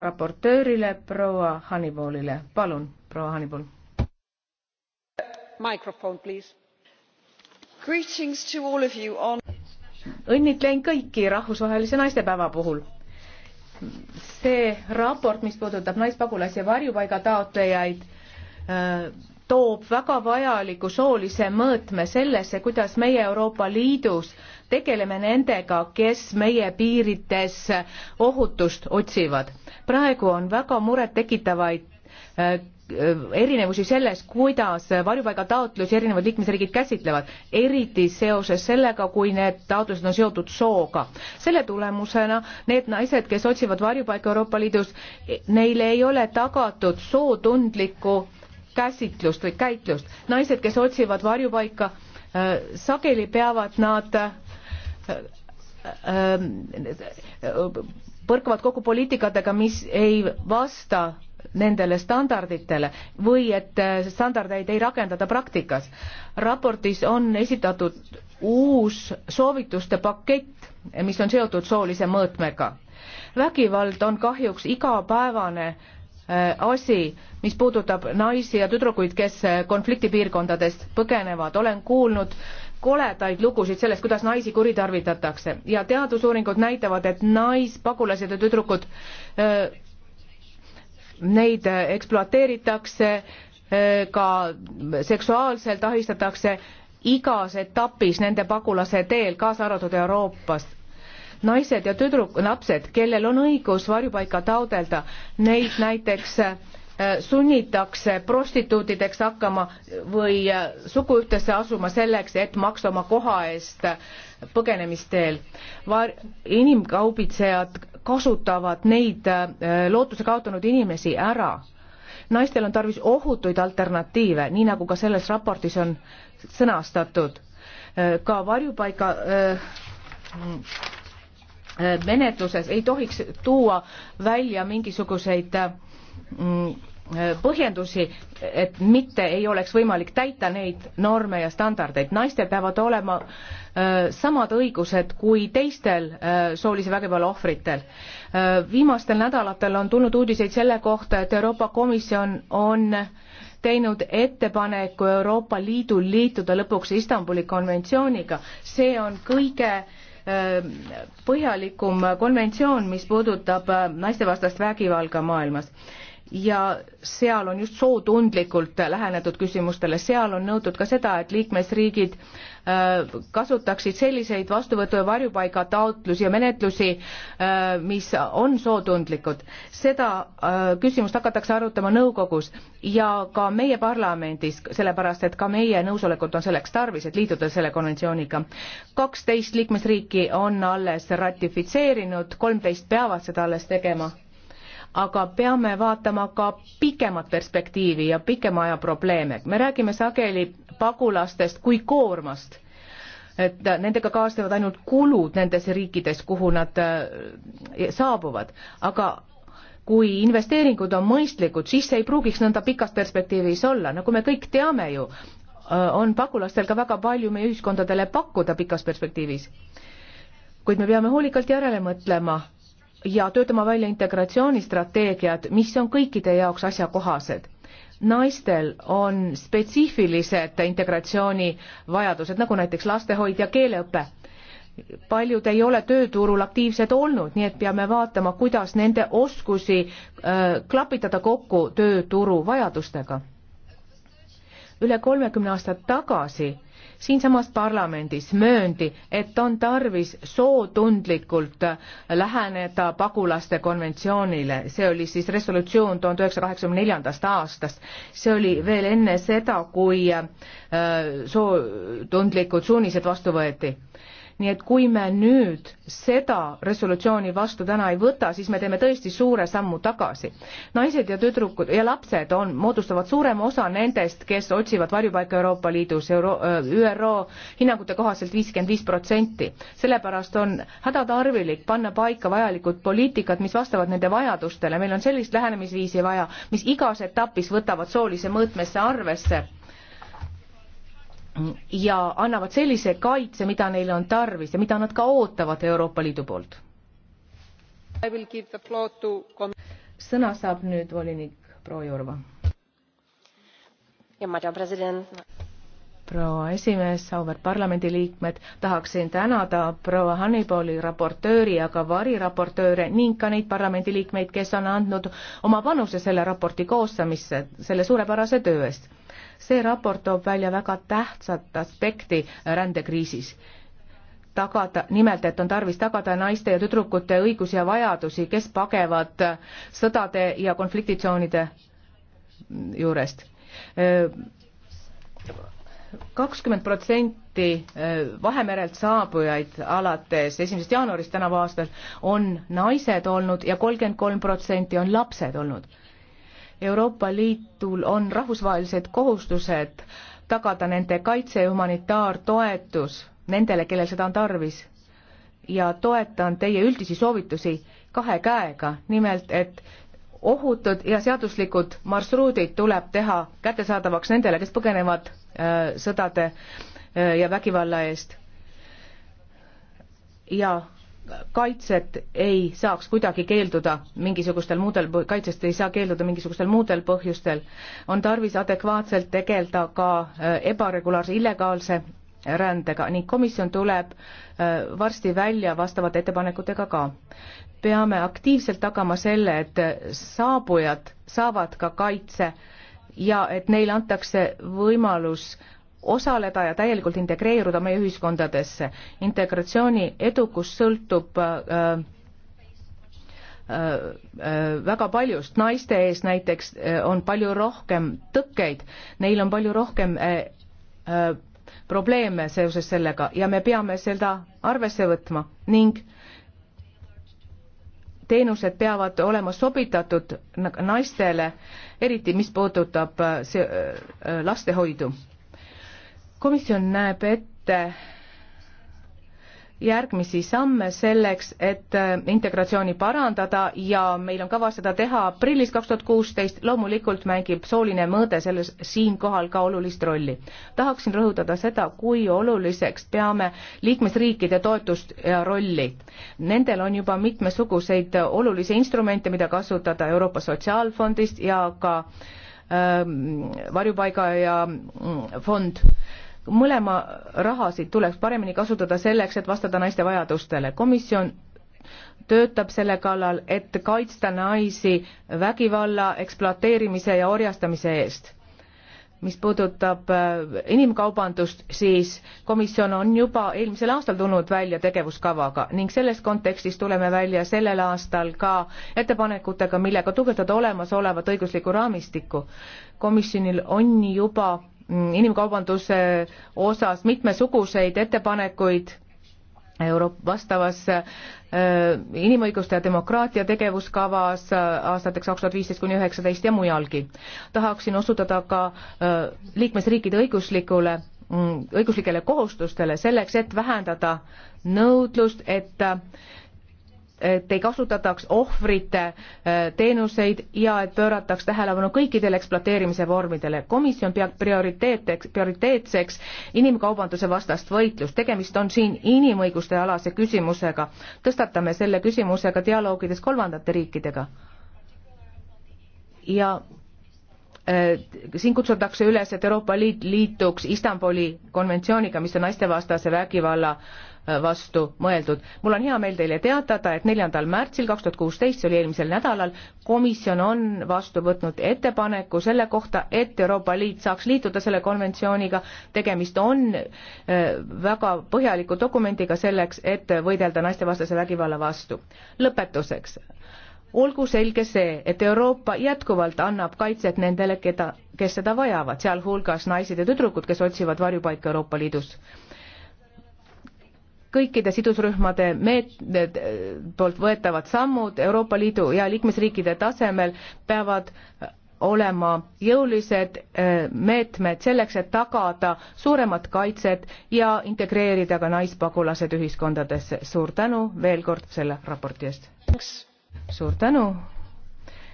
raportöörile proua Hannibalile. palun, proua Hannibal. mikrofon, please. Greetings to all of you on õnnitlen kõiki rahvusvahelise naistepäeva puhul. see raport, mis puudutab naispagulasi ja varjupaiga taotlejaid, äh, toob väga vajaliku soolise mõõtme sellesse, kuidas meie Euroopa Liidus äh, tegeleme nendega, kes meie piirides ohutust otsivad. praegu on väga murettekitavaid äh, erinevusi selles, kuidas varjupaigataotlusi erinevad liikmesriigid käsitlevad, eriti seoses sellega, kui need taotlused on seotud sooga. selle tulemusena need naised, kes otsivad varjupaika Euroopa Liidus, neile ei ole tagatud sootundlikku käsitlust või käitlust. naised, kes otsivad varjupaika, äh, sageli peavad nad põrkavad kokku poliitikatega, mis ei vasta nendele standarditele või et standardeid ei rakendada praktikas. raportis on esitatud uus soovituste pakett, mis on seotud soolise mõõtmega. vägivald on kahjuks igapäevane äh, asi, mis puudutab naisi ja tüdrukuid, kes konfliktipiirkondadest põgenevad. olen kuulnud äh, koledaid lugusid sellest, kuidas naisi kuritarvitatakse ja teadusuuringud näitavad, et naispagulased ja tüdrukud, äh, neid ekspluateeritakse, äh, ka seksuaalselt ahistatakse igas etapis nende pagulase teel, kaasa arvatud Euroopast naised ja tüdruk-, lapsed, kellel on õigus varjupaika taodelda, neid näiteks äh, Äh, sunnitakse prostituutideks hakkama või äh, suguühtesse asuma selleks, et maksta oma koha eest äh, põgenemisteel. inimkaubitsejad kasutavad neid lootuse kaotanud inimesi ära. naistel on tarvis ohutuid alternatiive, nii nagu ka selles raportis on sõnastatud. ka varjupaiga menetluses ei tohiks tuua välja mingisuguseid äh, Mm, põhjendusi, et mitte ei oleks võimalik täita neid norme ja standardeid. naistel peavad olema äh, samad õigused kui teistel äh, soolise vägivalla ohvritel. Äh, viimastel nädalatel on tulnud uudiseid selle kohta, et Euroopa Komisjon on teinud ettepaneku Euroopa Liidul liituda lõpuks Istanbuli konventsiooniga. see on kõige põhjalikum konventsioon, mis puudutab naistevastast vägivalga maailmas ja seal on just sootundlikult lähenetud küsimustele, seal on nõutud ka seda, et liikmesriigid äh, kasutaksid selliseid vastuvõtu ja varjupaiga taotlusi ja menetlusi, äh, mis on sootundlikud. seda äh, küsimust hakatakse arutama nõukogus ja ka meie parlamendis, sellepärast et ka meie nõusolekut on selleks tarvis, et liituda selle konventsiooniga. kaksteist liikmesriiki on alles ratifitseerinud, kolmteist peavad seda alles tegema aga peame vaatama ka pikemat perspektiivi ja pikema aja probleeme. me räägime sageli pagulastest kui koormast, et nendega kaasnevad ainult kulud nendes riikides, kuhu nad eh, saabuvad, aga kui investeeringud on mõistlikud, siis see ei pruugiks nõnda pikas perspektiivis olla, nagu me kõik teame ju, eh, on pagulastel ka väga palju meie ühiskondadele pakkuda pikas perspektiivis. kuid me peame hoolikalt järele mõtlema ja töötama välja integratsioonistrateegiad, mis on kõikide jaoks asjakohased. naistel on spetsiifilised integratsioonivajadused, nagu näiteks lastehoid ja keeleõpe. paljud ei ole tööturul aktiivsed olnud, nii et peame vaatama, kuidas nende oskusi äh, klapitada kokku tööturu vajadustega. üle kolmekümne aasta tagasi siinsamas parlamendis mööndi, et on tarvis sootundlikult läheneda pagulaste konventsioonile, see oli siis resolutsioon tuhande üheksasaja kaheksakümne neljandast aastast, see oli veel enne seda, kui äh, sootundlikud suunised vastu võeti nii et kui me nüüd seda resolutsiooni vastu täna ei võta, siis me teeme tõesti suure sammu tagasi. naised ja tüdrukud ja lapsed on, moodustavad suurema osa nendest, kes otsivad varjupaika Euroopa Liidus Euro, ÜRO hinnangute kohaselt viiskümmend viis protsenti. sellepärast on hädatarvilik panna paika vajalikud poliitikad, mis vastavad nende vajadustele, meil on sellist lähenemisviisi vaja, mis igas etapis võtavad soolise mõõtmesse arvesse ja annavad sellise kaitse, mida neile on tarvis ja mida nad ka ootavad Euroopa Liidu poolt. To... sõna saab nüüd volinik proua Jurva. proua esimees, auväärt parlamendiliikmed, tahaksin tänada proua Hannibali raportööri ja ka variraportööre ning ka neid parlamendiliikmeid, kes on andnud oma panuse selle raporti koostamisse, selle suurepärase töö eest see raport toob välja väga tähtsat aspekti rändekriisis tagada, nimelt, et on tarvis tagada naiste ja tüdrukute õigusi ja vajadusi, kes pagevad sõdade ja konfliktitsoonide juurest. kakskümmend protsenti eh, Vahemerelt saabujaid alates esimesest jaanuarist tänavu aastal on naised olnud ja kolmkümmend kolm protsenti on lapsed olnud Euroopa Liitul on rahvusvahelised kohustused tagada nende kaitse ja humanitaartoetus nendele, kellel seda on tarvis. ja toetan teie üldisi soovitusi kahe käega, nimelt et ohutud ja seaduslikud marsruudid tuleb teha kättesaadavaks nendele, kes põgenevad äh, sõdade äh, ja vägivalla eest. ja kaitset ei saaks kuidagi keelduda mingisugustel muudel, kaitsest ei saa keelduda mingisugustel muudel põhjustel, on tarvis adekvaatselt tegeleda ka äh, ebaregulaarse illegaalse rändega ning komisjon tuleb äh, varsti välja vastavate ettepanekutega ka. peame aktiivselt tagama selle, et äh, saabujad saavad ka kaitse ja et neile antakse võimalus osaleda ja täielikult integreeruda meie ühiskondadesse. integratsiooni edukus sõltub äh, äh, äh väga paljust, naiste ees näiteks äh, on palju rohkem tõkkeid, neil on palju rohkem probleeme seoses sellega ja me peame seda arvesse võtma ning teenused peavad olema sobitatud naistele, eriti mis puudutab lastehoidu komisjon näeb ette järgmisi samme selleks, et äh, integratsiooni parandada ja meil on kavas seda teha aprillis kaks tuhat kuusteist. loomulikult mängib sooline mõõde selles siinkohal ka olulist rolli. tahaksin rõhutada seda, kui oluliseks peame liikmesriikide toetust ja rolli. Nendel on juba mitmesuguseid olulisi instrumente, mida kasutada Euroopa Sotsiaalfondist ja ka ähm, varjupaiga ja mm, fond äh, mõlema rahasid tuleks paremini kasutada selleks, et vastada naiste vajadustele. komisjon töötab selle kallal, et kaitsta naisi vägivalla, ekspluateerimise ja orjastamise eest mis puudutab äh, inimkaubandust, siis komisjon on juba eelmisel aastal tulnud välja tegevuskavaga ning selles kontekstis tuleme välja sellel aastal ka ettepanekutega, millega tugevdada olemasolevat õiguslikku raamistikku. komisjonil on juba inimkaubanduse osas mitmesuguseid ettepanekuid Euro-, vastavas äh, inimõiguste ja demokraatia tegevuskavas äh, aastateks kaks tuhat viisteist kuni üheksateist ja mujalgi. tahaksin osutada ka äh, liikmesriikide õiguslikule, mm, õiguslikele kohustustele selleks, et vähendada nõudlust, et äh, et ei kasutataks ohvrite äh, teenuseid ja et pöörataks tähelepanu kõikidele ekspluateerimise vormidele. komisjon peab prioriteeteks, prioriteetseks inimkaubanduse vastast võitlust. tegemist on siin inimõiguste alase küsimusega. tõstatame selle küsimuse ka dialoogides kolmandate riikidega. ja äh, siin kutsutakse üles, et Euroopa Liit liituks Istanbuli konventsiooniga, mis on naistevastase vägivalla vastu mõeldud. mul on hea meel teile teatada, et neljandal märtsil kaks tuhat kuusteist, see oli eelmisel nädalal, komisjon on vastu võtnud ettepaneku selle kohta, et Euroopa Liit saaks liituda selle konventsiooniga. tegemist on äh, väga põhjaliku dokumendiga selleks, et võidelda naistevastase vägivalla vastu. lõpetuseks olgu selge see, et Euroopa jätkuvalt annab kaitset nendele, keda, kes seda vajavad, sealhulgas naised ja tüdrukud, kes otsivad varjupaika Euroopa Liidus kõikide sidusrühmade meetmed poolt võetavad sammud Euroopa Liidu ja liikmesriikide tasemel peavad olema jõulised eh, meetmed selleks, et tagada suuremat kaitset ja integreerida ka naispagulased ühiskondadesse. suur tänu veel kord selle raporti eest. suur tänu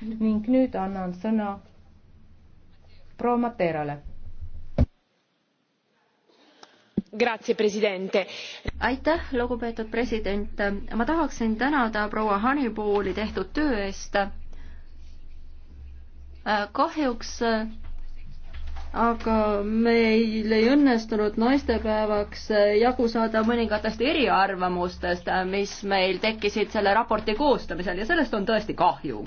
ning nüüd annan sõna proua Materale aitäh, lugupeetud president. ma tahaksin tänada proua Honeyballi tehtud töö eest. kahjuks aga meil ei õnnestunud naistepäevaks jagu saada mõningatest eriarvamustest, mis meil tekkisid selle raporti koostamisel ja sellest on tõesti kahju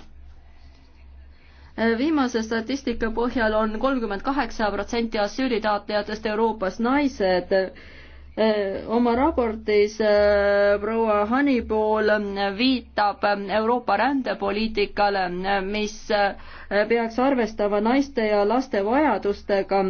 viimase statistika põhjal on kolmkümmend kaheksa protsenti asüülitaotlejatest Euroopas naised. Äh, oma raportis äh, proua Hanipool äh, viitab Euroopa rändepoliitikale, mis peaks arvestama naiste ja laste vajadustega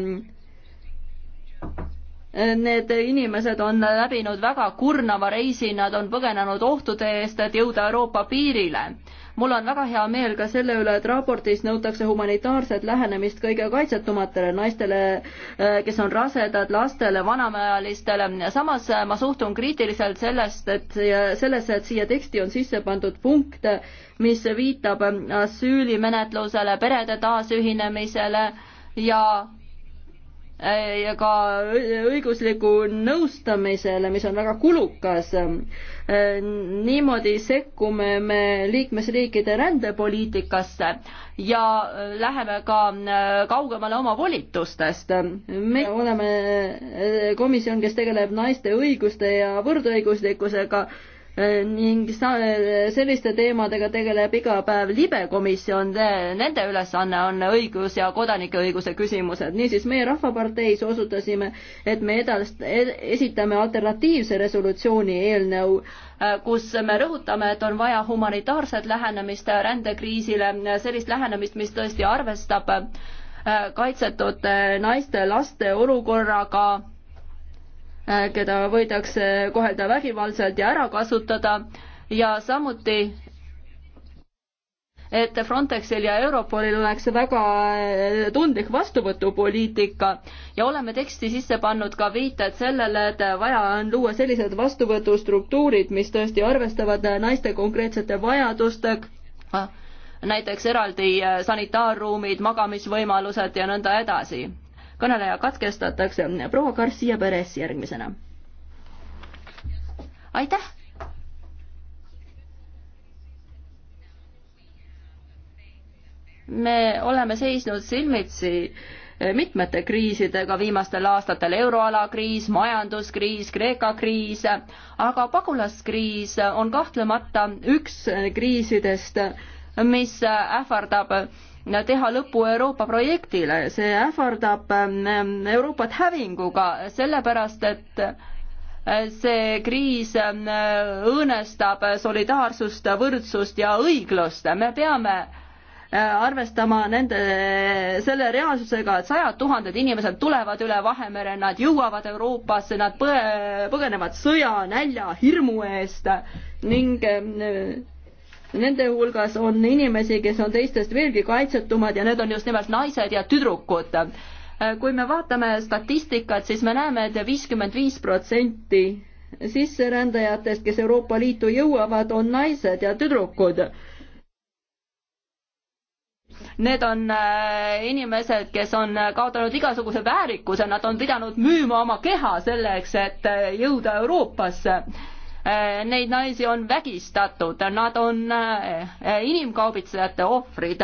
need inimesed on läbinud väga kurnava reisi, nad on põgenenud ohtude eest, et jõuda Euroopa piirile mul on väga hea meel ka selle üle, et raportis nõutakse humanitaarset lähenemist kõige kaitsetumatele naistele, äh, kes on rasedad, lastele, vanemaealistele. samas äh, ma suhtun kriitiliselt sellest, et sellesse, et siia teksti on sisse pandud punkt, mis viitab äh, asüülimenetlusele, perede taasühinemisele ja Äh, ja ka õigusliku nõustamisele, mis on väga kulukas. Äh, niimoodi sekkume me liikmesriikide rändepoliitikasse ja äh, läheme ka kaugemale oma volitustest. me oleme komisjon, kes tegeleb naiste õiguste ja võrdõiguslikkusega Äh, ning äh, selliste teemadega tegeleb iga päev libekomisjon, nende ülesanne on õigus ja kodanikeõiguse küsimused. niisiis, meie Rahvaparteis osutasime, et me edast-, esitame alternatiivse resolutsiooni eelnõu, äh, kus me rõhutame, et on vaja humanitaarset lähenemist rändekriisile, sellist lähenemist, mis tõesti arvestab kaitsetute naiste, laste olukorraga Äh, keda võidakse kohelda vägivaldselt ja ära kasutada ja samuti et Frontexil ja Europolil oleks väga äh, tundlik vastuvõtupoliitika ja oleme teksti sisse pannud ka viited sellele, et vaja on luua sellised vastuvõtustruktuurid, mis tõesti arvestavad naiste konkreetsete vajadustega, näiteks eraldi äh, sanitaarruumid, magamisvõimalused ja nõnda edasi kõneleja katkestatakse. proua Garcia Perez järgmisena. aitäh. me oleme seisnud silmitsi mitmete kriisidega viimastel aastatel, euroala kriis, majanduskriis, Kreeka kriis, aga pagulaskriis on kahtlemata üks kriisidest, mis ähvardab teha lõpu Euroopa projektile, see ähvardab ähm, Euroopat hävinguga, sellepärast et äh, see kriis ähm, õõnestab solidaarsust, võrdsust ja õiglust, me peame äh, arvestama nende, selle reaalsusega, et sajad tuhanded inimesed tulevad üle Vahemere, nad jõuavad Euroopasse, nad põe, põgenevad sõja, nälja, hirmu eest ning ähm, Nende hulgas on inimesi, kes on teistest veelgi kaitsetumad ja need on just nimelt naised ja tüdrukud. kui me vaatame statistikat, siis me näeme et, et viiskümmend viis protsenti sisserändajatest, kes Euroopa Liitu jõuavad, on naised ja tüdrukud need on äh, inimesed, kes on äh, kaotanud igasuguse väärikuse, nad on pidanud müüma oma keha selleks, et äh, jõuda Euroopasse Äh, neid naisi on vägistatud, nad on äh, inimkaubitsejate ohvrid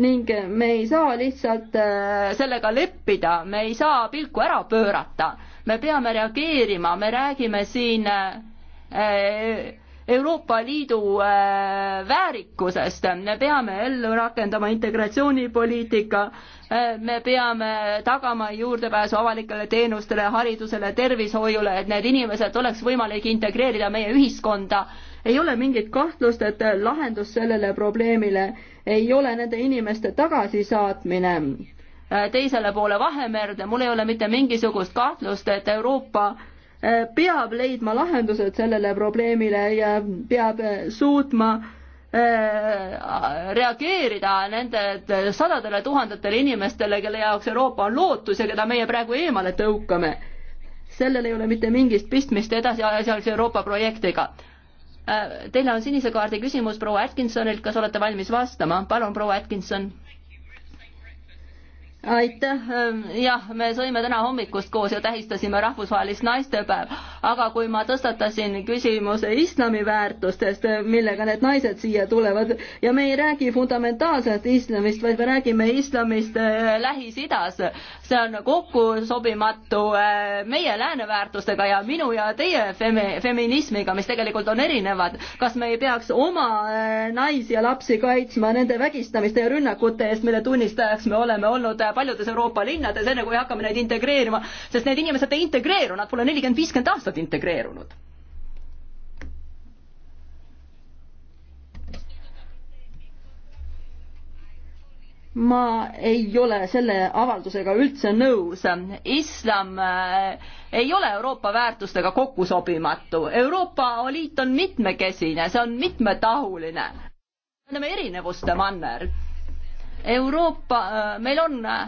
ning me ei saa lihtsalt äh, sellega leppida, me ei saa pilku ära pöörata, me peame reageerima, me räägime siin Euroopa Liidu äh, väärikusest, me peame ellu rakendama integratsioonipoliitika, äh, me peame tagama juurdepääsu avalikele teenustele, haridusele, tervishoiule, et need inimesed oleks võimalik integreerida meie ühiskonda. ei ole mingit kahtlust, et lahendus sellele probleemile ei ole nende inimeste tagasisaatmine äh, teisele poole Vahemerd ja mul ei ole mitte mingisugust kahtlust, et Euroopa peab leidma lahendused sellele probleemile ja peab suutma äh, reageerida nende sadadele tuhandetele inimestele, kelle jaoks Euroopa on lootus ja keda meie praegu eemale tõukame. sellel ei ole mitte mingit pistmist edasi asjaolulise Euroopa projektiga. Äh, Teile on sinise kaardi küsimus proua Atkinsonilt, kas olete valmis vastama? palun, proua Atkinson aitäh, ähm, jah, me sõime täna hommikust koos ja tähistasime rahvusvahelist naistepäeva, aga kui ma tõstatasin küsimuse islami väärtustest, äh, millega need naised siia tulevad ja me ei räägi fundamentaalsest islamist, vaid me räägime islamist äh, Lähis-Idas, see on kokku sobimatu äh, meie lääne väärtustega ja minu ja teie femi-, feminismiga, mis tegelikult on erinevad. kas me ei peaks oma naisi ja lapsi kaitsma nende vägistamiste ja rünnakute eest, mille tunnistajaks me oleme olnud paljudes Euroopa linnades, enne kui hakkame neid integreerima, sest need inimesed ei integreeru, nad pole nelikümmend, viiskümmend aastat integreerunud. ma ei ole selle avaldusega üldse nõus. islam äh, ei ole Euroopa väärtustega kokkusobimatu. Euroopa Liit on mitmekesine, see on mitmetahuline. me oleme erinevuste manner Euroopa, äh, meil on äh,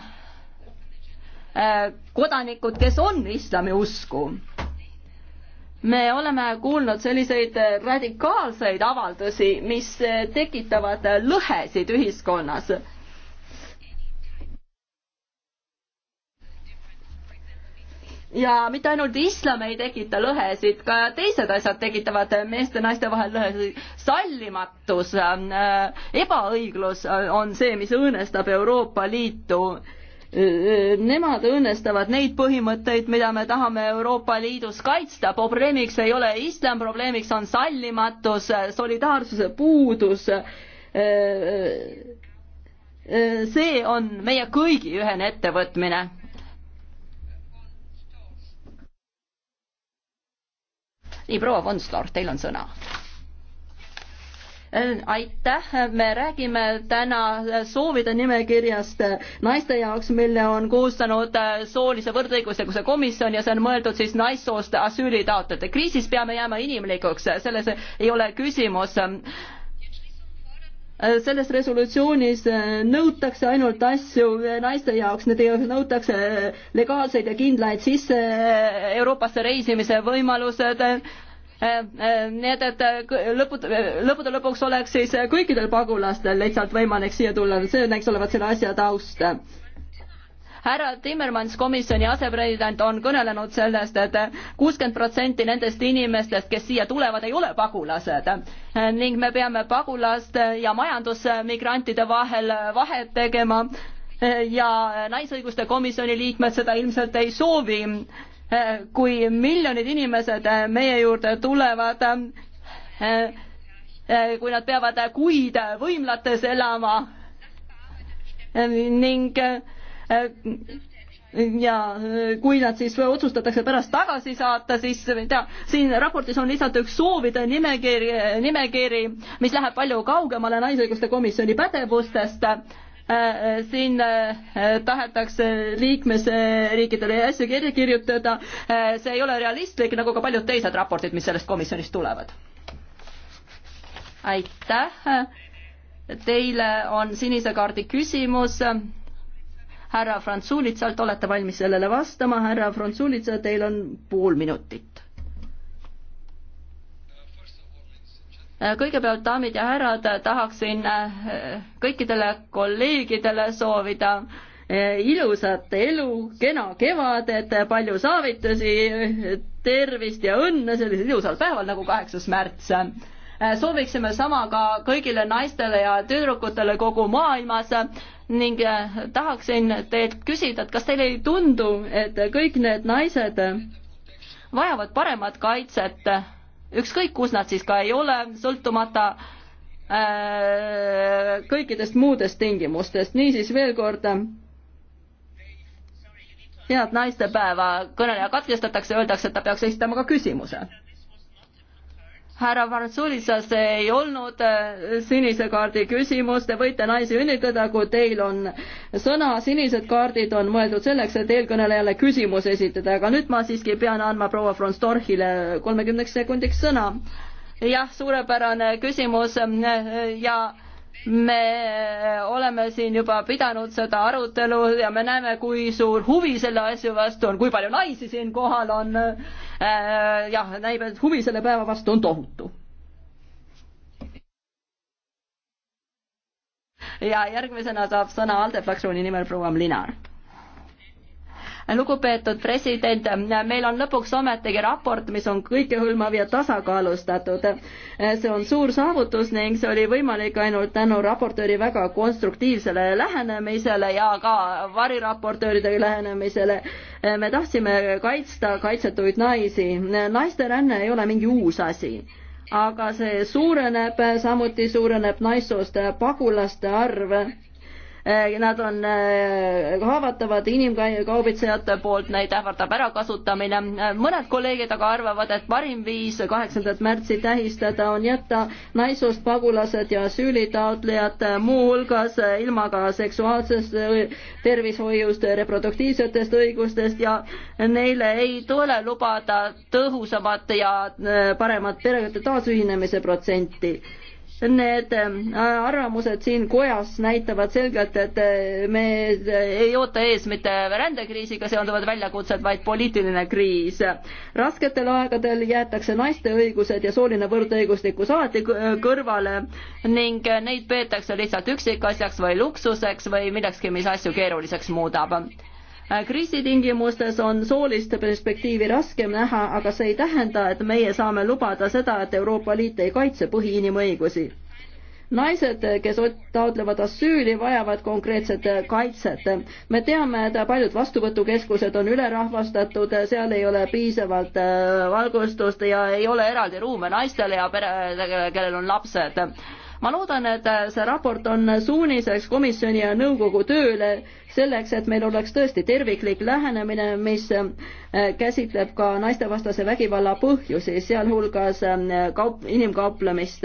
äh, kodanikud, kes on islamiusku me oleme kuulnud selliseid radikaalseid avaldusi, mis tekitavad lõhesid ühiskonnas ja mitte ainult islam ei tekita lõhesid, ka teised asjad tekitavad meeste ja naiste vahel lõhesid. sallimatus, äh, ebaõiglus on see, mis õõnestab Euroopa Liitu. Äh, nemad õõnestavad neid põhimõtteid, mida me tahame Euroopa Liidus kaitsta. probleemiks ei ole islam, probleemiks on sallimatus, solidaarsuse puudus. Äh, see on meie kõigi ühene ettevõtmine nii, proua Ponslar, teil on sõna äh, aitäh, me räägime täna soovide nimekirjast naiste jaoks, mille on koostanud äh, soolise võrdõiguslikkuse komisjon ja see on mõeldud siis naissoost asüülitaotlejate. kriisis peame jääma inimlikuks, selles ei ole küsimus. Äh, selles resolutsioonis äh, nõutakse ainult asju naiste jaoks, nende jaoks nõutakse äh, legaalseid ja kindlaid sisse Euroopasse reisimise võimalused, nii et, et lõput-, lõppude lõpuks oleks siis kõikidel pagulastel lihtsalt võimalik siia tulla, see näiks olevat selle asja taust härra Timmermans, komisjoni asepresident, on kõnelenud sellest et, et kuuskümmend protsenti nendest inimestest, kes siia tulevad, ei ole pagulased ning me peame pagulaste ja majandusmigrantide vahel vahet tegema ja Naisõiguste Komisjoni liikmed seda ilmselt ei soovi. kui miljonid inimesed meie juurde tulevad, kui nad peavad kuid võimlates elama ning Äh, ja äh, kui nad siis otsustatakse pärast tagasi saata, siis ma äh, ei tea, siin raportis on lihtsalt üks soovide nimekiri, nimekiri, mis läheb palju kaugemale Naisõiguste Komisjoni pädevustest siin tahetakse liikmesriikidele asju kirja kirjutada, see ei ole realistlik, nagu ka paljud teised raportid, mis sellest komisjonist tulevad. aitäh, teile on sinise kaardi küsimus härra Frantsuulitsalt, olete valmis sellele vastama, härra Frantsuulitsa, teil on pool minutit. kõigepealt, daamid ja härrad, tahaksin eh, kõikidele kolleegidele soovida eh, ilusat elu, kena kevadet, palju saavitusi, tervist ja õnne sellisel ilusal päeval nagu kaheksas märts eh, sooviksime sama ka kõigile naistele ja tüdrukutele kogu maailmas ning äh, tahaksin teilt küsida, et kas teile ei tundu, et kõik need naised vajavad paremat kaitset, ükskõik kus nad siis ka ei ole, sõltumata äh, kõikidest muudest tingimustest, niisiis veel kord head naistepäeva, kõneleja katkestatakse, öeldakse, et ta peaks esitama ka küsimuse härra Varsulisas ei olnud äh, sinise kaardi küsimust, te võite naisi õnnitleda, kui teil on sõna, sinised kaardid on mõeldud selleks, et eelkõnelejale küsimus esitada, aga nüüd ma siiski pean andma proua Fronstorchile kolmekümneks sekundiks sõna. jah, suurepärane küsimus ja me oleme siin juba pidanud seda arutelu ja me näeme, kui suur huvi selle asja vastu on, kui palju naisi siin kohal on Äh, jah, näib, et huvi selle päeva vastu on tohutu. ja järgmisena saab sõna ALDE fraktsiooni nimel proua Linar lugupeetud president, meil on lõpuks ometigi raport, mis on kõikehõlmav ja tasakaalustatud. see on suur saavutus ning see oli võimalik ainult tänu raportööri väga konstruktiivsele lähenemisele ja ka variraportööride lähenemisele. me tahtsime kaitsta kaitsetuid naisi. naisteränne ei ole mingi uus asi aga see suureneb, samuti suureneb naissoost pagulaste arv Eh, nad on eh, haavatavad inimkaubitsejate poolt, neid ähvardab ärakasutamine. Eh, mõned kolleegid aga arvavad, et parim viis kaheksandat märtsi tähistada on jätta naissoost pagulased ja asüülitaotlejad muuhulgas ilma ka seksuaalsest tervishoiust, reproduktiivsetest õigustest ja neile ei tule lubada tõhusamat ja paremat perede taasühinemise protsenti Need äh, arvamused siin kojas näitavad selgelt, et äh, me äh, ei oota ees mitte rändekriisiga seonduvad väljakutsed, vaid poliitiline kriis. rasketel aegadel jäetakse naiste õigused ja sooline võrdõiguslikkus alati kõrvale ning neid peetakse lihtsalt üksikasjaks või luksuseks või millekski, mis asju keeruliseks muudab Äh, kriisitingimustes on soolist perspektiivi raskem näha, aga see ei tähenda, et meie saame lubada seda, et Euroopa Liit ei kaitse põhiinimõigusi. naised, kes taotlevad asüüli, vajavad konkreetset kaitset. me teame, et paljud vastuvõtukeskused on ülerahvastatud, seal ei ole piisavalt äh, valgustust ja ei ole eraldi ruume naistele ja pere, kellel on lapsed ma loodan, et see raport on suuniseks komisjoni ja nõukogu tööle selleks, et meil oleks tõesti terviklik lähenemine, mis äh, käsitleb ka naistevastase vägivalla põhjusi, sealhulgas äh, kaup, inimkauplemist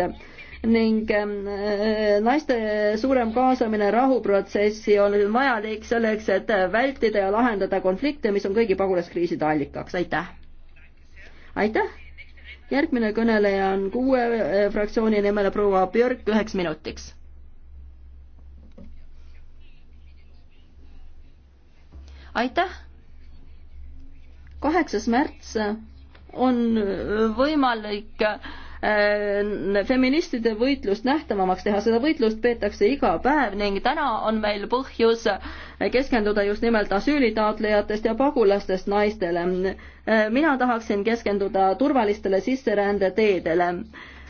ning ähm, äh, naiste suurem kaasamine rahuprotsessi on vajalik selleks, et vältida ja lahendada konflikte, mis on kõigi pagulaskriiside allikaks, aitäh! aitäh! järgmine kõneleja on kuue eh, fraktsiooni nimel proua Björk üheks minutiks. aitäh. kaheksas märts on võimalik Äh, feministide võitlust nähtavamaks teha, seda võitlust peetakse iga päev ning täna on meil põhjus keskenduda just nimelt asüülitaotlejatest ja pagulastest naistele. Äh, mina tahaksin keskenduda turvalistele sisserändeteedele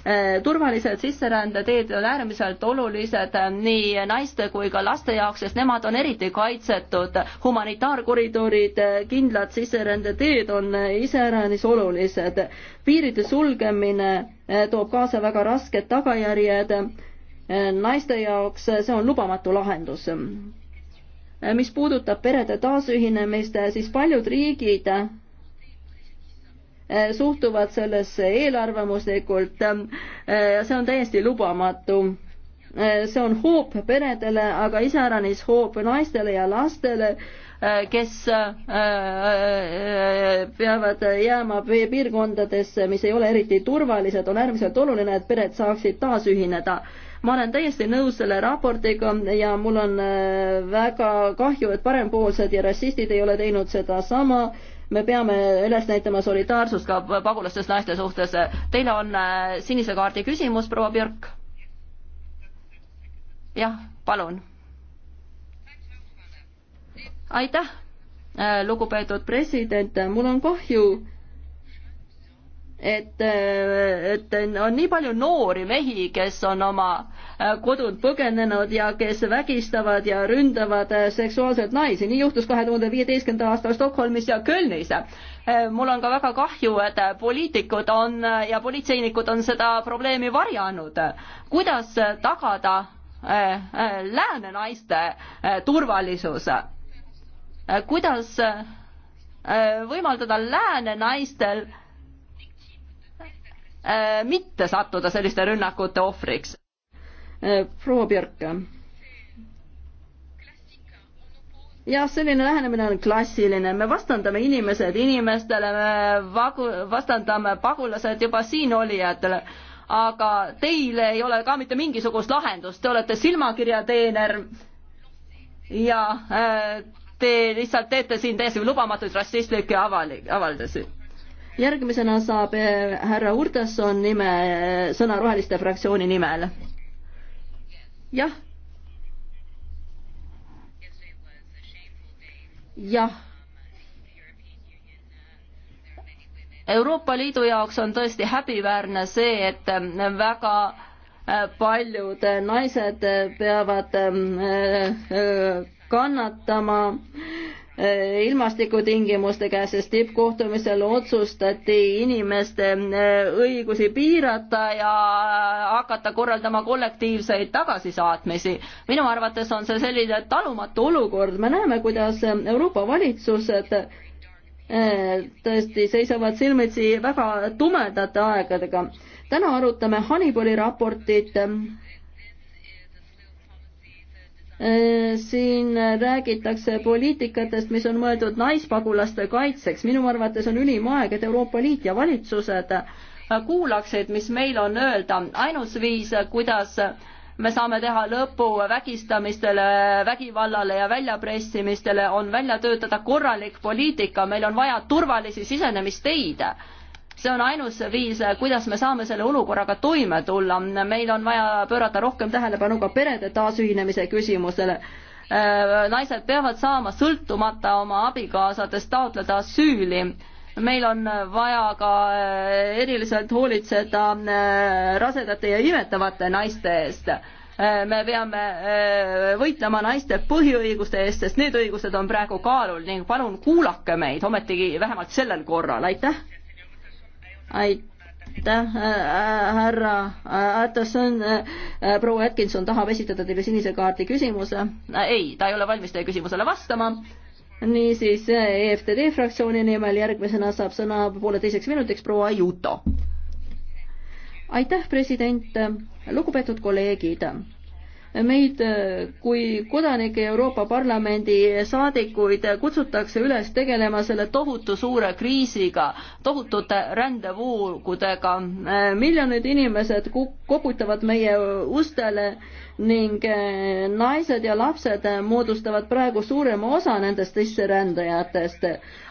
Äh, turvalised sisserändeteed on äärmiselt olulised äh, nii naiste kui ka laste jaoks, sest nemad on eriti kaitsetud. humanitaarkoridorid, äh, kindlad sisserändeteed on iseäranis olulised. piiride sulgemine toob kaasa väga rasked tagajärjed naiste jaoks, see on lubamatu lahendus. mis puudutab perede taasühinemist, siis paljud riigid Eh, suhtuvad sellesse eelarvamuslikult. Eh, see on täiesti lubamatu eh, see on hoop peredele, aga iseäranis hoop naistele ja lastele, kes peavad jääma piirkondadesse, mis ei ole eriti turvalised, on äärmiselt oluline, et pered saaksid taas ühineda. ma olen täiesti nõus selle raportiga ja mul on väga kahju, et parempoolsed ja rassistid ei ole teinud sedasama me peame üles näitama solidaarsust ka pagulastest naiste suhtes. Teil on äh, sinise kaardi küsimus, proua Björk? jah, palun. aitäh, äh, lugupeetud president, mul on kahju, et, äh, et on nii palju noori mehi, kes on oma kodud põgenenud ja kes vägistavad ja ründavad seksuaalselt naisi. nii juhtus kahe tuhande viieteistkümnenda aasta Stockholmis ja Kölnis. mul on ka väga kahju, et poliitikud on ja politseinikud on seda probleemi varjanud. kuidas tagada eh, lääne naiste eh, turvalisus? kuidas eh, võimaldada lääne naistel mitte sattuda selliste rünnakute ohvriks? Äh, proua Björk. jah, selline lähenemine on klassiline, me vastandame inimesed inimestele, me vagu-, vastandame pagulased juba siinolijatele, aga teil ei ole ka mitte mingisugust lahendust, te olete silmakirjateener ja äh, te lihtsalt teete siin täiesti lubamatuid rassistlikke avali-, avaldusi järgmisena saab äh, härra Urdasson nime, sõna Roheliste fraktsiooni nimel jah. jah. Euroopa Liidu jaoks on tõesti häbiväärne see, et ähm, väga äh, paljud äh, naised äh, peavad ähm, kannatama Äh, ilmastikutingimuste käes, sest tippkohtumisel otsustati inimeste äh, õigusi piirata ja äh, hakata korraldama kollektiivseid tagasisaatmisi. minu arvates on see selline talumatu olukord, me näeme, kuidas Euroopa valitsused tõesti seisavad silmitsi väga tumedate aegadega. täna arutame Hannibali raportit Äh, siin räägitakse poliitikatest, mis on mõeldud naispagulaste kaitseks. minu arvates on ülim aeg, et Euroopa Liit ja valitsused kuulaksid, mis meil on öelda. ainus viis, kuidas me saame teha lõpu vägistamistele, vägivallale ja väljapressimistele, on välja töötada korralik poliitika. meil on vaja turvalisi sisenemisteid see on ainus viis, kuidas me saame selle olukorraga toime tulla. meil on vaja pöörata rohkem tähelepanu ka perede taasühinemise küsimusele äh, naised peavad saama sõltumata oma abikaasadest taotleda asüüli. meil on vaja ka äh, eriliselt hoolitseda äh, rasedate ja imetavate naiste eest me peame võitlema naiste põhiõiguste eest, sest need õigused on praegu kaalul ning palun kuulake meid ometigi vähemalt sellel korral, aitäh! aitäh, äh, äh, härra äh, Atterson, proua Atkinson tahab esitada teile sinise kaardi küsimuse. ei, ta ei ole valmis teie küsimusele vastama. niisiis EFTD fraktsiooni nimel järgmisena saab sõna pooleteiseks minutiks proua Juto. aitäh, president, lugupeetud kolleegid meid kui kodanike Euroopa Parlamendi saadikuid kutsutakse üles tegelema selle tohutu suure kriisiga, tohutute rändevoogudega. miljonid inimesed koputavad meie ustele ning eh, naised ja lapsed moodustavad praegu suurema osa nendest sisserändajatest.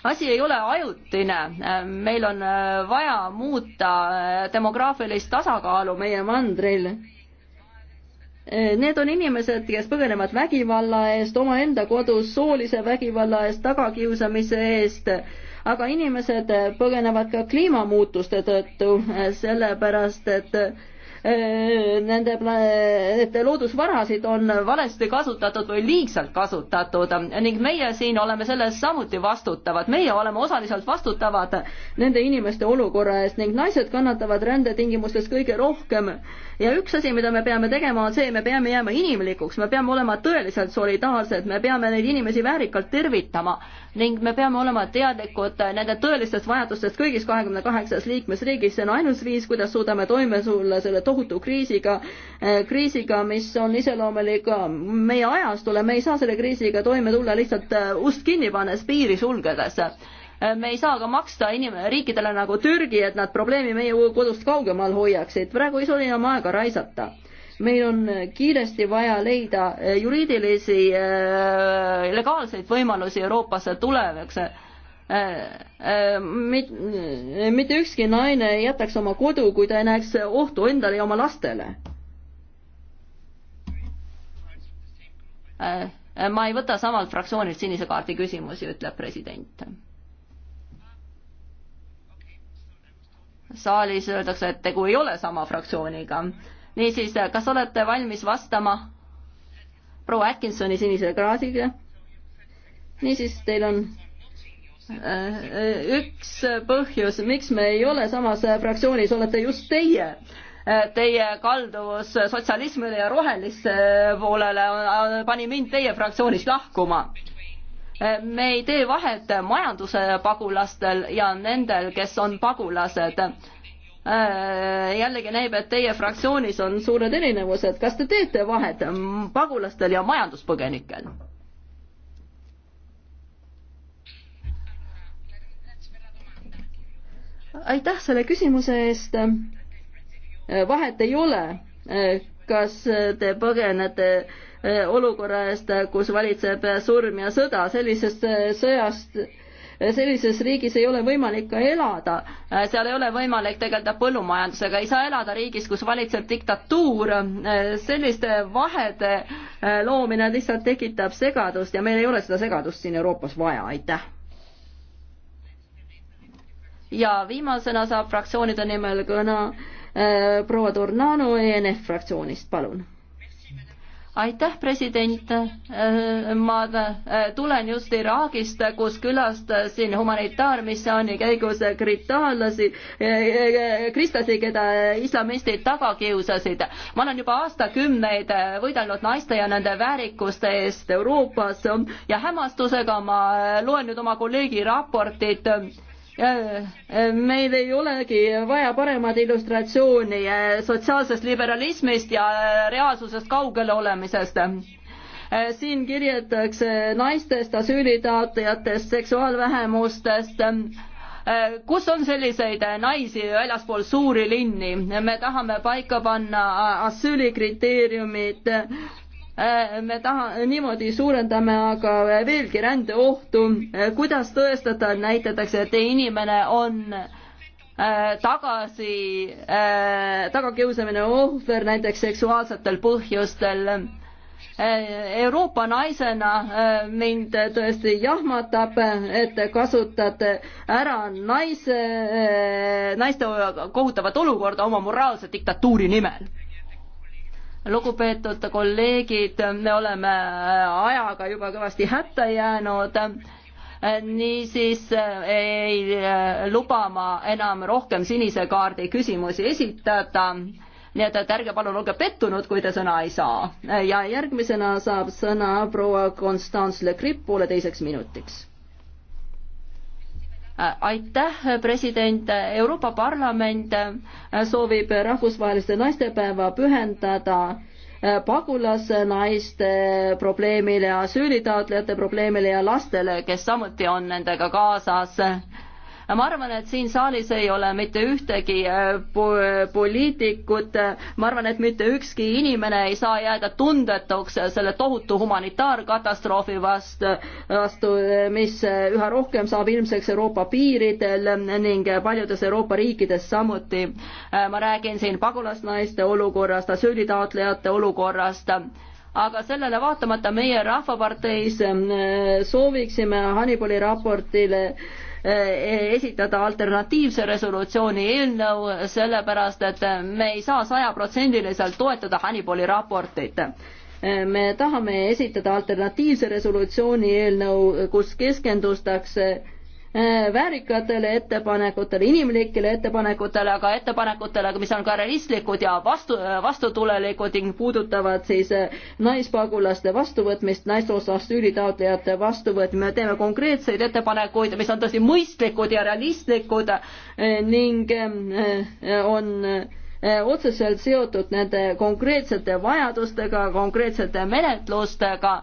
asi ei ole ajutine, meil on eh, vaja muuta eh, demograafilist tasakaalu meie mandril Eh, need on inimesed, kes põgenevad vägivalla eest, omaenda kodus soolise vägivalla eest, tagakiusamise eest, aga inimesed eh, põgenevad ka kliimamuutuste tõttu, eh, sellepärast et nende et loodusvarasid on valesti kasutatud või liigselt kasutatud ning meie siin oleme selle eest samuti vastutavad. meie oleme osaliselt vastutavad nende inimeste olukorra eest ning naised kannatavad rändetingimustes kõige rohkem ja üks asi, mida me peame tegema, on see, me peame jääma inimlikuks, me peame olema tõeliselt solidaarsed, me peame neid inimesi väärikalt tervitama ning me peame olema teadlikud nende tõelistest vajadustest kõigis kahekümne kaheksas liikmesriigis, see on ainus viis, kuidas suudame toime tulla selle tohutu kriisiga, eh, kriisiga, mis on iseloomulik eh, meie ajastule, me ei saa selle kriisiga toime tulla lihtsalt eh, ust kinni pannes, piiri sulgedes Äh, me ei saa ka maksta inim-, riikidele nagu Türgi, et nad probleemi meie kodust kaugemal hoiaksid, praegu ei sobi enam aega raisata meil on äh, kiiresti vaja leida äh, juriidilisi legaalseid võimalusi Euroopasse tulevaks. mitte ükski naine ei jätaks oma kodu, kui ta ei näeks ohtu endale ja oma lastele. ma ei võta samalt fraktsioonilt sinise kaardi küsimusi, ütleb president saalis öeldakse, et tegu ei ole sama fraktsiooniga. niisiis, kas olete valmis vastama proua Atkinsoni sinise kraadiga? niisiis, teil on äh, üks põhjus, miks me ei ole samas fraktsioonis, olete just teie. Teie kalduvus sotsialismile ja rohelisse poolele pani mind teie fraktsioonist lahkuma me ei tee vahet majanduse pagulastel ja nendel, kes on pagulased. Äh, jällegi näib, et teie fraktsioonis on suured erinevused, kas te teete vahet pagulastel ja majanduspõgenikel? aitäh selle küsimuse eest. vahet ei ole, kas te põgenete äh, Äh, olukorra eest, kus valitseb surm ja sõda, sellisest äh, sõjast äh, sellises riigis ei ole võimalik ka elada, seal ei ole võimalik tegeleda põllumajandusega, ei saa elada riigis, kus valitseb diktatuur, selliste vahede loomine lihtsalt tekitab segadust ja meil ei ole seda segadust siin Euroopas vaja, aitäh. ja viimasena saab fraktsioonide nimel kõne proua Tornano ENF fraktsioonist, palun aitäh, president. Äh, ma äh, tulen just Iraagist, kus külastasin humanitaarmissiooni käigus kristallasi, äh, kristlasi, keda islamistid taga kiusasid. ma olen juba aastakümneid võidelnud naiste ja nende väärikuste eest Euroopas ja hämmastusega ma loen nüüd oma kolleegi raportit Äh, äh, meil ei olegi vaja paremat illustratsiooni äh, sotsiaalsest liberalismist ja reaalsusest kaugel olemisest siin kirjeldatakse naistest, asüülitaotlejatest, seksuaalvähemustest. kus on selliseid naisi väljaspool suuri linni? me tahame paika panna asüülikriteeriumid Äh, me taha, niimoodi suurendame aga veelgi rändeohtu, äh, kuidas tõestada, näidatakse, et inimene on äh, tagasi, tagakiusamine ohver näiteks seksuaalsetel põhjustel. Euroopa naisena mind tõesti jahmatab, et te kasutate ära naise, naiste kohutavat olukorda oma moraalse diktatuuri nimel lugupeetud kolleegid, me oleme äh, ajaga juba kõvasti hätta jäänud. niisiis äh, ei äh, luba ma enam rohkem sinise kaardi küsimusi esitada. nii et, et ärge palun olge pettunud, kui te sõna ei saa. ja järgmisena saab sõna proua Constance Le Grip pooleteiseks minutiks aitäh, president, Euroopa Parlament soovib rahvusvahelise naistepäeva pühendada pagulasnaiste probleemile, asüülitaotlejate probleemile ja lastele, kes samuti on nendega kaasas ma arvan, et siin saalis ei ole mitte ühtegi äh, poliitikut, ma arvan, et mitte ükski inimene ei saa jääda tundetuks selle tohutu humanitaarkatastroofi vast, vastu, mis äh, üha rohkem saab ilmseks Euroopa piiridel ning paljudes Euroopa riikides samuti. Äh, ma räägin siin pagulasnaiste olukorrast, asüülitaotlejate olukorrast aga sellele vaatamata meie Rahvaparteis sooviksime Hannibali raportile äh, Eh, esitada alternatiivse resolutsiooni eelnõu, sellepärast et me ei saa sajaprotsendiliselt toetada Hannibali raportit. Eh, me tahame esitada alternatiivse resolutsiooni eelnõu, kus keskendustakse Äh, väärikatele ettepanekutele, inimlikele ettepanekutele, aga ettepanekutele, mis on ka realistlikud ja vastu, äh, vastutulelikud ning puudutavad siis äh, naispagulaste vastuvõtmist, naistoost asüülitaotlejate vastuvõtmine. me teeme konkreetseid ettepanekuid, mis on tõesti mõistlikud ja realistlikud ning on otseselt seotud nende konkreetsete vajadustega, konkreetsete menetlustega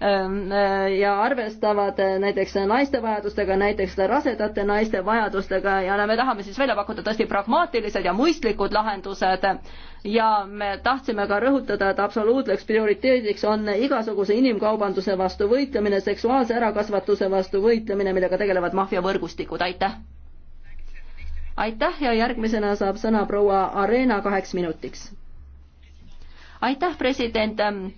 Ehm, eh, ja arvestavad eh, näiteks naiste vajadustega, näiteks rasedate naiste vajadustega ja me tahame siis välja pakkuda tõesti pragmaatilised ja mõistlikud lahendused ja me tahtsime ka rõhutada, et absoluutleks prioriteediks on igasuguse inimkaubanduse vastu võitlemine, seksuaalse ärakasvatuse vastu võitlemine, millega tegelevad maffiavõrgustikud, aitäh! aitäh ja järgmisena saab sõna proua Arena kaheks minutiks. aitäh, president!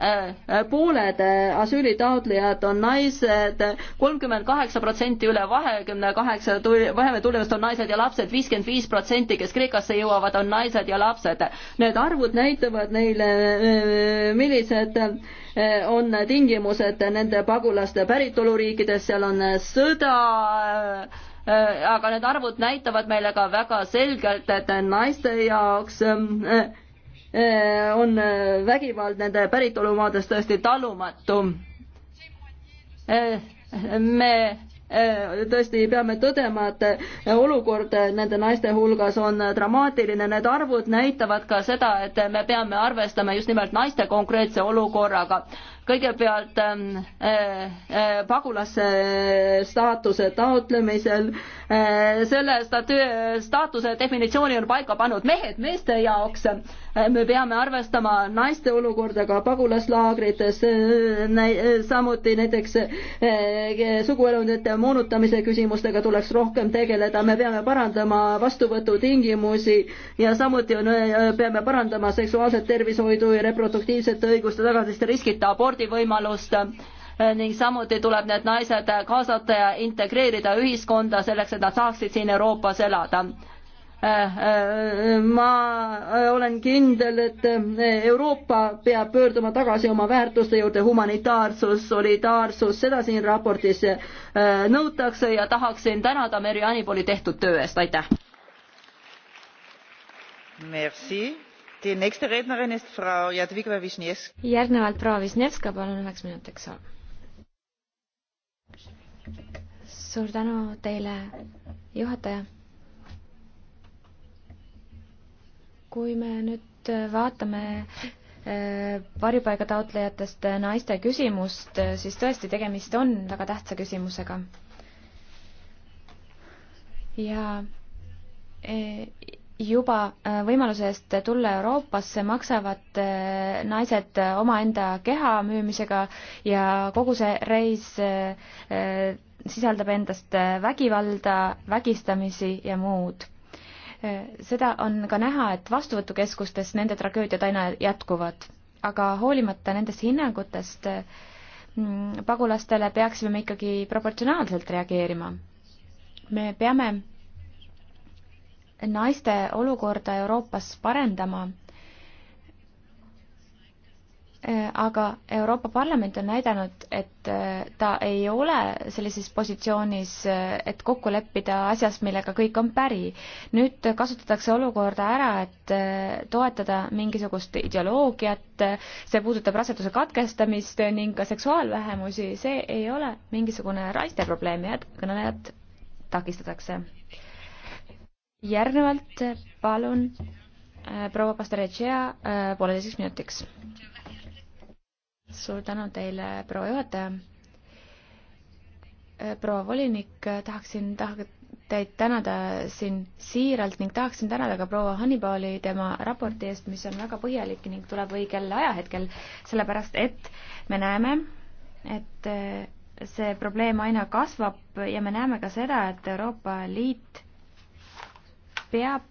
Äh, äh, pooled äh, asüülitaotlejad on naised, kolmkümmend kaheksa protsenti üle vahekümne kaheksa, vahemetulemust on naised ja lapsed, viiskümmend viis protsenti, kes Kreekasse jõuavad, on naised ja lapsed. Need arvud näitavad neile, millised on tingimused nende pagulaste päritoluriikides, seal on sõda, aga need arvud näitavad meile ka väga selgelt, et naiste jaoks Äh, on äh, vägivald nende päritolumaades tõesti talumatu. Äh, me tõesti peame tõdema, et olukord nende naiste hulgas on dramaatiline, need arvud näitavad ka seda, et me peame arvestama just nimelt naiste konkreetse olukorraga. kõigepealt ähm, äh, äh, pagulasse staatuse taotlemisel äh, Äh, selle staatuse definitsiooni on paika pannud mehed meeste jaoks. Äh, me peame arvestama naiste olukordaga pagulaslaagrites, äh, samuti näiteks suguelundite moonutamise küsimustega tuleks rohkem tegeleda, me peame parandama vastuvõtutingimusi ja samuti on, peame parandama seksuaalset tervishoidu ja reproduktiivsete õiguste tagatiste riskita abordivõimalust Äh, ning samuti tuleb need naised kaasata ja integreerida ühiskonda selleks, et nad saaksid siin Euroopas elada äh, äh, ma olen kindel, et Euroopa peab pöörduma tagasi oma väärtuste juurde, humanitaarsus, solidaarsus, seda siin raportis nõutakse ja tahaksin tänada Merry Anipoli tehtud töö eest, aitäh. järgnevalt proua Wisniewska, palun üheks minutiks. suur tänu teile, juhataja. kui me nüüd vaatame äh, varjupaigataotlejatest naiste küsimust, äh, siis tõesti, tegemist on väga tähtsa küsimusega. ja äh, juba võimaluse eest tulla Euroopasse maksavad naised omaenda keha müümisega ja kogu see reis sisaldab endast äh, vägivalda, vägistamisi ja muud. Äh, seda on ka näha, et vastuvõtukeskustes nende tragöödiad aina jätkuvad, aga hoolimata nendest hinnangutest äh, mm, pagulastele peaksime me ikkagi proportsionaalselt reageerima. me peame naiste olukorda Euroopas parendama Äh, aga Euroopa Parlament on näidanud, et äh, ta ei ole sellises positsioonis, äh, et kokku leppida asjas, millega kõik on päri. nüüd kasutatakse olukorda ära, et toetada mingisugust ideoloogiat, see puudutab raseduse katkestamist ning ka seksuaalvähemusi, see ei ole mingisugune naiste probleem ja kõnelejat takistatakse. järgnevalt palun proua Pastoretšea pooleteiseks minutiks suur tänu teile, proua juhataja. Äh, proua volinik, äh, tahaksin, tahan teid tänada siin siiralt ning tahaksin tänada ka proua Hannibali tema raporti eest, mis on väga põhjalik ning tuleb õigel ajahetkel, sellepärast et me näeme, et äh, see probleem aina kasvab ja me näeme ka seda, et Euroopa Liit peab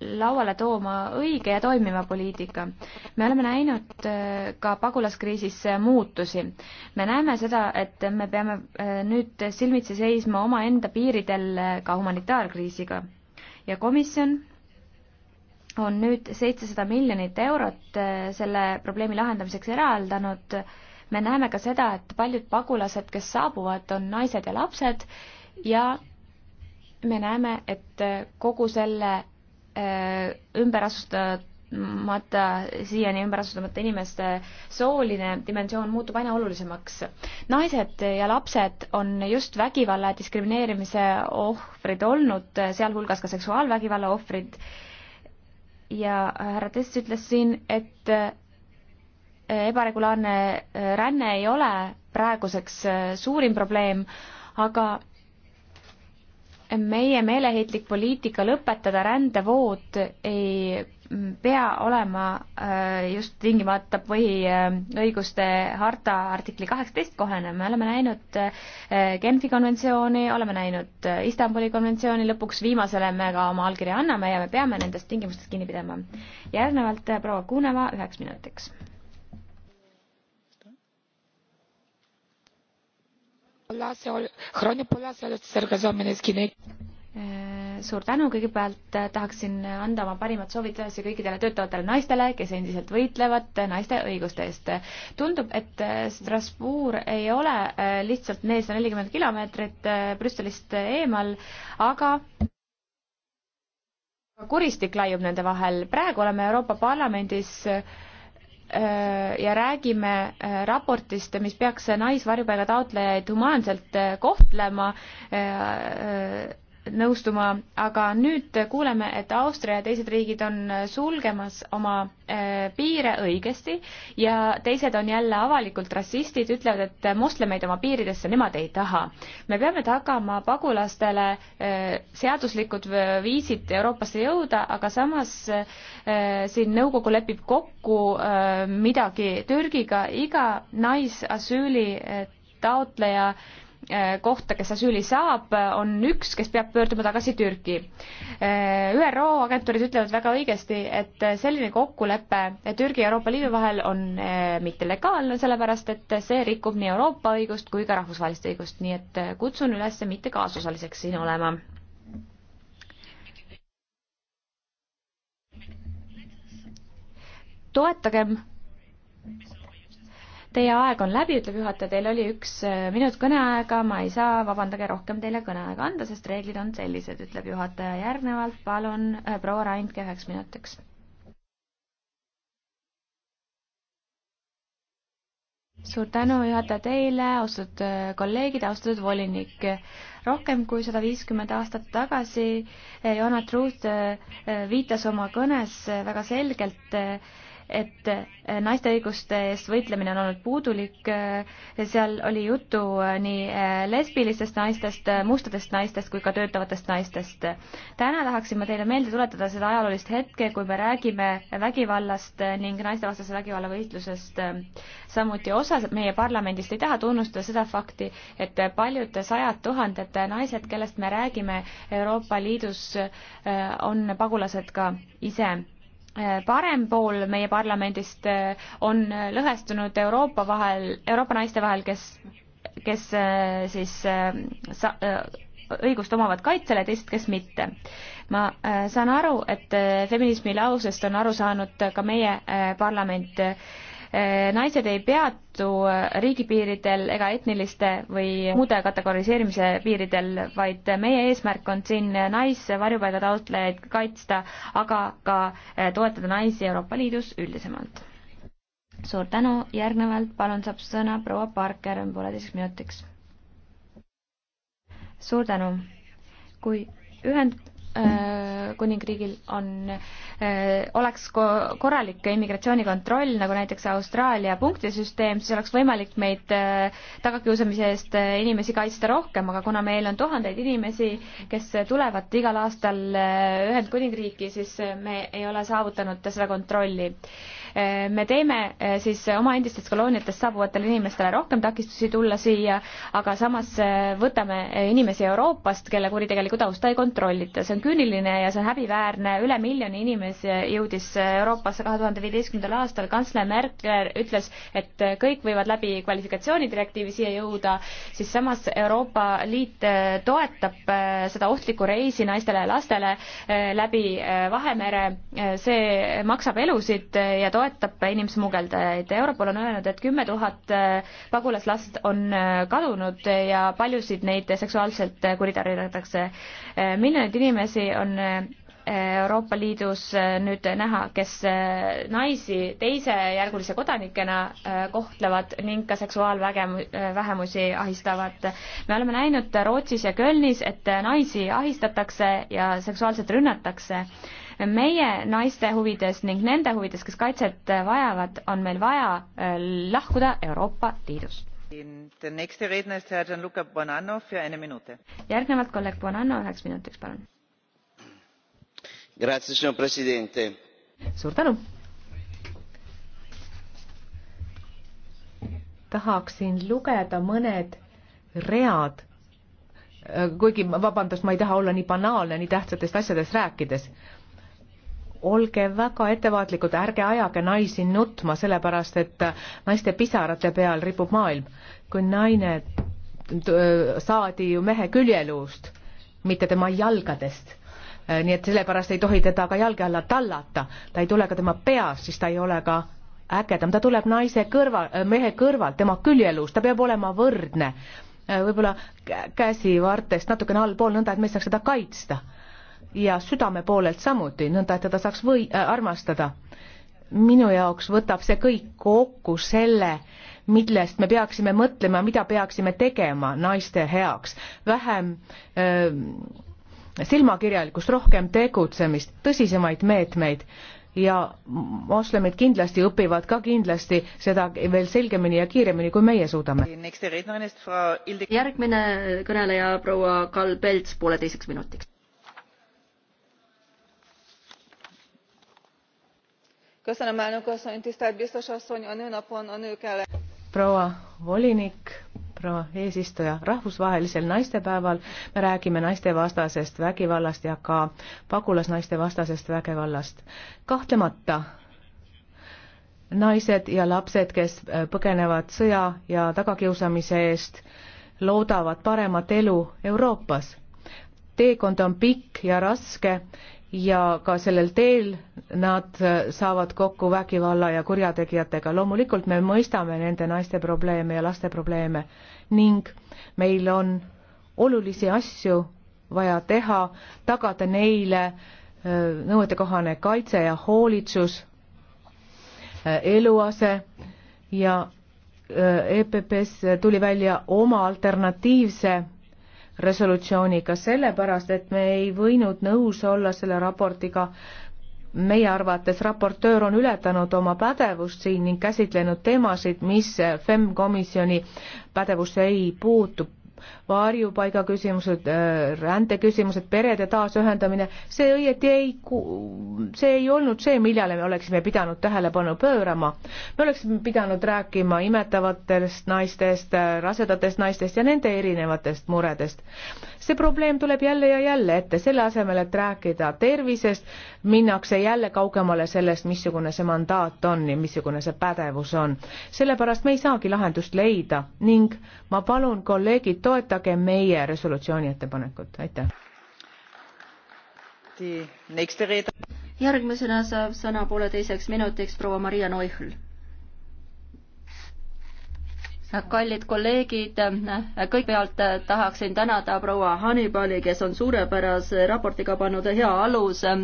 lauale tooma õige ja toimiva poliitika. me oleme näinud äh, ka pagulaskriisis äh, muutusi. me näeme seda, et me peame äh, nüüd silmitsi seisma omaenda piiridel ka humanitaarkriisiga ja komisjon on nüüd seitsesada miljonit eurot selle probleemi lahendamiseks eraldanud. me näeme ka seda, et paljud pagulased, kes saabuvad, on naised ja lapsed ja me näeme, et kogu selle Äh, ümberasustamata, siiani ümberasustamata inimeste sooline dimensioon muutub aina olulisemaks. naised ja lapsed on just vägivalla ja diskrimineerimise ohvrid olnud, sealhulgas ka seksuaalvägivalla ohvrid. ja härra Tess ütles siin, et äh, ebaregulaarne äh, ränne ei ole praeguseks suurim probleem, aga meie meeleheitlik poliitika lõpetada rändevood ei pea olema äh, just tingimata põhiõiguste äh, harta artikli kaheksateist kohene, me oleme näinud äh, Genfi konventsiooni, oleme näinud Istanbuli konventsiooni, lõpuks viimasele me ka oma allkirja anname ja me peame nendest tingimustest kinni pidama. järgnevalt proua Kuneva üheks minutiks Äh, suur tänu, kõigepealt äh, tahaksin anda oma parimad soovid edasi kõikidele töötavatele naistele, kes endiselt võitlevad äh, naiste õiguste eest. tundub, et Strasbourg ei ole lihtsalt nelisada nelikümmend kilomeetrit Brüsselist eemal, aga kuristik laiub nende vahel. praegu oleme Euroopa Parlamendis äh, Äh, ja räägime äh, raportist, mis peaks naisvarjupaiga taotlejaid humaanselt äh, kohtlema, nõustuma, aga nüüd kuuleme, et Austria ja teised riigid on sulgemas oma eh, piire õigesti ja teised on jälle avalikult rassistid, ütlevad, et moslemeid oma piiridesse nemad ei taha. me peame tagama pagulastele eh, seaduslikud viisid Euroopasse jõuda, aga samas eh, siin nõukogu lepib kokku midagi Türgiga, iga naisasüüli taotleja äh, Äh, kohta, kes asüüli saab, äh, on üks, kes peab pöörduma tagasi Türgi. Äh, ÜRO agentuurid ütlevad väga õigesti, et selline kokkulepe Türgi ja Euroopa Liidu vahel on mittelegaalne, sellepärast et see rikub nii Euroopa õigust kui ka rahvusvahelist õigust, nii et kutsun üles mitte kaasosaliseks siin olema. toetagem Teie aeg on läbi, ütleb juhataja, teil oli üks äh, minut kõneaega, ma ei saa, vabandage, rohkem teile kõneaega anda, sest reeglid on sellised, ütleb juhataja. järgnevalt palun äh, proua Randke üheks minutiks. suur tänu, juhataja, teile, austatud äh, kolleegid, austatud volinik. rohkem kui sada viiskümmend aastat tagasi Joanna Truut viitas oma kõnes väga selgelt et eh, naiste õiguste eest võitlemine on olnud puudulik. Eh, seal oli juttu eh, nii lesbilistest naistest, mustadest naistest kui ka töötavatest naistest. täna tahaksin ma teile meelde tuletada seda ajaloolist hetke, kui me räägime vägivallast ning naistevastase vägivalla võitlusest. samuti osa meie parlamendist ei taha tunnustada seda fakti, et paljud sajad tuhanded naised, kellest me räägime Euroopa Liidus, on pagulased ka ise Äh, parem pool meie parlamendist äh, on äh, lõhestunud Euroopa vahel, Euroopa naiste vahel, kes, kes siis sa, õigust omavad kaitsele, teised, kes mitte. ma saan aru, et feminismi lausest on aru saanud ka meie parlament Äh, naised ei peatu äh, riigipiiridel ega etniliste või muude kategoriseerimise piiridel, vaid meie eesmärk on siin naisvarjupaiga taotlejaid kaitsta, aga ka äh, toetada naisi Euroopa Liidus üldisemalt. suur tänu, järgnevalt palun saab sõna proua Parker pooleteiseks minutiks. suur tänu. kui ühend Äh, kuningriigil on, äh, oleks ko-, korralik immigratsioonikontroll, nagu näiteks Austraalia punktisüsteem, siis oleks võimalik meid äh, tagakiusamise eest inimesi kaitsta rohkem, aga kuna meil on tuhandeid inimesi, kes tulevad igal aastal Ühendkuningriiki, siis me ei ole saavutanud seda kontrolli Eh, me teeme eh, siis eh, oma endistest kolooniatest saabuvatele inimestele rohkem takistusi tulla siia, aga samas võtame inimesi Euroopast, kelle kuritegelikku tausta ei kontrollita. see on küüniline ja see on häbiväärne, üle miljoni inimese jõudis Euroopasse kahe tuhande viieteistkümnendal aastal, kantsler Merkel ütles, et kõik võivad läbi kvalifikatsioonidirektiivi siia jõuda, siis samas Euroopa Liit toetab seda ohtlikku reisi naistele ja lastele läbi Vahemere, see maksab elusid ja toetab toetab inimsmugeldajaid. Europol on öelnud, et kümme tuhat äh, pagulaslast on äh, kadunud ja paljusid neid seksuaalselt äh, kuritarvitatakse. miljoneid inimesi on Euroopa Liidus nüüd näha, kes naisi teisejärgulise kodanikena kohtlevad ning ka seksuaalvähemusi ahistavad. me oleme näinud Rootsis ja Kölnis, et naisi ahistatakse ja seksuaalselt rünnatakse meie naiste huvides ning nende huvides, kes kaitset äh, vajavad, on meil vaja äh, lahkuda Euroopa Liidust. järgnevalt kolleeg Bonanno üheks minutiks, palun. suur tänu. tahaksin lugeda mõned read äh, kuigi vabandust, ma ei taha olla nii banaalne nii tähtsatest asjadest rääkides olge väga ettevaatlikud, ärge ajage naisi nutma, sellepärast et naiste pisarate peal ripub maailm. kui naine saadi ju mehe küljeluust, mitte tema jalgadest, nii et sellepärast ei tohi teda ka jalge alla tallata, ta ei tule ka tema peast, siis ta ei ole ka ägedam, ta tuleb naise kõrva, mehe kõrvalt, tema küljeluust, ta peab olema võrdne võib-olla käsivartest natukene allpool, nõnda et me saaks seda kaitsta ja südame poolelt samuti, nõnda et teda saaks või äh, armastada. minu jaoks võtab see kõik kokku selle, millest me peaksime mõtlema, mida peaksime tegema naiste heaks, vähem äh, silmakirjalikkust, rohkem tegutsemist, tõsisemaid meetmeid ja moslemid kindlasti õpivad ka kindlasti seda veel selgemini ja kiiremini, kui meie suudame. järgmine kõneleja proua Karl Pelts pooleteiseks minutiks proua volinik proua eesistuja rahvusvahelisel naistepäeval me räägime naistevastasest vägivallast ja ka pagulasnaiste vastasest vägivallast kahtlemata naised ja lapsed kes äh, põgenevad sõja ja tagakiusamise eest loodavad paremat elu euroopas teekond on pikk ja raske ja ka sellel teel nad saavad kokku vägivalla ja kurjategijatega. loomulikult me mõistame nende naiste probleeme ja laste probleeme ning meil on olulisi asju vaja teha, tagada neile äh, nõuetekohane kaitse ja hoolitsus, äh, eluase ja äh, EPP-s tuli välja oma alternatiivse resolutsiooniga, sellepärast et me ei võinud nõus olla selle raportiga. meie arvates raportöör on ületanud oma pädevust siin ning käsitlenud teemasid, mis FEM komisjoni pädevusse ei puutu varjupaigaküsimused, äh, rändeküsimused, perede taasühendamine, see õieti ei, see ei olnud see, millele me oleksime pidanud tähelepanu pöörama. me oleksime pidanud rääkima imetavatest naistest, rasedatest naistest ja nende erinevatest muredest. see probleem tuleb jälle ja jälle ette, selle asemel, et rääkida tervisest, minnakse jälle kaugemale sellest, missugune see mandaat on ja missugune see pädevus on. sellepärast me ei saagi lahendust leida ning ma palun kolleegid, toetage meie resolutsiooni ettepanekut, aitäh. järgmisena saab sõna pooleteiseks minutiks proua Maria Neuchl kallid kolleegid, kõigepealt tahaksin tänada proua Hannibali, kes on suurepärase raportiga pannud hea aluse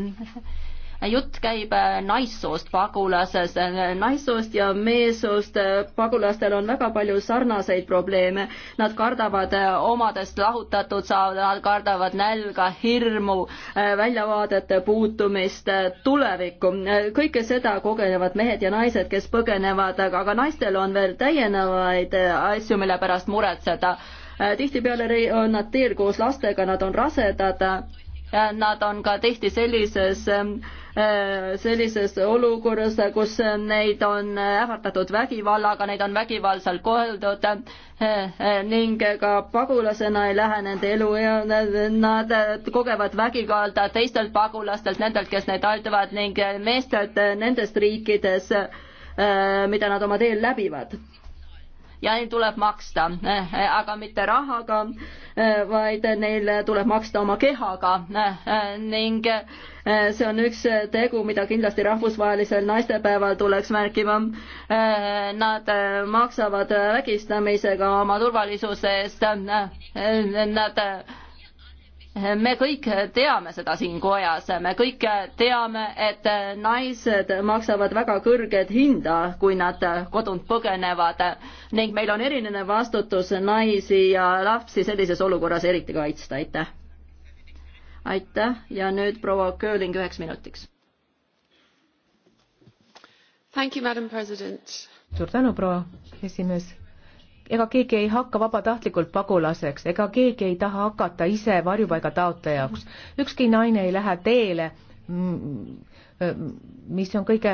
jutt käib äh, naissoost pagulasest, naissoost ja meessoost äh, pagulastel on väga palju sarnaseid probleeme. Nad kardavad äh, omadest lahutatud saada, nad kardavad nälga, hirmu, väljavaadete puutumist, tulevikku. kõike seda kogenevad mehed ja naised, kes põgenevad, aga, aga naistel on veel täiendavaid asju, mille pärast muretseda. tihtipeale on nad teel koos lastega, nad on rasedad, nad on ka tihti sellises äh, Äh, sellises olukorras, kus neid on ähvardatud vägivallaga, neid on vägivaldselt koheldud äh, äh, ning ka pagulasena ei lähe nende elu, nad kogevad vägivalda teistelt pagulastelt, nendelt, kes neid aitavad ning meestelt nendest riikidest, mida nad oma teel läbivad ja neil tuleb maksta, aga mitte rahaga, vaid neil tuleb maksta oma kehaga ning see on üks tegu, mida kindlasti rahvusvahelisel naistepäeval tuleks märkima. Nad maksavad vägistamisega oma turvalisuse eest, nad me kõik teame seda siin kojas, me kõik teame, et naised maksavad väga kõrget hinda, kui nad kodunt põgenevad ning meil on eriline vastutus naisi ja lapsi sellises olukorras eriti kaitsta, aitäh. aitäh ja nüüd proua Kööling üheks minutiks. suur tänu, proua esimees ega keegi ei hakka vabatahtlikult pagulaseks, ega keegi ei taha hakata ise varjupaiga taotlejaks. ükski naine ei lähe teele, mm, mm, mis on kõige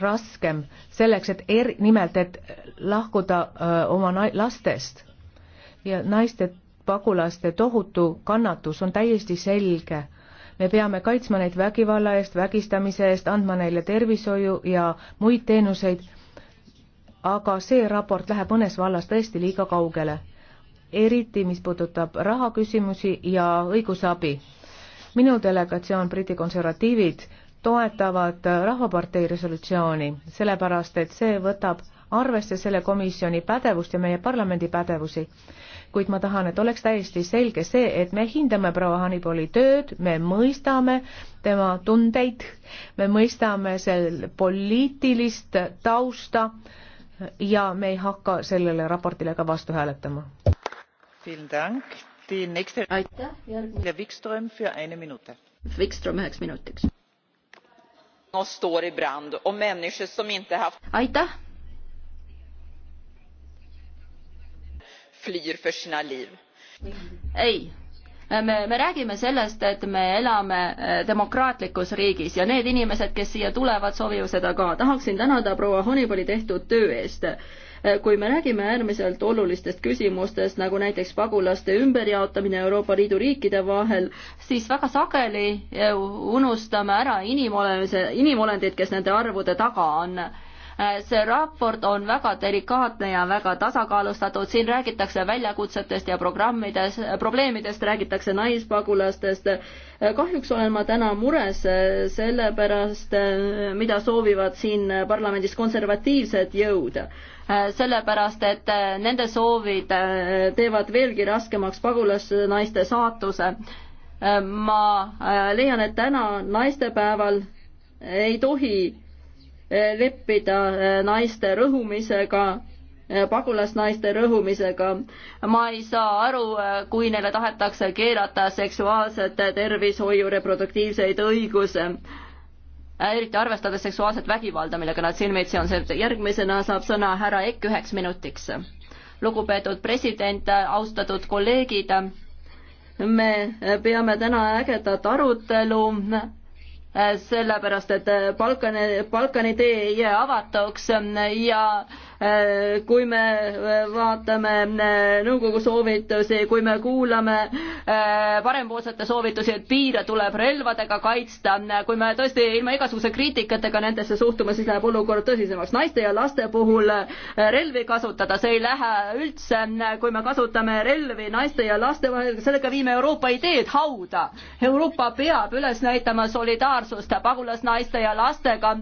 raskem selleks, et er-, nimelt, et lahkuda öö, oma na-, lastest. ja naiste pagulaste tohutu kannatus on täiesti selge. me peame kaitsma neid vägivalla eest, vägistamise eest, andma neile tervishoiu ja muid teenuseid aga see raport läheb mõnes vallas tõesti liiga kaugele, eriti mis puudutab rahaküsimusi ja õigusabi. minu delegatsioon, Briti konservatiivid, toetavad Rahvapartei resolutsiooni, sellepärast et see võtab arvesse selle komisjoni pädevust ja meie parlamendi pädevusi. kuid ma tahan, et oleks täiesti selge see, et me hindame proua Hannibali tööd, me mõistame tema tundeid, me mõistame selle poliitilist tausta äh,, ja me ei hakka sellele raportile ka vastu hääletama. aitäh, järgmine. Wikström üheks minutiks. aitäh. ei me, me räägime sellest, et me elame äh, demokraatlikus riigis ja need inimesed, kes siia tulevad, soovivad seda ka. tahaksin tänada proua Honibali tehtud töö eest äh, kui me räägime äärmiselt olulistest küsimustest, nagu näiteks pagulaste ümberjaotamine Euroopa Liidu riikide vahel, siis väga sageli äh, unustame ära inimolemise, inimolendid, kes nende arvude taga on see raport on väga delikaatne ja väga tasakaalustatud, siin räägitakse väljakutsetest ja programmides, probleemidest, räägitakse naispagulastest. kahjuks olen ma täna mures selle pärast, mida soovivad siin parlamendis konservatiivsed jõud sellepärast, et nende soovid teevad veelgi raskemaks pagulasnaiste saatuse. ma leian, et täna naistepäeval ei tohi Eh, leppida eh, naiste rõhumisega, eh, pagulasnaiste rõhumisega. ma ei saa aru, kui neile tahetakse keelata seksuaalset tervishoiu reproduktiivseid õiguse eriti arvestades seksuaalset vägivalda, millega nad silmitsi on, järgmisena saab sõna härra Ekk üheks minutiks. lugupeetud president, austatud kolleegid, me peame täna ägedat arutelu Äh, sellepärast et äh, Balkani, Balkani tee ei jää avatuks ähm, ja Äh, kui me äh, vaatame äh, nõukogu soovitusi, kui me kuulame parempoolsete soovitusi, et piire tuleb relvadega kaitsta, kui me tõesti ilma igasuguse kriitikatega nendesse suhtume, siis läheb olukord tõsisemaks. naiste ja laste puhul relvi kasutada, see ei lähe üldse, kui me kasutame relvi naiste ja laste vahel, sellega viime Euroopa ideed hauda. Euroopa peab üles näitama solidaarsust pagulasnaiste ja lastega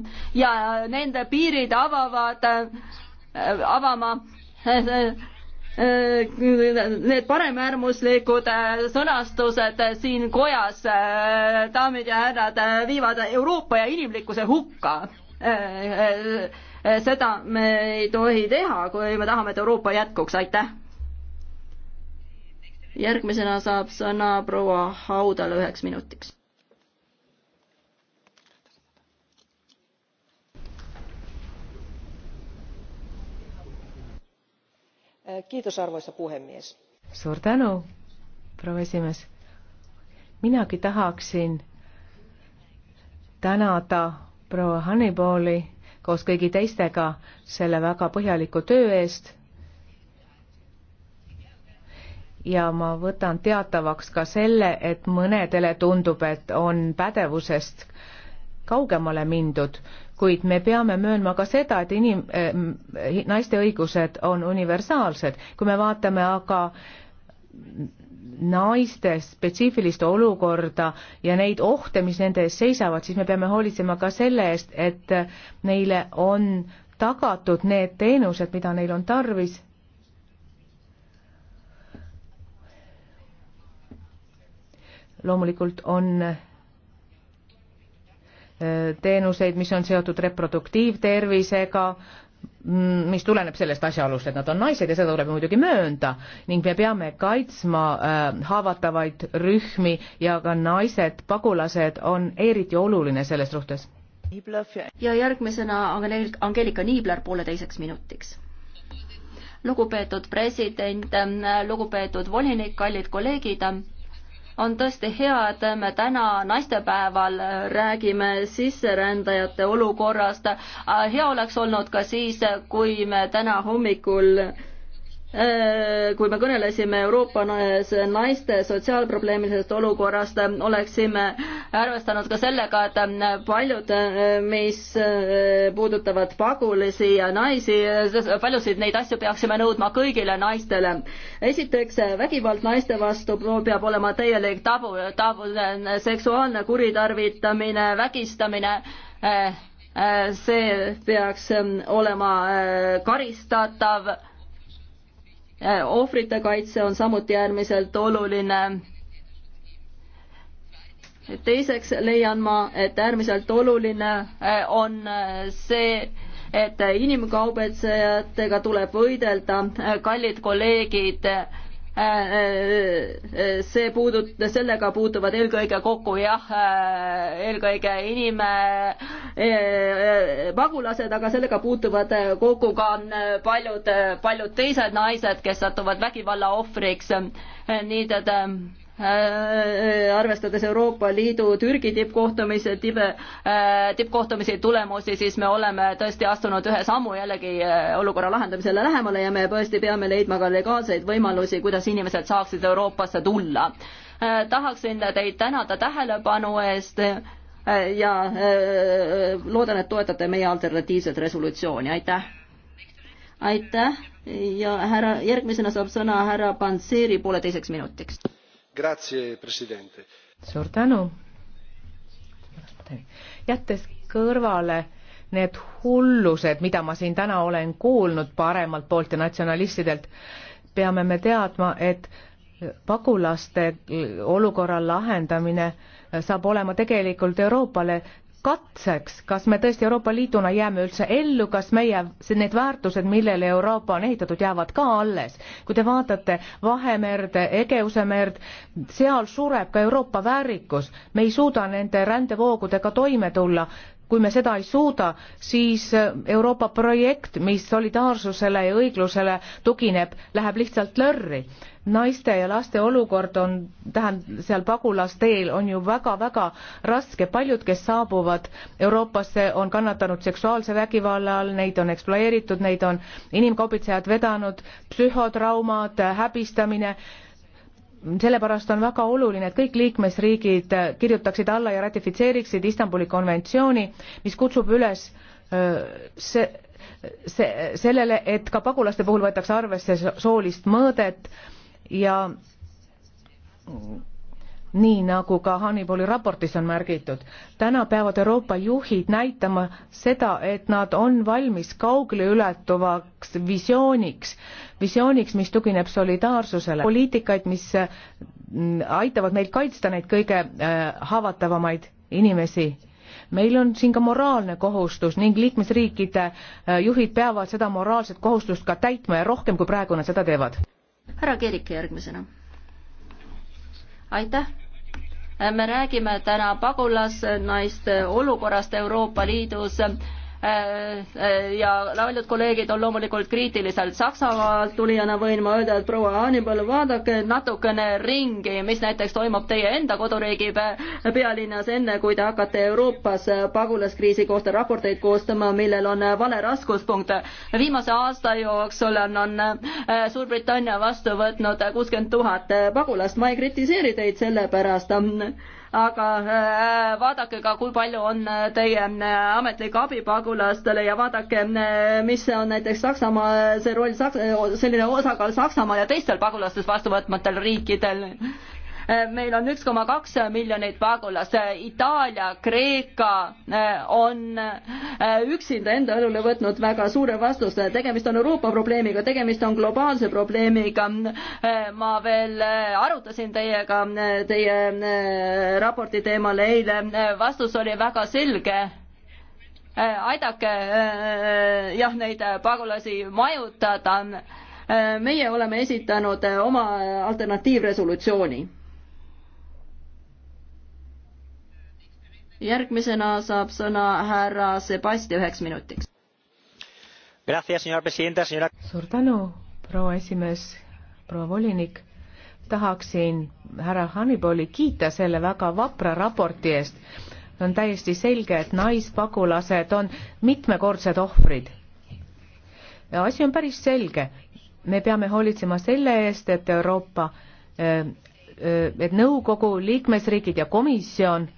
ja nende piirid avavad Äh, avama äh, äh, need paremäärmuslikud sõnastused siin kojas, daamid ja härrad, viivad Euroopa ja inimlikkuse hukka. seda me ei tohi teha, kui me tahame, et Euroopa jätkuks, aitäh. järgmisena saab sõna proua Haudale üheks minutiks arvoisa puhemies suur tänu proua esimees minagi tahaksin tänada proua Hannibooli koos kõigi teistega selle väga põhjaliku töö eest ja ma võtan teatavaks ka selle, et mõnedele tundub, et on pädevusest kaugemale mindud kuid me peame möönma ka seda, et inim-, naiste õigused on universaalsed. kui me vaatame aga naiste spetsiifilist olukorda ja neid ohte, mis nende ees seisavad, siis me peame hoolitsema ka selle eest, et neile on tagatud need teenused, mida neil on tarvis. loomulikult on teenuseid, mis on seotud reproduktiivtervisega, mm, mis tuleneb sellest asjaolust, et nad on naised ja seda tuleb muidugi möönda ning me peame kaitsma äh, haavatavaid rühmi ja ka naised, pagulased on eriti oluline selles suhtes. ja järgmisena Angeelika Niibler pooleteiseks minutiks lugupeetud president, lugupeetud volinik, kallid kolleegid on tõesti hea, et me täna naistepäeval räägime sisserändajate olukorrast. Äh, hea oleks olnud ka siis, kui me täna hommikul Äh, kui me kõnelesime Euroopa naiste sotsiaalprobleemilisest olukorrast, äh, oleksime arvestanud ka sellega, et äh, paljud, mis puudutavad pagulasi ja naisi, paljusid neid asju peaksime nõudma kõigile naistele. esiteks, vägivald naiste vastu peab olema täielik tabu, tabu, seksuaalne kuritarvitamine, vägistamine see peaks olema karistatav ohvrite kaitse on samuti äärmiselt oluline. teiseks leian ma, et äärmiselt oluline äh, on äh, see, et inimkaubitsejatega tuleb võidelda, kallid kolleegid Äh, äh, äh, see puudut-, sellega puutuvad eelkõige kokku jah, eelkõige inim-, pagulased, aga sellega puutuvad kokku ka paljud, paljud teised naised, kes satuvad vägivalla ohvriks. nii et Äh, arvestades Euroopa Liidu Türgi tippkohtumise tibe, äh, tippkohtumise tulemusi, siis me oleme tõesti astunud ühe sammu jällegi äh, olukorra lahendamisele lähemale ja me tõesti peame leidma ka legaalseid võimalusi, kuidas inimesed saaksid Euroopasse tulla. tahaksin teid tänada tähelepanu eest ja loodan, et toetate meie alternatiivset resolutsiooni, aitäh! aitäh ja härra, järgmisena saab sõna härra Panseri pooleteiseks minutiks suur tänu. jättes kõrvale need hullused, mida ma siin täna olen kuulnud paremalt poolt ja natsionalistidelt, peame me teadma, et pagulaste olukorra lahendamine saab olema tegelikult Euroopale katseks, kas me tõesti Euroopa Liiduna jääme üldse ellu, kas meie need väärtused, millele Euroopa on ehitatud, jäävad ka alles. kui te vaatate Vahemerd, Egeuse merd, seal sureb ka Euroopa väärikus, me ei suuda nende rändevoogudega toime tulla, kui me seda ei suuda, siis äh, Euroopa projekt, mis solidaarsusele ja õiglusele tugineb, läheb lihtsalt lörri. naiste ja laste olukord on, tähendab, seal pagulasteel on ju väga-väga raske, paljud, kes saabuvad Euroopasse, on kannatanud seksuaalse vägivalla all, neid on eksplueeritud, neid on inimkaubitsejad vedanud, psühhotraumad, äh, häbistamine sellepärast on väga oluline, et kõik liikmesriigid kirjutaksid alla ja ratifitseeriksid Istanbuli konventsiooni, mis kutsub üles see, see, sellele, et ka pagulaste puhul võetakse arvesse soolist mõõdet ja nii nagu ka Hannibali raportis on märgitud. täna peavad Euroopa juhid näitama seda, et nad on valmis kaugeleületuvaks visiooniks, visiooniks, mis tugineb solidaarsusele, poliitikaid, mis mm, aitavad meil kaitsta neid kõige äh, haavatavamaid inimesi meil on siin ka moraalne kohustus ning liikmesriikide äh, juhid peavad seda moraalset kohustust ka täitma ja rohkem kui praegu nad seda teevad. härra Keerik järgmisena aitäh! me räägime täna pagulasnaiste olukorrast Euroopa Liidus Äh, äh, ja paljud kolleegid on loomulikult kriitilised. Saksamaalt tulijana võin ma öelda, et proua Hannibal, vaadake natukene ringi, mis näiteks toimub teie enda koduriigi pealinnas, enne kui te hakkate Euroopas pagulaskriisi kohta raporteid koostama, millel on vale raskuspunkt. viimase aasta jooksul on, on äh, Suurbritannia vastu võtnud kuuskümmend tuhat pagulast. ma ei kritiseeri teid selle pärast aga äh, vaadake ka, kui palju on äh, teie äh, ametlik abi pagulastele ja vaadake, mis on näiteks Saksamaa, see roll, selline osakaal Saksamaa ja teistel pagulastes vastuvõtmatel riikidel Äh, meil on üks koma kaks miljonit pagulast, äh, Itaalia, Kreeka äh, on üksinda enda õlule võtnud väga suure vastuse, tegemist on Euroopa probleemiga, tegemist on globaalse probleemiga. ma veel arutasin teiega teie raporti teemal eile, vastus oli väga selge aidake jah, neid pagulasi majutada. meie oleme esitanud oma alternatiivresolutsiooni järgmisena saab sõna härra Sebasti üheks minutiks. suur tänu, proua esimees, proua volinik tahaksin härra Hannibali kiita selle väga vapra raporti eest. on täiesti selge, et naispagulased on mitmekordsed ohvrid. asi on päris selge. me peame hoolitsema selle eest, et Euroopa, eh, eh, et nõukogu, liikmesriigid ja komisjon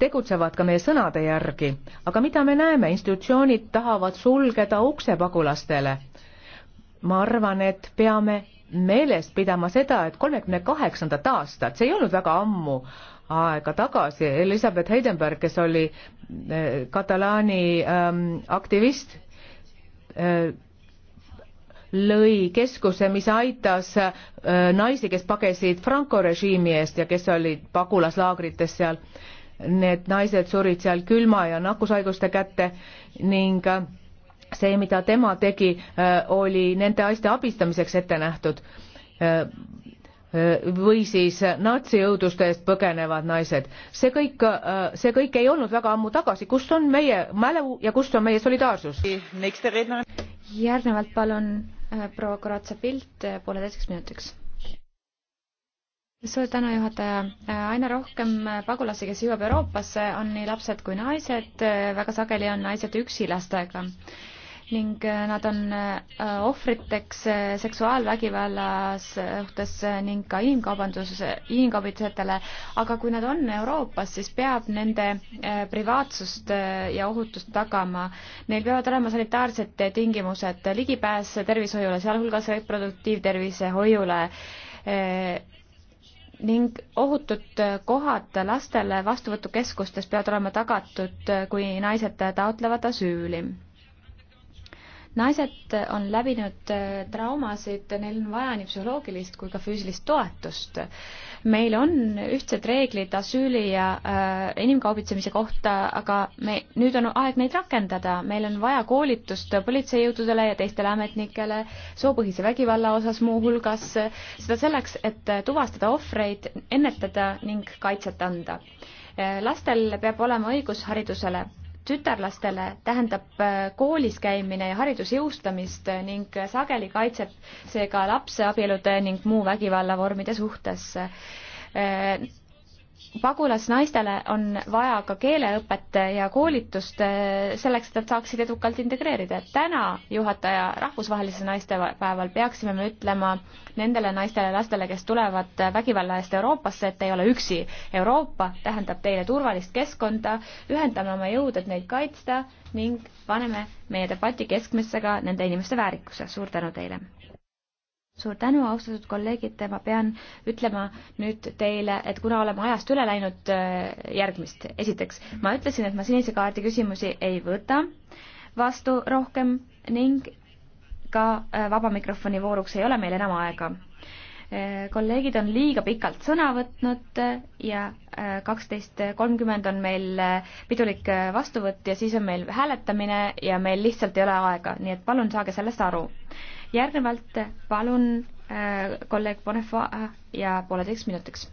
tegutsevad ka meie sõnade järgi, aga mida me näeme, institutsioonid tahavad sulgeda ukse pagulastele. ma arvan, et peame meeles pidama seda, et kolmekümne kaheksandat aastat, see ei olnud väga ammu aega tagasi, Elizabeth Heidenberg, kes oli äh, katalaani ähm, aktivist äh,, lõi keskuse, mis aitas äh, naisi, kes pagesid Franco režiimi eest ja kes olid pagulaslaagrites seal. Need naised surid seal külma ja nakkushaiguste kätte ning äh, see, mida tema tegi, äh, oli nende naiste abistamiseks ette nähtud või siis natsijõuduste eest põgenevad naised. see kõik, see kõik ei olnud väga ammu tagasi, kus on meie mälu ja kus on meie solidaarsus? järgnevalt palun Äh, proua Koratsa Pilt äh, pooleteiseks minutiks. suur tänu, juhataja. Äh, aina rohkem pagulasi, kes jõuab Euroopasse, on nii lapsed kui naised, väga sageli on naised üksi lastega ning äh, nad on äh, ohvriteks äh, seksuaalvägivalla suhtes ning ka inimkaubanduse, inimkaubitsetele, aga kui nad on Euroopas, siis peab nende privaatsust ja ohutust tagama. Neil peavad olema sanitaarsed tingimused, ligipääs tervishoiule, sealhulgas reproduktiivtervisehoiule ning ohutud kohad lastele vastuvõtukeskustes peavad olema tagatud, kui naised taotlevad asüüli naised on läbinud äh, traumasid, neil on vaja nii psühholoogilist kui ka füüsilist toetust. meil on ühtsed reeglid asüüli ja äh, inimkaubitsemise kohta, aga me, nüüd on aeg neid rakendada, meil on vaja koolitust politseijõududele ja teistele ametnikele soopõhise vägivalla osas muuhulgas, seda selleks, et äh, tuvastada ohvreid, ennetada ning kaitset anda äh, lastel peab olema õigus haridusele tütarlastele tähendab äh, koolis käimine ja haridusjõustamist ning sageli kaitseb see ka lapse abielude ning muu vägivallavormide suhtes äh, pagulasnaistele on vaja ka keeleõpet ja koolitust eh, selleks, et nad saaksid edukalt integreerida. täna, juhataja, rahvusvahelisel naistepäeval peaksime me ütlema nendele naistele ja lastele, kes tulevad vägivalla eest Euroopasse, et te ei ole üksi. Euroopa tähendab teile turvalist keskkonda, ühendame oma jõud, et neid kaitsta ning paneme meie debati keskmesse ka nende inimeste väärikuse. suur tänu teile! suur tänu, austatud kolleegid, ma pean ütlema nüüd teile, et kuna oleme ajast üle läinud, äh, järgmist. esiteks, ma ütlesin, et ma sinise kaardi küsimusi ei võta vastu rohkem ning ka äh, vaba mikrofoni vooruks ei ole meil enam aega. Äh, kolleegid on liiga pikalt sõna võtnud ja kaksteist kolmkümmend on meil pidulik vastuvõtt ja siis on meil hääletamine ja meil lihtsalt ei ole aega, nii et palun saage sellest aru järgnevalt palun äh, kolleeg Bonefa äh, ja pooleteist minutiks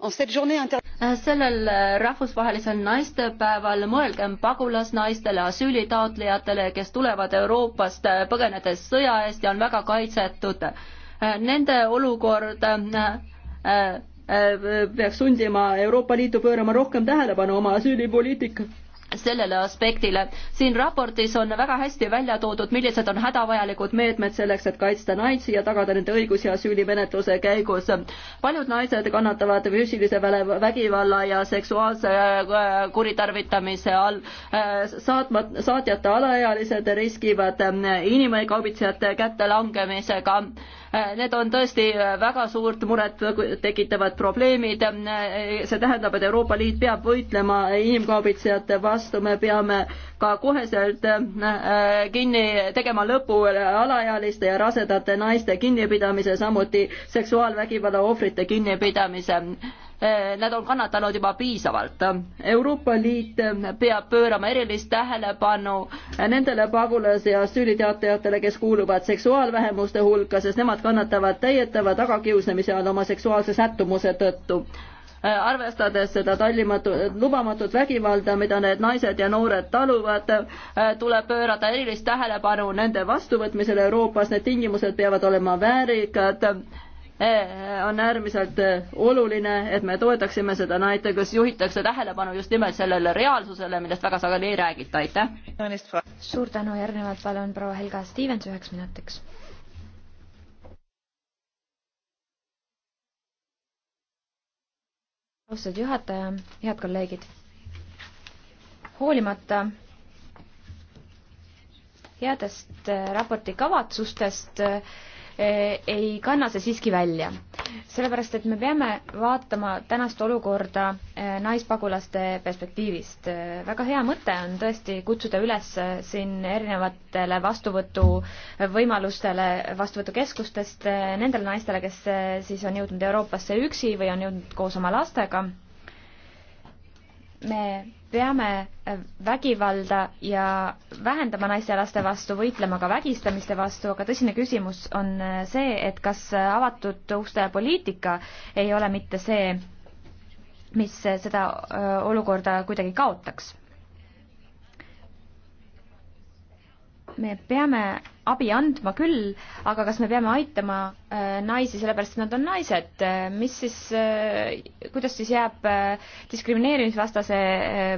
äh, sellel rahvusvahelisel naistepäeval mõelgem pagulasnaistele, asüülitaotlejatele, kes tulevad Euroopast põgenedes sõja eest ja on väga kaitsetud. Nende olukord peaks sundima Euroopa Liitu pöörama rohkem tähelepanu oma asüülipoliitikale sellele aspektile. siin raportis on väga hästi välja toodud, millised on hädavajalikud meetmed selleks, et kaitsta naisi ja tagada nende õigusi asüülimenetluse käigus. paljud naised kannatavad füüsilise vägivalla ja seksuaalse äh, kuritarvitamise all. Äh, saatma, saatjate alaealised riskivad äh, inimkaubitsejate kätte langemisega Äh, need on tõesti äh, väga suurt muret tekitavad probleemid. Äh, see tähendab, et Euroopa Liit peab võitlema inimkaubitsejate vastu, me peame ka koheselt kinni tegema lõpu alaealiste ja rasedate naiste kinnipidamise, samuti seksuaalvägivalla ohvrite kinnipidamise Eh, nad on kannatanud juba piisavalt. Euroopa Liit peab pöörama erilist tähelepanu nendele pagulase ja asüüliteatajatele, kes kuuluvad seksuaalvähemuste hulka, sest nemad kannatavad täietava tagakiusamise all oma seksuaalse sättumuse tõttu eh, arvestades seda tallimatu, lubamatut vägivalda, mida need naised ja noored taluvad, eh, tuleb pöörata erilist tähelepanu nende vastuvõtmisele Euroopas, need tingimused peavad olema väärikad Eh, on äärmiselt eh, oluline, et me toetaksime seda näite, kus juhitakse tähelepanu just nimelt sellele reaalsusele, millest väga sageli ei räägita, aitäh. suur tänu, järgnevalt palun proua Helga Stevens üheks minutiks. austatud juhataja, head kolleegid. hoolimata headest eh, raporti kavatsustest äh, Eh, ei kanna see siiski välja. sellepärast, et me peame vaatama tänast olukorda eh, naispagulaste perspektiivist. Eh, väga hea mõte on tõesti kutsuda üles siin erinevatele vastuvõtuvõimalustele vastuvõtukeskustest nendele naistele, kes siis on jõudnud Euroopasse üksi või on jõudnud koos oma lastega me peame äh, vägivalda ja vähendama naiste ja laste vastu, võitlema ka vägistamiste vastu, aga tõsine küsimus on äh, see, et kas äh, avatud uste poliitika ei ole mitte see, mis seda olukorda kuidagi kaotaks. me peame abi andma küll, aga kas me peame aitama äh, naisi sellepärast, et nad on naised, äh, mis siis, äh, kuidas siis jääb diskrimineerimisvastase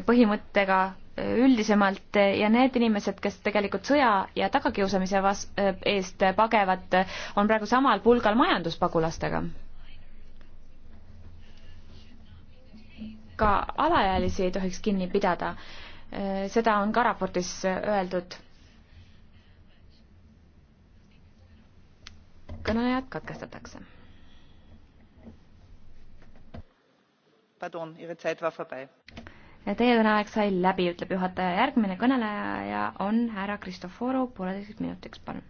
põhimõttega üldisemalt ja need inimesed, kes tegelikult sõja ja tagakiusamise vas-, eest pagevad, on praegu samal pulgal majanduspagulastega. ka alaealisi ei tohiks kinni pidada. seda on ka raportis öeldud kõnelejad katkestatakse. Teie kõneaeg sai läbi, ütleb juhataja. järgmine kõneleja on härra Kristoforu, pooleteiseks minutiks, palun.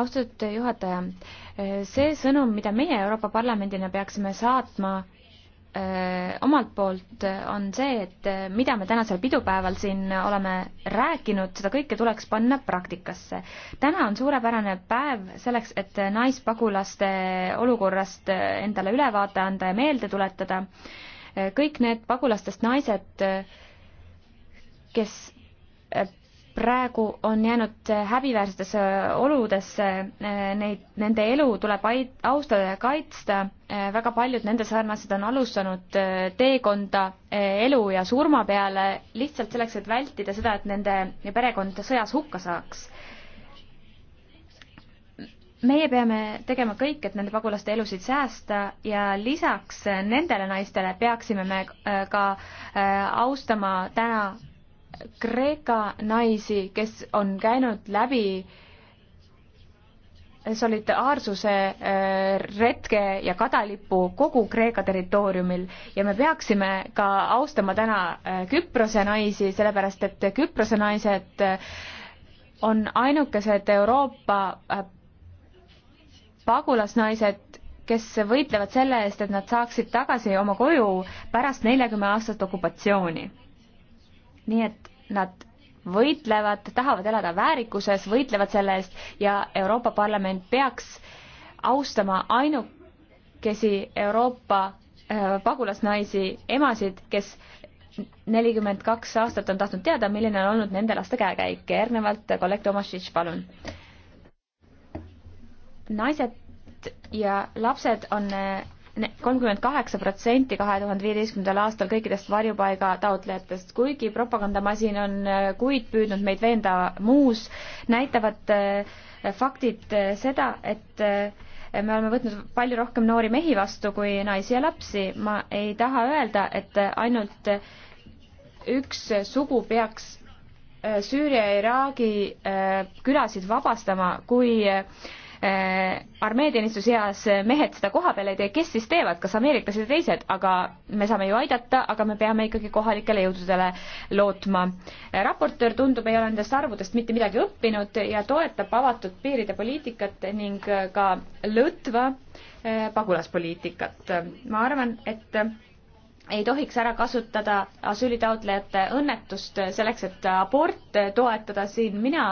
austatud juhataja, see sõnum, mida meie Euroopa Parlamendina peaksime saatma Äh, omalt poolt äh, on see, et äh, mida me tänasel pidupäeval siin oleme rääkinud, seda kõike tuleks panna praktikasse. täna on suurepärane päev selleks, et naispagulaste olukorrast endale ülevaate anda ja meelde tuletada. kõik need pagulastest naised, kes praegu on jäänud häbiväärsetesse oludesse, eh, neid, nende elu tuleb ait-, austada ja kaitsta, eh, väga paljud nende sarnased on alustanud eh, teekonda elu ja surma peale lihtsalt selleks, et vältida seda, et nende perekond sõjas hukka saaks. meie peame tegema kõik, et nende pagulaste elusid säästa ja lisaks nendele naistele peaksime me ka austama täna Kreeka naisi, kes on käinud läbi solidaarsuse äh, retke ja kadalipu kogu Kreeka territooriumil ja me peaksime ka austama täna äh, Küprose naisi, sellepärast et Küprose naised äh, on ainukesed Euroopa pagulasnaised, kes võitlevad selle eest, et nad saaksid tagasi oma koju pärast neljakümne aastast okupatsiooni. nii et nad võitlevad, tahavad elada väärikuses, võitlevad selle eest ja Euroopa Parlament peaks austama ainukesi Euroopa äh, pagulasnaisi, emasid, kes nelikümmend kaks aastat on tahtnud teada, milline on olnud nende laste käekäik. järgnevalt äh, kolleeg Tomašitš, palun. naised ja lapsed on äh, kolmkümmend kaheksa protsenti kahe tuhande viieteistkümnendal aastal kõikidest varjupaiga taotlejatest, kuigi propagandamasin on äh, kuid püüdnud meid veenda muus, näitavad äh, faktid äh, seda, et me oleme võtnud palju rohkem noori mehi vastu kui naisi ja lapsi. ma ei taha öelda, et ainult üks sugu peaks Süüria ja Iraagi külasid vabastama, kui Äh, armeeteenistuse eas mehed seda kohapeal ei tee, kes siis teevad, kas ameeriklased ja teised, aga me saame ju aidata, aga me peame ikkagi kohalikele jõududele lootma. Äh, raportöör tundub, ei ole nendest arvudest mitte midagi õppinud ja toetab avatud piiride poliitikat ning äh, ka lõtva pagulaspoliitikat. ma arvan, et ei tohiks ära kasutada asüülitaotlejate õnnetust selleks, et abort toetada siin mina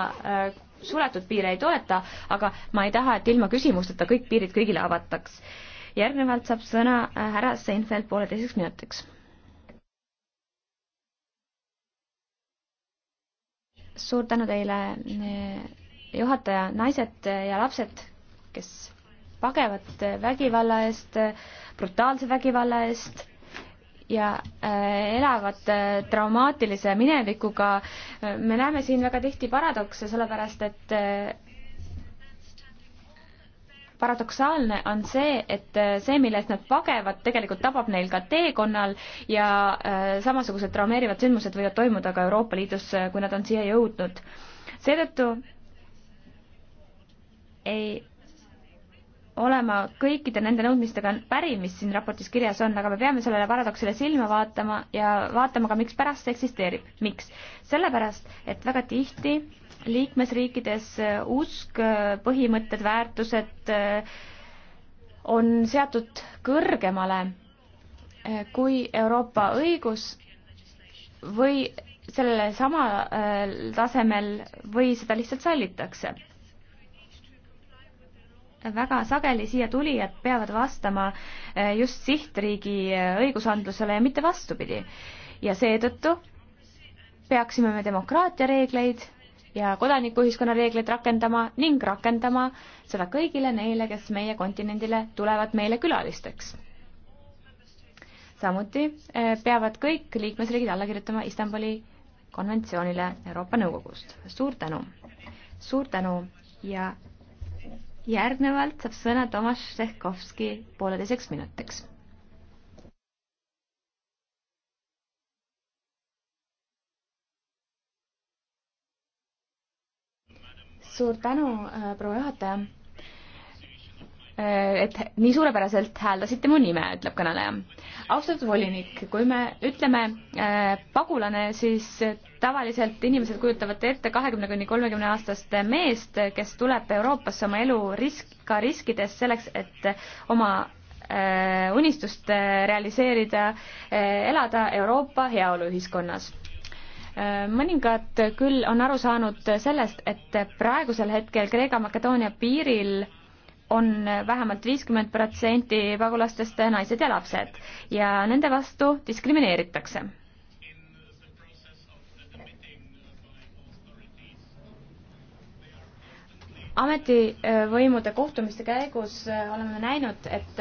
suletud piire ei toeta, aga ma ei taha, et ilma küsimusteta kõik piirid kõigile avataks. järgnevalt saab sõna äh, härra Seinfeld pooleteiseks minutiks. suur tänu teile, äh, juhataja, naised ja lapsed, kes pagevad äh, vägivalla eest, brutaalse vägivalla eest ja äh, elavad traumaatilise äh, minevikuga. me näeme siin väga tihti paradokse, sellepärast et äh, paradoksaalne on see, et see, mille eest nad pagevad, tegelikult tabab neil ka teekonnal ja samasugused traumeerivad sündmused võivad toimuda ka Euroopa Liidus, kui nad on siia jõudnud. seetõttu ei olema kõikide nende nõudmistega päri, mis siin raportis kirjas on, aga me peame sellele paradoksile silma vaatama ja vaatama ka, mikspärast see eksisteerib. miks? sellepärast, et väga tihti liikmesriikides äh, usk, äh, põhimõtted, väärtused äh, on seatud kõrgemale kui Euroopa õigus või sellele samal tasemel või seda lihtsalt sallitakse väga sageli siia tulijad peavad vastama eh, just sihtriigi eh, õigusandlusele ja mitte vastupidi. ja seetõttu peaksime me demokraatia reegleid ja kodanikuühiskonna reegleid rakendama ning rakendama seda kõigile neile, kes meie kontinendile tulevad meile külalisteks. samuti eh, peavad kõik liikmesriigid alla kirjutama Istanbuli konventsioonile Euroopa Nõukogust. suur tänu! suur tänu ja järgnevalt saab sõna Tomas Šehhovski pooleteiseks minutiks. suur tänu, äh, proua juhataja Äh, et nii suurepäraselt hääldasite mu nime, ütleb kõneleja. austatud volinik, kui me ütleme äh, pagulane, siis tavaliselt inimesed kujutavad ette kahekümne kuni kolmekümne aastast meest, kes tuleb Euroopasse oma elu risk, ka riskides selleks, et oma äh, unistust äh, realiseerida, äh, elada Euroopa heaoluühiskonnas äh, mõningad küll on aru saanud sellest, et praegusel hetkel Kreeka-Makedoonia piiril on vähemalt viiskümmend protsenti pagulastest naised ja lapsed ja nende vastu diskrimineeritakse. ametivõimude kohtumiste käigus oleme näinud, et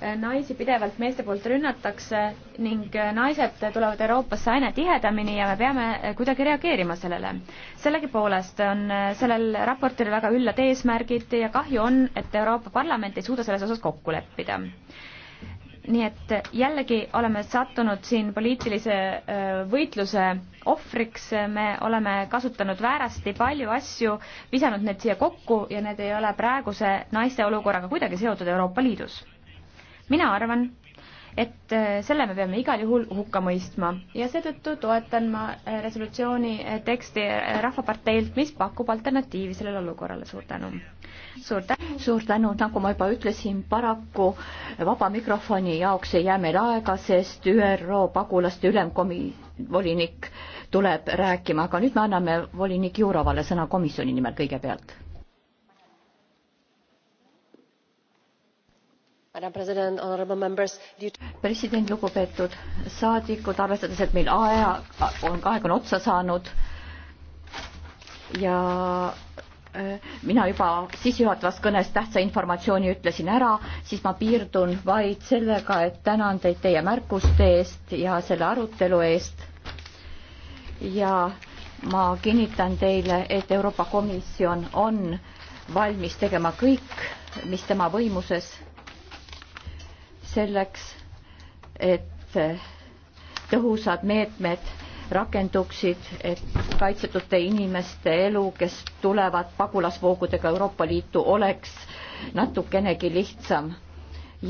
Äh, naisi pidevalt meeste poolt rünnatakse ning äh, naised tulevad Euroopasse aina tihedamini ja me peame äh, kuidagi reageerima sellele. sellegipoolest on sellel raportil väga üllad eesmärgid ja kahju on, et Euroopa Parlament ei suuda selles osas kokku leppida nii et jällegi oleme sattunud siin poliitilise võitluse ohvriks, me oleme kasutanud väärasti palju asju, visanud need siia kokku ja need ei ole praeguse naiste olukorraga kuidagi seotud Euroopa Liidus mina arvan, et äh, selle me peame igal juhul hukka mõistma ja seetõttu toetan ma äh, resolutsiooni äh, teksti Rahvaparteilt, mis pakub alternatiivi sellele olukorrale. suur tänu. suur tänu. suur tänu, nagu ma juba ütlesin, paraku vaba mikrofoni jaoks ei jää meil aega, sest ÜRO pagulaste ülemkomi-, volinik tuleb rääkima, aga nüüd me anname volinik Jurovale sõna komisjoni nimel kõigepealt president lugupeetud saadikud arvestades et meil aja on aeg on otsa saanud ja äh, mina juba sissejuhatavas kõnes tähtsa informatsiooni ütlesin ära siis ma piirdun vaid sellega et tänan teid teie märkuste eest ja selle arutelu eest ja ma kinnitan teile et euroopa komisjon on valmis tegema kõik mis tema võimuses selleks, et tõhusad meetmed rakenduksid, et kaitsetute inimeste elu, kes tulevad pagulasvoogudega Euroopa Liitu, oleks natukenegi lihtsam.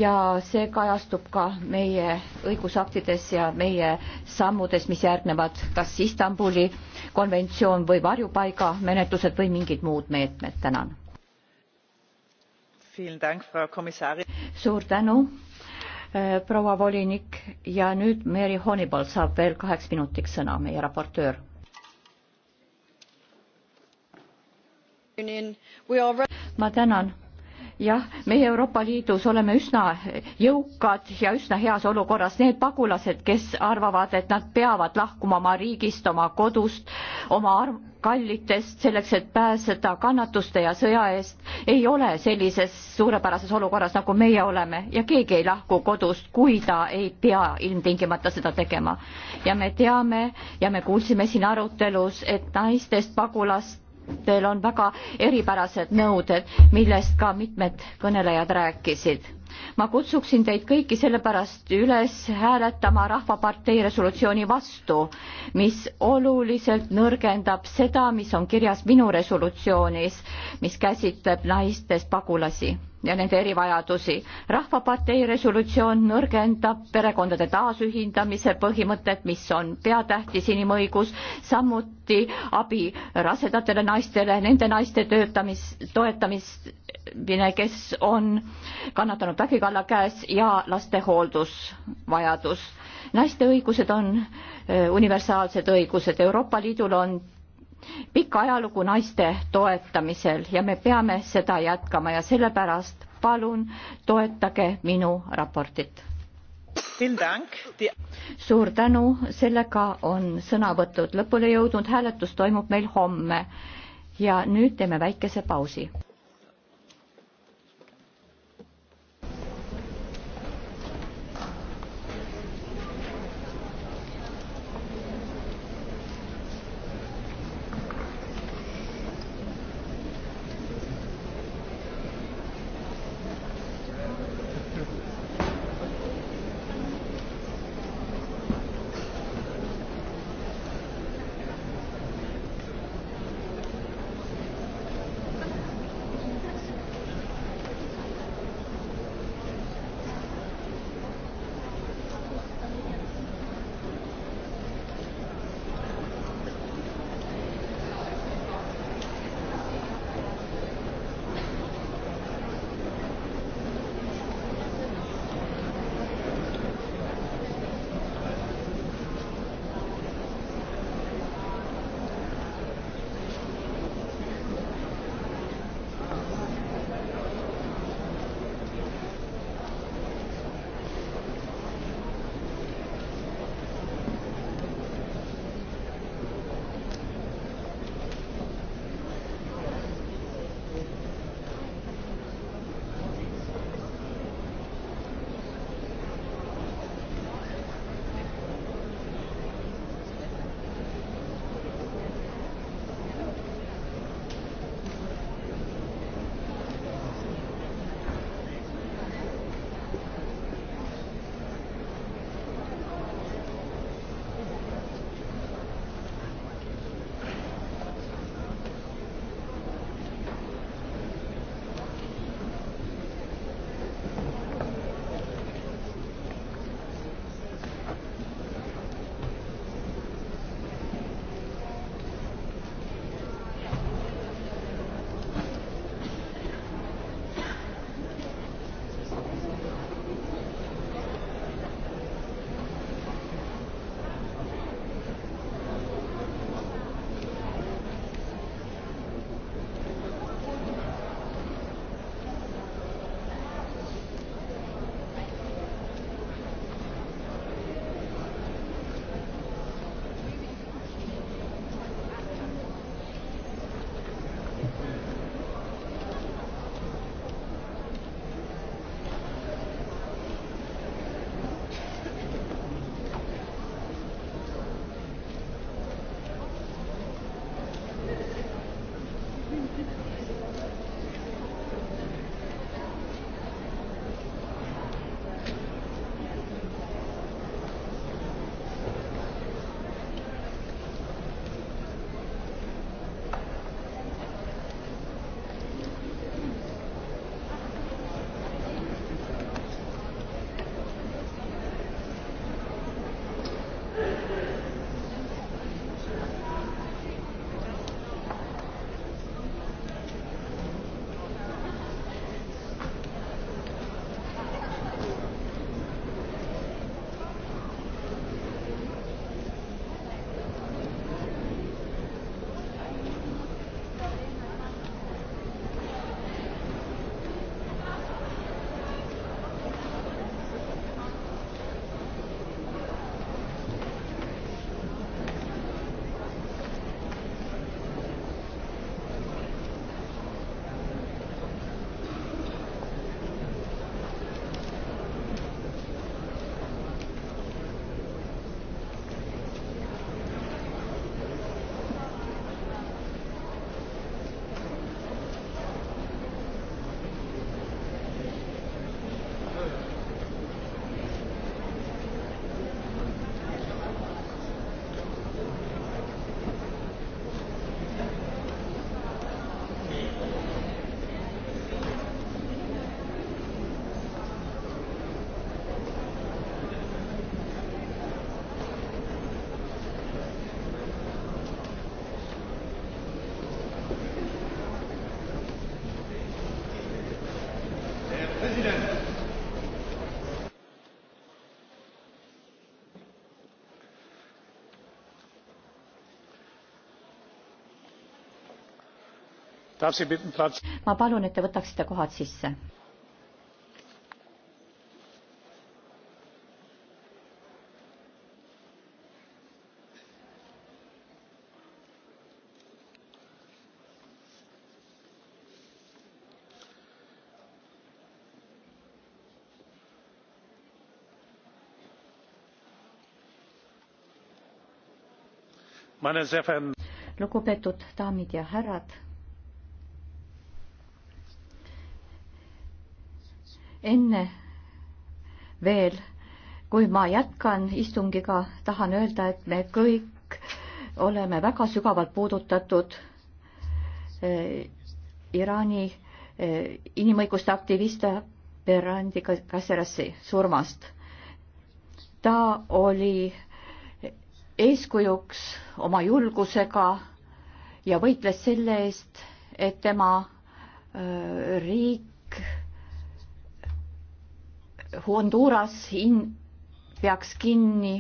ja see kajastub ka meie õigusaktides ja meie sammudes, mis järgnevad kas Istanbuli konventsioon või varjupaiga menetlused või mingid muud meetmed. tänan. suur tänu Äh, proua volinik ja nüüd Mary Honeyball saab veel kaheks minutiks sõna, meie raportöör. ma tänan jah, meie Euroopa Liidus oleme üsna jõukad ja üsna heas olukorras. Need pagulased, kes arvavad, et nad peavad lahkuma oma riigist, oma kodust, oma kallitest selleks, et pääseda kannatuste ja sõja eest, ei ole sellises suurepärases olukorras, nagu meie oleme ja keegi ei lahku kodust, kui ta ei pea ilmtingimata seda tegema. ja me teame ja me kuulsime siin arutelus, et naistest pagulast teil on väga eripärased nõuded, millest ka mitmed kõnelejad rääkisid. ma kutsuksin teid kõiki sellepärast üles hääletama Rahvapartei resolutsiooni vastu, mis oluliselt nõrgendab seda, mis on kirjas minu resolutsioonis, mis käsitleb naistest pagulasi ja nende erivajadusi. rahvapartei resolutsioon nõrgendab perekondade taasühindamise põhimõtet, mis on peatähtis inimõigus, samuti abi rasedatele naistele, nende naiste töötamis, toetamine, kes on kannatanud vägivalla käes ja laste hooldusvajadus. naiste õigused on äh, universaalsed õigused, Euroopa Liidul on pikk ajalugu naiste toetamisel ja me peame seda jätkama ja sellepärast palun toetage minu raportit. suur tänu, sellega on sõnavõtud lõpule jõudnud, hääletus toimub meil homme ja nüüd teeme väikese pausi. ma palun, et te võtaksite kohad sisse. lugupeetud daamid ja härrad enne veel, kui ma jätkan istungiga, tahan öelda, et me kõik oleme väga sügavalt puudutatud eh, Iraani eh, inimõiguste aktiviste Berandi Kasserasi surmast. ta oli eeskujuks oma julgusega ja võitles selle eest, et tema eh, riik Honduras in-, peaks kinni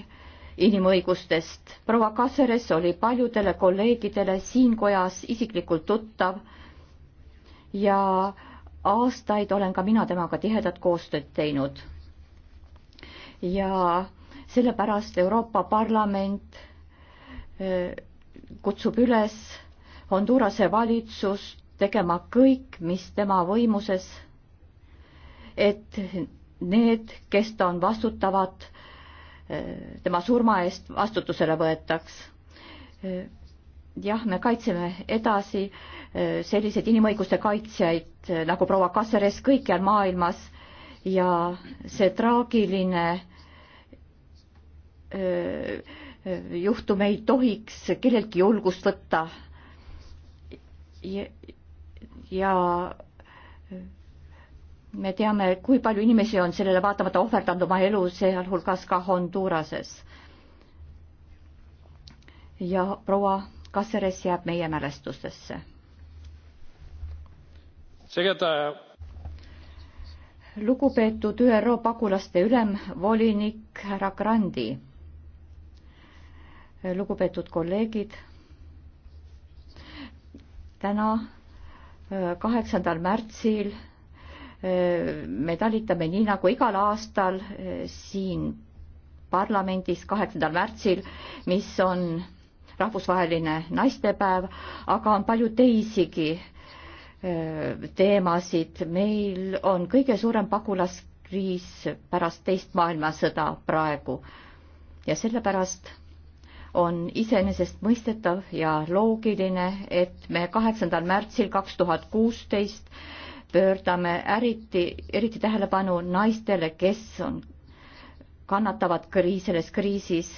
inimõigustest. proua Kaseres oli paljudele kolleegidele siin kojas isiklikult tuttav ja aastaid olen ka mina temaga tihedat koostööd teinud. ja sellepärast Euroopa Parlament eh, kutsub üles Hondurase valitsust tegema kõik, mis tema võimuses, et need, kes ta on vastutavad, tema surma eest vastutusele võetaks. jah, me kaitseme edasi eh, selliseid inimõiguste kaitsjaid eh, nagu proua Kasseres kõikjal maailmas ja see traagiline eh, juhtum ei tohiks kelleltki julgust võtta. ja, ja me teame, kui palju inimesi on sellele vaatamata ohverdanud oma elu, sealhulgas ka Honduras'es. ja proua Kasseres jääb meie mälestustesse. lugupeetud ÜRO pagulaste ülemvolinik härra Grandi, lugupeetud kolleegid, täna eh, kaheksandal märtsil me talitame nii nagu igal aastal eh, siin parlamendis kaheksandal märtsil, mis on rahvusvaheline naistepäev, aga on palju teisigi eh, teemasid. meil on kõige suurem pagulaskriis pärast teist maailmasõda praegu ja sellepärast on iseenesestmõistetav ja loogiline, et me kaheksandal märtsil kaks tuhat kuusteist pöördame eriti, eriti tähelepanu naistele, kes on, kannatavad kri-, selles kriisis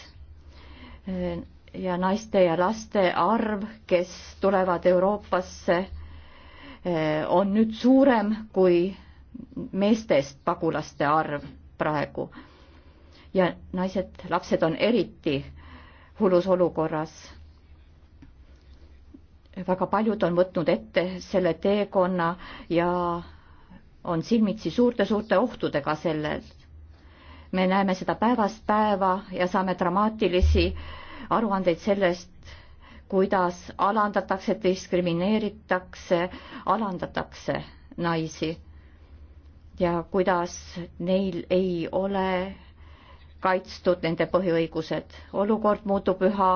ja naiste ja laste arv, kes tulevad Euroopasse, on nüüd suurem kui meestest pagulaste arv praegu. ja naised, lapsed on eriti hullus olukorras väga paljud on võtnud ette selle teekonna ja on silmitsi suurte-suurte ohtudega sellel. me näeme seda päevast päeva ja saame dramaatilisi aruandeid sellest, kuidas alandatakse, diskrimineeritakse, alandatakse naisi ja kuidas neil ei ole kaitstud nende põhiõigused. olukord muutub üha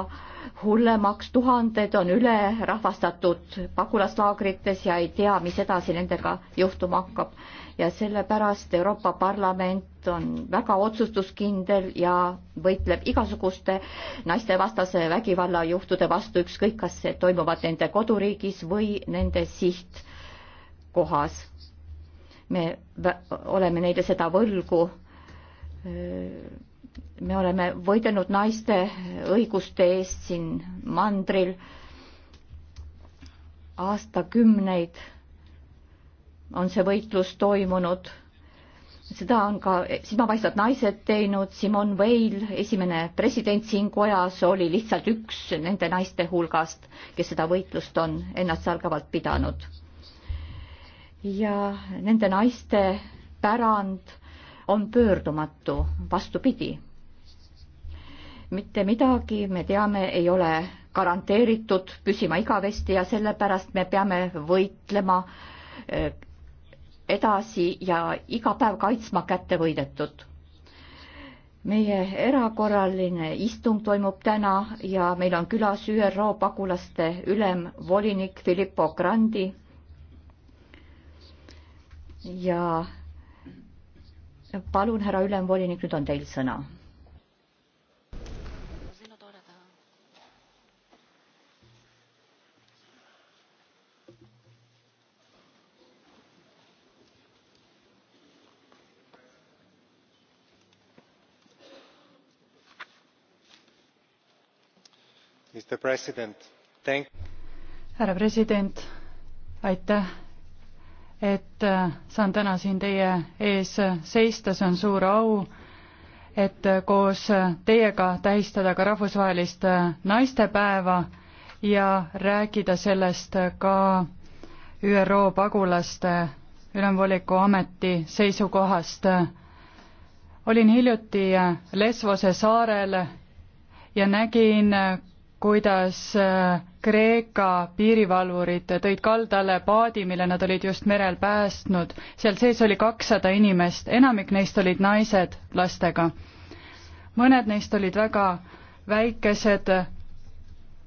hullemaks, tuhanded on ülerahvastatud pagulaslaagrites ja ei tea, mis edasi nendega juhtuma hakkab. ja sellepärast Euroopa Parlament on väga otsustuskindel ja võitleb igasuguste naistevastase vägivallajuhtude vastu, ükskõik kas see toimuvad nende koduriigis või nende sihtkohas. me oleme neile seda võlgu me oleme võidelnud naiste õiguste eest siin mandril aastakümneid on see võitlus toimunud. seda on ka silmapaistvad naised teinud, Simon Veil, esimene president siin kojas, oli lihtsalt üks nende naiste hulgast, kes seda võitlust on ennastsalgavalt pidanud. ja nende naiste pärand on pöördumatu, vastupidi mitte midagi, me teame, ei ole garanteeritud püsima igavesti ja sellepärast me peame võitlema eh, edasi ja iga päev kaitsma kätte võidetut. meie erakorraline istung toimub täna ja meil on külas ÜRO pagulaste ülemvolinik Filippo Grandi. ja palun, härra ülemvolinik, nüüd on teil sõna härra president aitäh et äh, saan täna siin teie ees seista see on suur au et äh, koos äh, teiega tähistada ka rahvusvahelist naistepäeva ja rääkida sellest ka ÜRO pagulaste ülemvoliku ameti seisukohast olin hiljuti Lesvose saarel ja nägin, kuidas äh, Kreeka piirivalvurid tõid kaldale paadi, mille nad olid just merel päästnud. seal sees oli kakssada inimest, enamik neist olid naised lastega. mõned neist olid väga väikesed,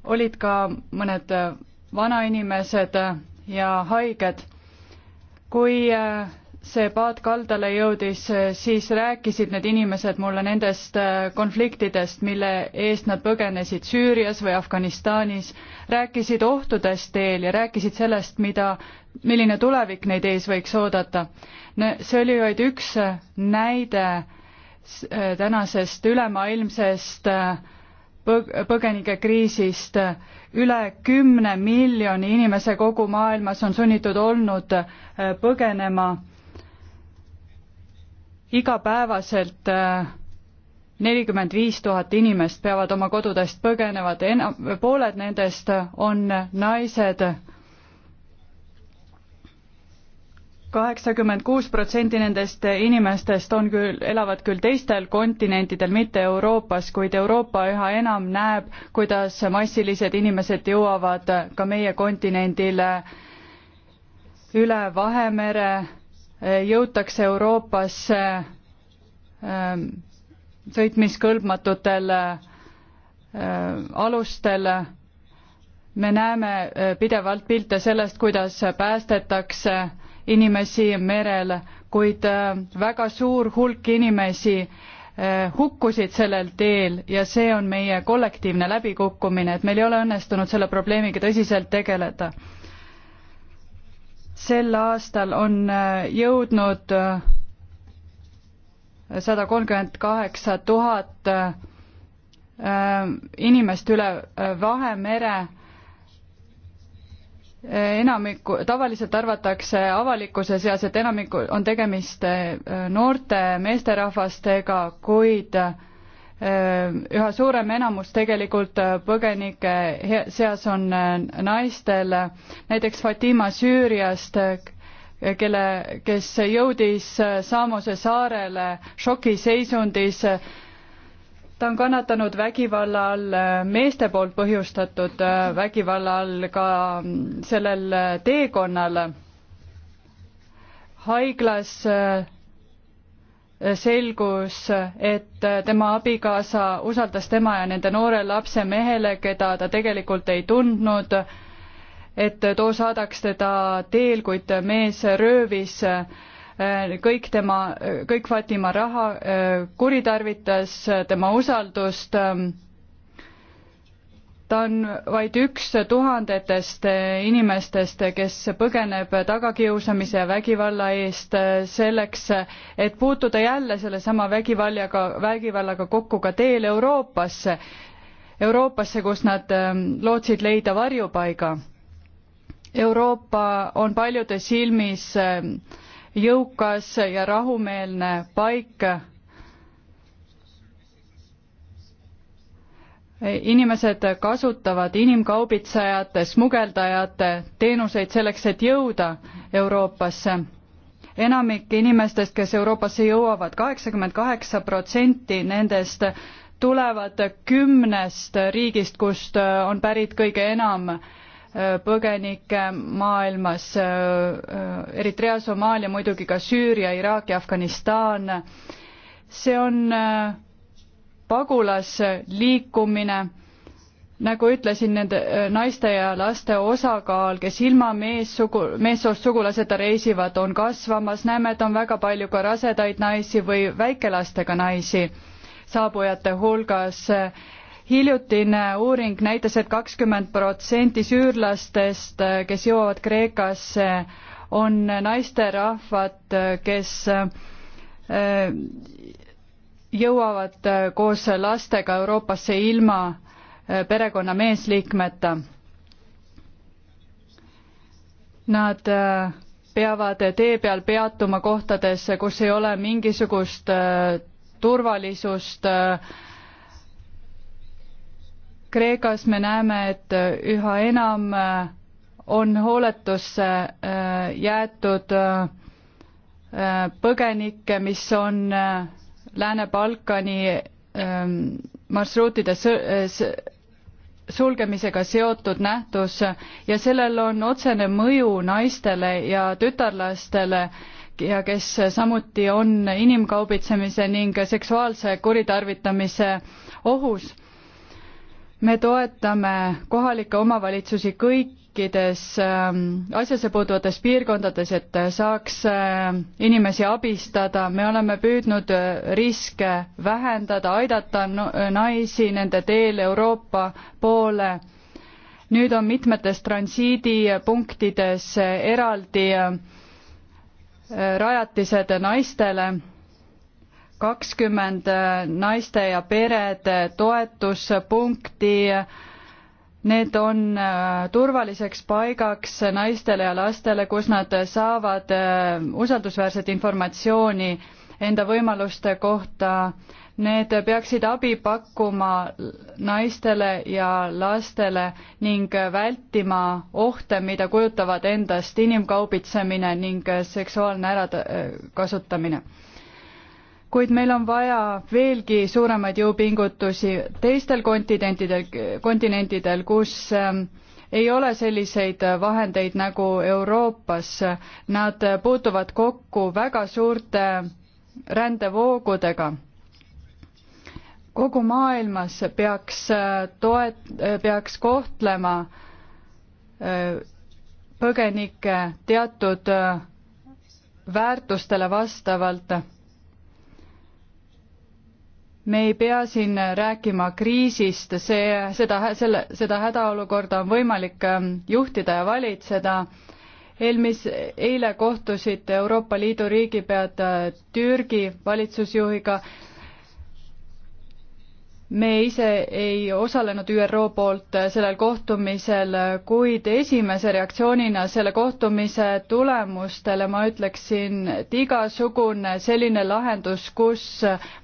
olid ka mõned äh, vanainimesed äh, ja haiged. kui see paat kaldale jõudis, siis rääkisid need inimesed mulle nendest äh, konfliktidest, mille eest nad põgenesid Süürias või Afganistanis, rääkisid ohtudest teel ja rääkisid sellest, mida, milline tulevik neid ees võiks oodata. see oli vaid üks äh, näide äh, tänasest ülemaailmsest põgenikekriisist. üle kümne miljoni inimese kogu maailmas on sunnitud olnud põgenema igapäevaselt äh, nelikümmend viis tuhat inimest peavad oma kodudest põgenevad, enam, pooled nendest on naised. kaheksakümmend kuus protsenti nendest inimestest on küll, elavad küll teistel kontinentidel, mitte Euroopas, kuid Euroopa üha enam näeb, kuidas massilised inimesed jõuavad ka meie kontinendile üle Vahemere jõutakse Euroopasse ähm, sõitmiskõlbmatutel äh, alustel. me näeme äh, pidevalt pilte sellest, kuidas päästetakse inimesi merel, kuid äh, väga suur hulk inimesi hukkusid sellel teel ja see on meie kollektiivne läbikukkumine, et meil ei ole õnnestunud selle probleemiga tõsiselt tegeleda sel aastal on äh, jõudnud äh, sada kolmkümmend kaheksa tuhat äh, inimest üle Vahemere. enamiku, tavaliselt arvatakse avalikkuse seas, et enamiku on tegemist noorte meesterahvastega, kuid Äh, üha suurem enamus tegelikult äh, põgenike seas on äh, naistel, näiteks Fatima Süüriast, kelle, kes jõudis Samose saarele šokiseisundis. ta on kannatanud vägivalla all, meeste poolt põhjustatud vägivalla all ka mm, sellel teekonnal. haiglas selgus, et tema abikaasa usaldas tema ja nende noore lapse mehele, keda ta tegelikult ei tundnud, et too saadaks teda teel, kuid mees röövis eh, kõik tema, kõik Fatima raha, eh, kuritarvitas tema usaldust eh, ta on vaid üks tuhandetest inimestest, kes põgeneb tagakiusamise ja vägivalla eest selleks, et puutuda jälle sellesama vägivallaga, vägivallaga kokku ka teel Euroopasse, Euroopasse, kus nad ähm, lootsid leida varjupaiga. Euroopa on paljude silmis ähm, jõukas ja rahumeelne paik inimesed kasutavad inimkaubitsejate, smugeldajate teenuseid selleks, et jõuda Euroopasse. enamik inimestest, kes Euroopasse jõuavad, kaheksakümmend kaheksa protsenti nendest tulevad kümnest riigist, kust on pärit kõige enam äh, põgenikke maailmas, äh, äh, Eritrea, Somaalia, muidugi ka Süüria, Iraak ja Afganistan. see on pagulasliikumine, nagu ütlesin, nende äh, naiste ja laste osakaal, kes ilma meessugu, meessoost sugulaseta reisivad, on kasvamas, näeme, et on väga palju ka rasedaid naisi või väikelastega naisi saabujate hulgas hiljutine uuring näitas et, et kakskümmend protsenti süürlastest, äh, kes jõuavad Kreekasse, on naisterahvad, äh, kes jõuavad äh, koos lastega Euroopasse ilma äh, perekonna meesliikmeta. Nad äh, peavad tee peal peatuma kohtades, kus ei ole mingisugust turvalisust. Kreekas me näeme, et üha enam on hooletusse jäetud põgenikke, mis on Lääne-Balkani ähm, marsruutide äh, sulgemisega seotud nähtus ja sellel on otsene mõju naistele ja tütarlastele ja kes samuti on inimkaubitsemise ning seksuaalse kuritarvitamise ohus me toetame kohalikke omavalitsusi kõik kõikides ähm, asjasse puutuvates piirkondades, et saaks äh, inimesi abistada, me oleme püüdnud äh, riske vähendada, aidata naisi nende teel Euroopa poole. nüüd on mitmetes transiidipunktides äh, eraldi rajatised naistele kakskümmend naiste ja perede toetuspunkti Need on äh, turvaliseks paigaks naistele ja lastele, kus nad saavad äh, usaldusväärset informatsiooni enda võimaluste kohta. Need peaksid abi pakkuma naistele ja lastele ning vältima ohte, mida kujutavad endast inimkaubitsemine ning seksuaalne ärakasutamine äh, kuid meil on vaja veelgi suuremaid jõupingutusi teistel kontinentidel, kontinentidel, kus ähm, ei ole selliseid vahendeid nagu Euroopas. Nad puutuvad kokku väga suurte rändevoogudega. kogu maailmas peaks äh, toet-, äh, peaks kohtlema äh, põgenikke teatud väärtustele vastavalt me ei pea siin rääkima kriisist, see, seda, selle, seda hädaolukorda on võimalik ähm, juhtida ja valitseda. eelmis, eile kohtusid Euroopa Liidu riigipead äh, Türgi valitsusjuhiga me ise ei osalenud ÜRO poolt sellel kohtumisel, kuid esimese reaktsioonina selle kohtumise tulemustele ma ütleksin, et igasugune selline lahendus, kus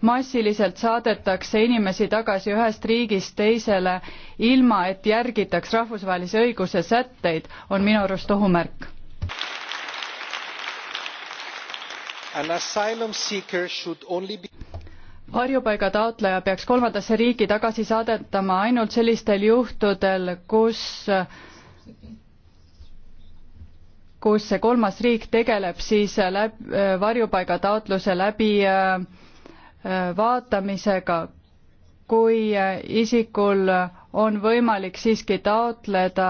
massiliselt saadetakse inimesi tagasi ühest riigist teisele, ilma et järgitaks rahvusvahelise õiguse sätteid, on minu arust ohumärk. An asylum seeker should only be varjupaiga taotleja peaks kolmandasse riiki tagasi saadetama ainult sellistel juhtudel, kus, kus see kolmas riik tegeleb siis läb, varjupaiga taotluse läbi äh, äh, vaatamisega, kui äh, isikul on võimalik siiski taotleda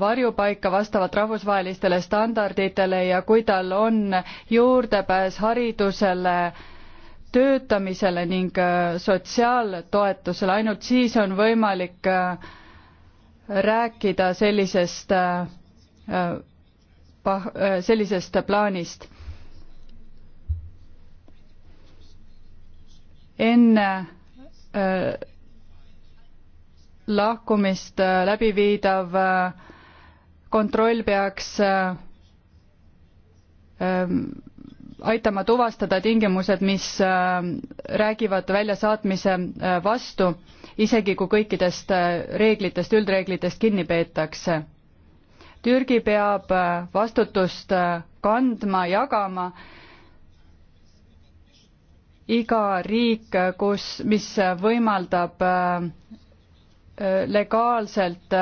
varjupaika vastavalt rahvusvahelistele standarditele ja kui tal on juurdepääs haridusele, töötamisele ning äh, sotsiaaltoetusele, ainult siis on võimalik äh, rääkida sellisest, äh, sellisest plaanist. enne lahkumist läbiviidav kontroll peaks ähm, aitama tuvastada tingimused, mis äh, räägivad väljasaatmise äh, vastu, isegi kui kõikidest äh, reeglitest, üldreeglitest kinni peetakse. Türgi peab vastutust kandma, jagama. iga riik, kus, mis võimaldab legaalselt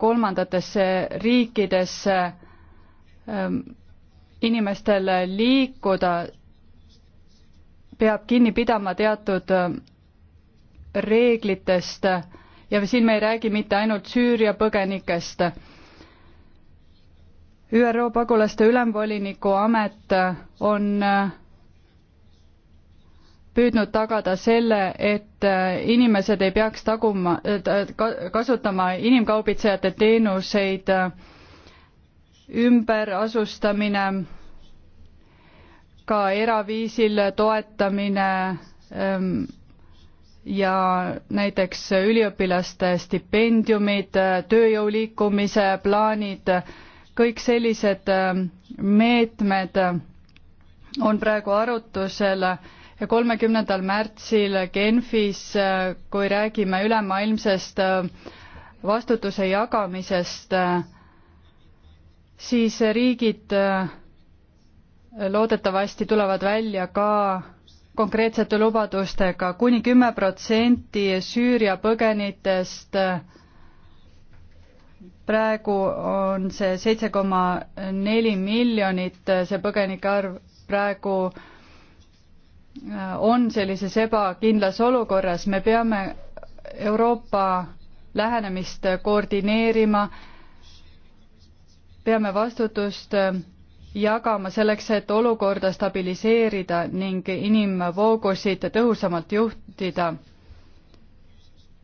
kolmandatesse riikidesse Ehm, inimestel liikuda, peab kinni pidama teatud ehm, reeglitest ja siin me ei räägi mitte ainult Süüria põgenikest. ÜRO pagulaste ülemvoliniku amet on ehm, püüdnud tagada selle, et inimesed ei peaks taguma, kasutama inimkaubitsejate teenuseid äh, ümberasustamine, ka eraviisil toetamine ähm, ja näiteks üliõpilaste stipendiumid, tööjõu liikumise plaanid, kõik sellised ähm, meetmed on praegu arutusel ja kolmekümnendal märtsil Genfis, äh, kui räägime ülemaailmsest äh, vastutuse jagamisest, äh, siis riigid äh, loodetavasti tulevad välja ka konkreetsete lubadustega kuni, kuni kümme protsenti Süüria põgenitest äh, praegu on see seitse koma neli miljonit, äh, see põgenike arv praegu on sellises ebakindlas olukorras, me peame Euroopa lähenemist koordineerima peame vastutust äh, jagama selleks, et olukorda stabiliseerida ning inimvoogusid tõhusamalt juhtida.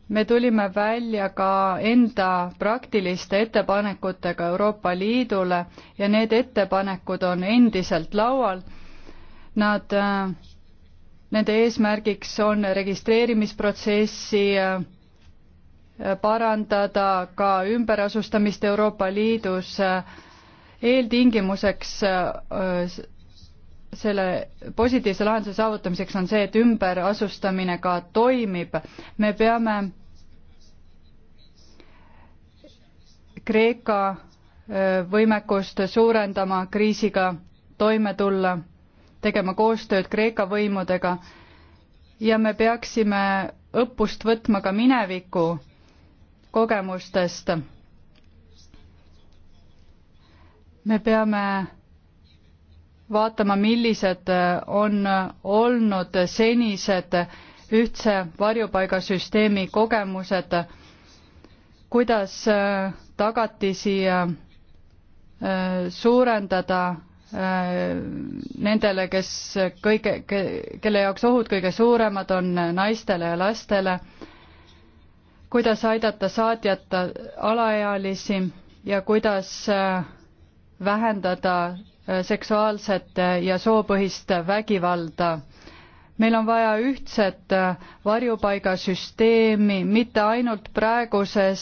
me tulime välja ka enda praktiliste ettepanekutega Euroopa Liidule ja need ettepanekud on endiselt laual. Nad, äh, nende eesmärgiks on registreerimisprotsessi äh, parandada ka ümberasustamist Euroopa Liidus. eeltingimuseks äh, selle positiivse lahenduse saavutamiseks on see, et ümberasustamine ka toimib. me peame Kreeka äh, võimekust suurendama, kriisiga toime tulla, tegema koostööd Kreeka võimudega ja me peaksime õppust võtma ka mineviku kogemustest. me peame vaatama, millised on olnud senised ühtse varjupaigasüsteemi kogemused, kuidas tagatisi äh, suurendada äh, nendele, kes kõige, kelle jaoks ohud kõige suuremad on, naistele ja lastele kuidas aidata saatjata alaealisi ja kuidas äh, vähendada äh, seksuaalset äh, ja soopõhist vägivalda. meil on vaja ühtset varjupaigasüsteemi mitte ainult praeguses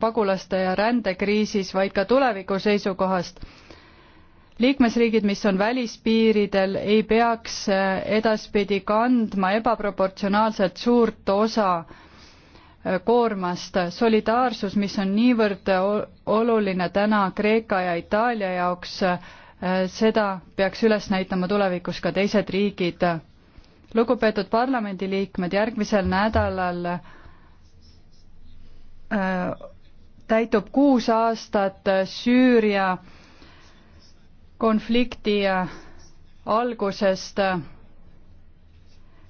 pagulaste ja rändekriisis, vaid ka tuleviku seisukohast. liikmesriigid, mis on välispiiridel, ei peaks edaspidi kandma ebaproportsionaalselt suurt osa koormast. solidaarsus, mis on niivõrd oluline täna Kreeka ja Itaalia jaoks, äh, seda peaks üles näitama tulevikus ka teised riigid. lugupeetud parlamendiliikmed, järgmisel nädalal äh, täitub kuus aastat Süüria konflikti äh, algusest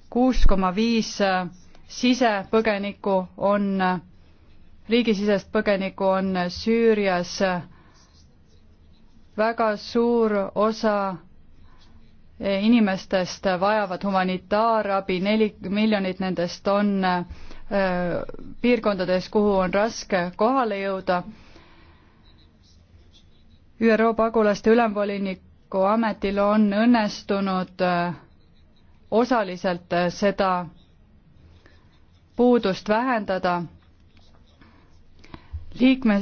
kuus koma viis sisepõgenikku on, riigisisest põgenikku on Süürias väga suur osa eh, inimestest vajavad humanitaarabi, neli miljonit nendest on eh, piirkondades, kuhu on raske kohale jõuda. ÜRO pagulaste ülemvoliniku ametil on õnnestunud eh, osaliselt seda puudust vähendada. liikme, äh,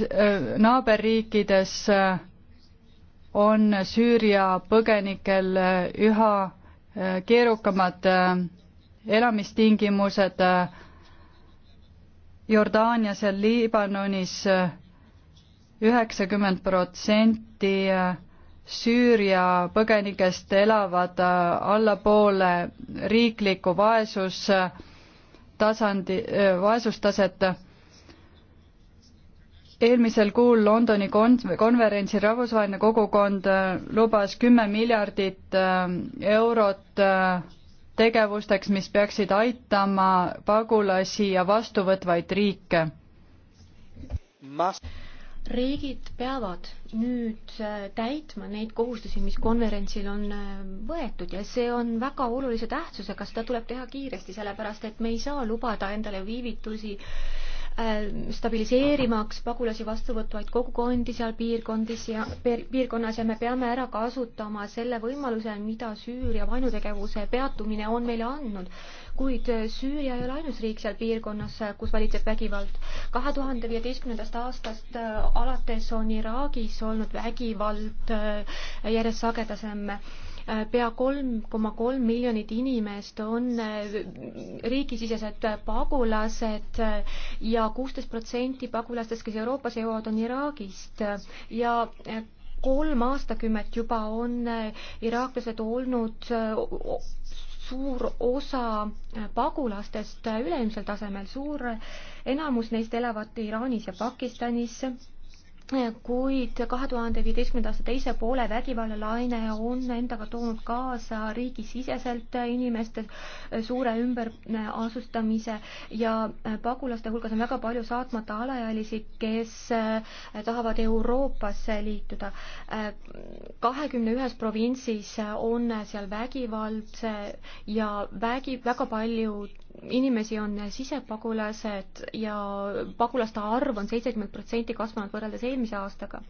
naaberriikides äh, on Süüria põgenikel äh, üha keerukamad elamistingimused Jordaanias ja Liibanonis üheksakümmend protsenti Süüria põgenikest elavad allapoole riiklikku vaesus- tasandi, vaesustaset. eelmisel kuul Londoni kon-, konverentsil rahvusvaheline kogukond lubas kümme miljardit eurot tegevusteks, mis peaksid aitama pagulasi ja vastuvõtvaid riike riigid peavad nüüd äh, täitma neid kohustusi, mis konverentsil on äh, võetud ja see on väga olulise tähtsusega, seda tuleb teha kiiresti, sellepärast et me ei saa lubada endale viivitusi äh, Äh, stabiliseerimaks pagulasi vastuvõtvaid kogukondi seal piirkondis ja piirkonnas ja me peame ära kasutama selle võimaluse, mida Süüria vaenutegevuse peatumine on meile andnud. kuid Süüria ei ole ainus riik seal piirkonnas, kus valitseb vägivald. kahe tuhande viieteistkümnendast aastast äh, alates on Iraagis olnud vägivald äh, järjest sagedasem Äh, pea kolm koma kolm miljonit inimest on äh, riigisisesed pagulased äh, ja kuusteist protsenti pagulastest, kes Euroopasse jõuavad, on Iraagist ja kolm aastakümmet juba on iraaklased olnud suur osa pagulastest üleilmsel tasemel, suur enamus neist elavad Iraanis ja Pakistanis kuid kahe tuhande viieteistkümnenda aasta teise poole vägivallalaine on endaga toonud kaasa riigisiseselt inimeste suure ümberasustamise ja pagulaste hulgas on väga palju saatmata alaealisi, kes tahavad Euroopasse liituda. kahekümne ühes provintsis on seal vägivald ja vägi, väga paljud inimesi on sisepagulased ja pagulaste arv on seitsekümmend protsenti kasvanud võrreldes eelmise aastaga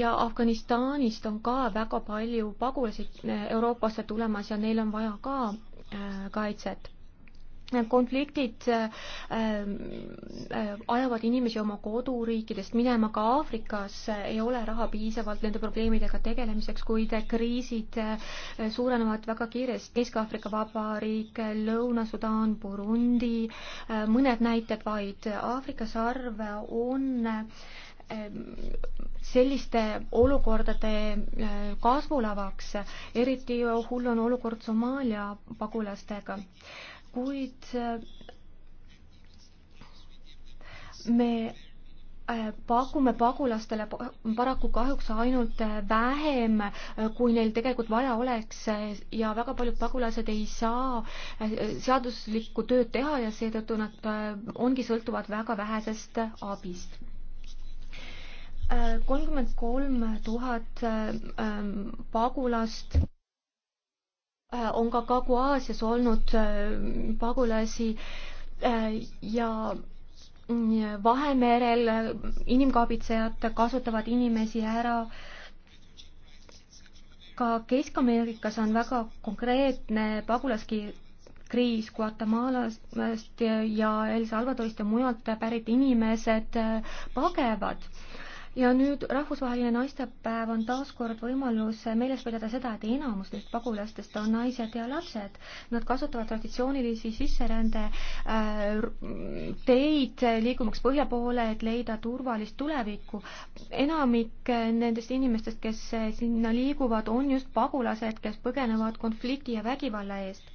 ja Afganistanist on ka väga palju pagulasi Euroopasse tulemas ja neil on vaja ka äh, kaitset konfliktid äh, äh, ajavad inimesi oma koduriikidest minema ka Aafrikasse, ei ole raha piisavalt nende probleemidega tegelemiseks, kuid kriisid äh, suurenevad väga kiiresti. Kesk-Aafrika Vabariik, Lõuna-Sudaan, Burundi, mõned näited vaid. Aafrika sarv on selliste olukordade kasvulavaks, eriti hull on olukord Somaalia pagulastega kuid äh, me äh, pakume pagulastele paraku kahjuks ainult äh, vähem, kui neil tegelikult vaja oleks ja väga paljud pagulased ei saa seaduslikku tööd teha ja seetõttu nad ongi sõltuvad väga vähesest abist. kolmkümmend kolm tuhat pagulast Äh, on ka Kagu-Aasias olnud äh, pagulasi äh, ja Vahemerel inimkaabitsejad kasutavad inimesi ära ka Kesk-Ameerikas on väga konkreetne pagulaskriis Guatemalast ja El Salvadorist ja mujalt pärit inimesed pagevad ja nüüd rahvusvaheline naistepäev on taaskord võimalus meeles pidada seda, et enamus neist pagulastest on naised ja lapsed. Nad kasutavad traditsioonilisi sisserände äh, teid liikumaks põhja poole, et leida turvalist tulevikku. enamik nendest inimestest, kes sinna liiguvad, on just pagulased, kes põgenevad konflikti ja vägivalla eest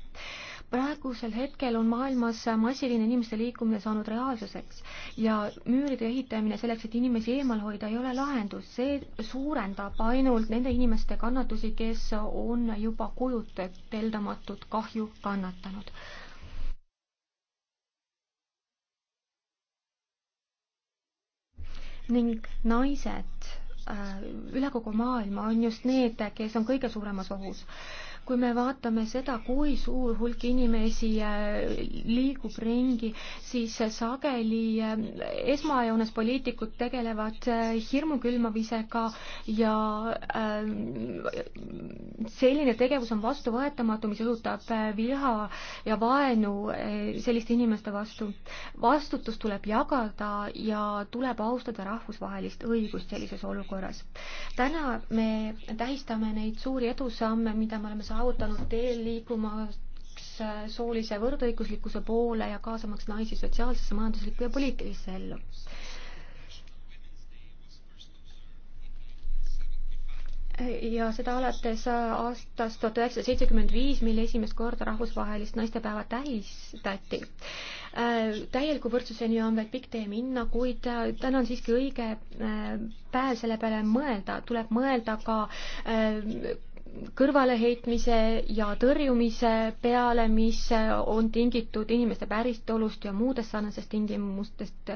praegusel hetkel on maailmas massiline inimeste liikumine saanud reaalsuseks ja müüride ehitamine selleks, et inimesi eemal hoida, ei ole lahendus, see suurendab ainult nende inimeste kannatusi, kes on juba kujuteldamatut kahju kannatanud. ning naised äh, üle kogu maailma on just need, kes on kõige suuremas ohus kui me vaatame seda, kui suur hulk inimesi äh, liigub ringi, siis sageli äh, esmajoones poliitikud tegelevad äh, hirmukülmamisega ja selline tegevus on vastuvõetamatu, mis õhutab viha ja vaenu selliste inimeste vastu. vastutust tuleb jagada ja tuleb austada rahvusvahelist õigust sellises olukorras. täna me tähistame neid suuri edusamme, mida me oleme saanud saavutanud teel liikumaks soolise võrdõiguslikkuse poole ja kaasamaks naisi sotsiaalsesse, majanduslikku ja poliitilisse ellu. ja seda alates aastast tuhat üheksasada seitsekümmend viis, mil esimest korda rahvusvahelist naistepäeva tähistati. täieliku võrdsuseni on veel pikk tee minna, kuid täna on siiski õige äh, päev selle peale mõelda, tuleb mõelda ka äh, kõrvaleheitmise ja tõrjumise peale, mis on tingitud inimeste päritolust ja muudest sarnasest tingimustest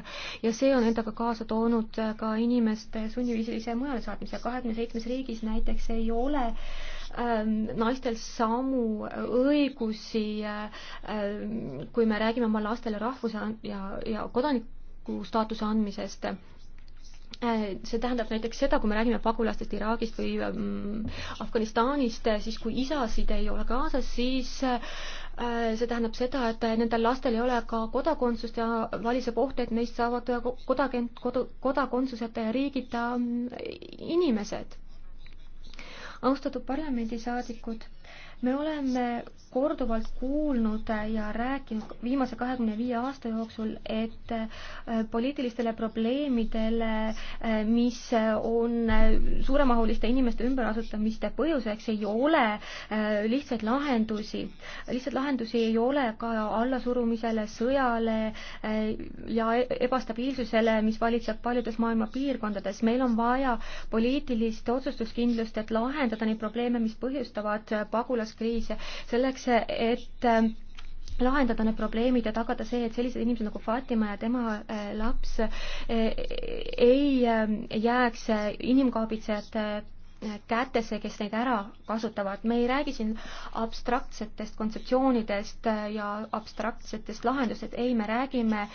ja see on endaga kaasa toonud ka inimeste sunniviisilise mujale saatmise. kahekümne seitsmes riigis näiteks ei ole ähm, naistel samu õigusi, ähm, kui me räägime oma lastele rahvuse ja, ja kodaniku staatuse andmisest Äh, see tähendab näiteks seda, kui me räägime pagulastest Iraagist või mm, Afganistanist, äh, siis kui isasid ei ole kaasas, siis äh, see tähendab seda, et nendel lastel ei ole ka kodakondsust ja valiseb oht, et neist saavad kodakond, kodu, kodakondsuseta ja riigita mm, inimesed. austatud parlamendisaadikud me oleme korduvalt kuulnud ja rääkinud viimase kahekümne viie aasta jooksul, et äh, poliitilistele probleemidele, äh, mis on äh, suuremahuliste inimeste ümberasustamiste põhjuseks, ei ole lihtsaid lahendusi. lihtsaid lahendusi ei ole ka allasurumisele, sõjale ja e-, ebastabiilsusele, mis valitseb paljudes maailma piirkondades. meil on vaja poliitilist otsustuskindlust, et lahendada neid probleeme, mis põhjustavad pagulas pagulaskriise, selleks et äh, lahendada need probleemid ja tagada see, et sellised inimesed nagu Fatima ja tema äh, laps äh, ei jääks inimkaubitsejate kätesse, kes neid ära kasutavad. me ei räägi siin abstraktsetest kontseptsioonidest ja abstraktsetest lahendustest, ei, me räägime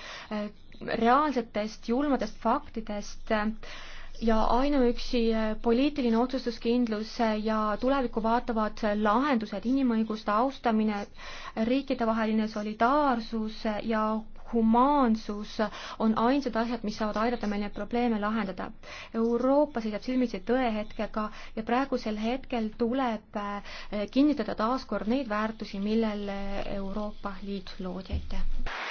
reaalsetest julmadest faktidest äh, ja ainuüksi eh, poliitiline otsustuskindlus eh, ja tulevikku vaatavad eh, lahendused, inimõiguste austamine, riikidevaheline solidaarsus ja humaansus on ainsad asjad, mis saavad aidata meil neid probleeme lahendada. Euroopa seisab silmitsi tõehetkega ja praegusel hetkel tuleb kinnitada taaskord neid väärtusi, millele Euroopa Liit loodi, aitäh!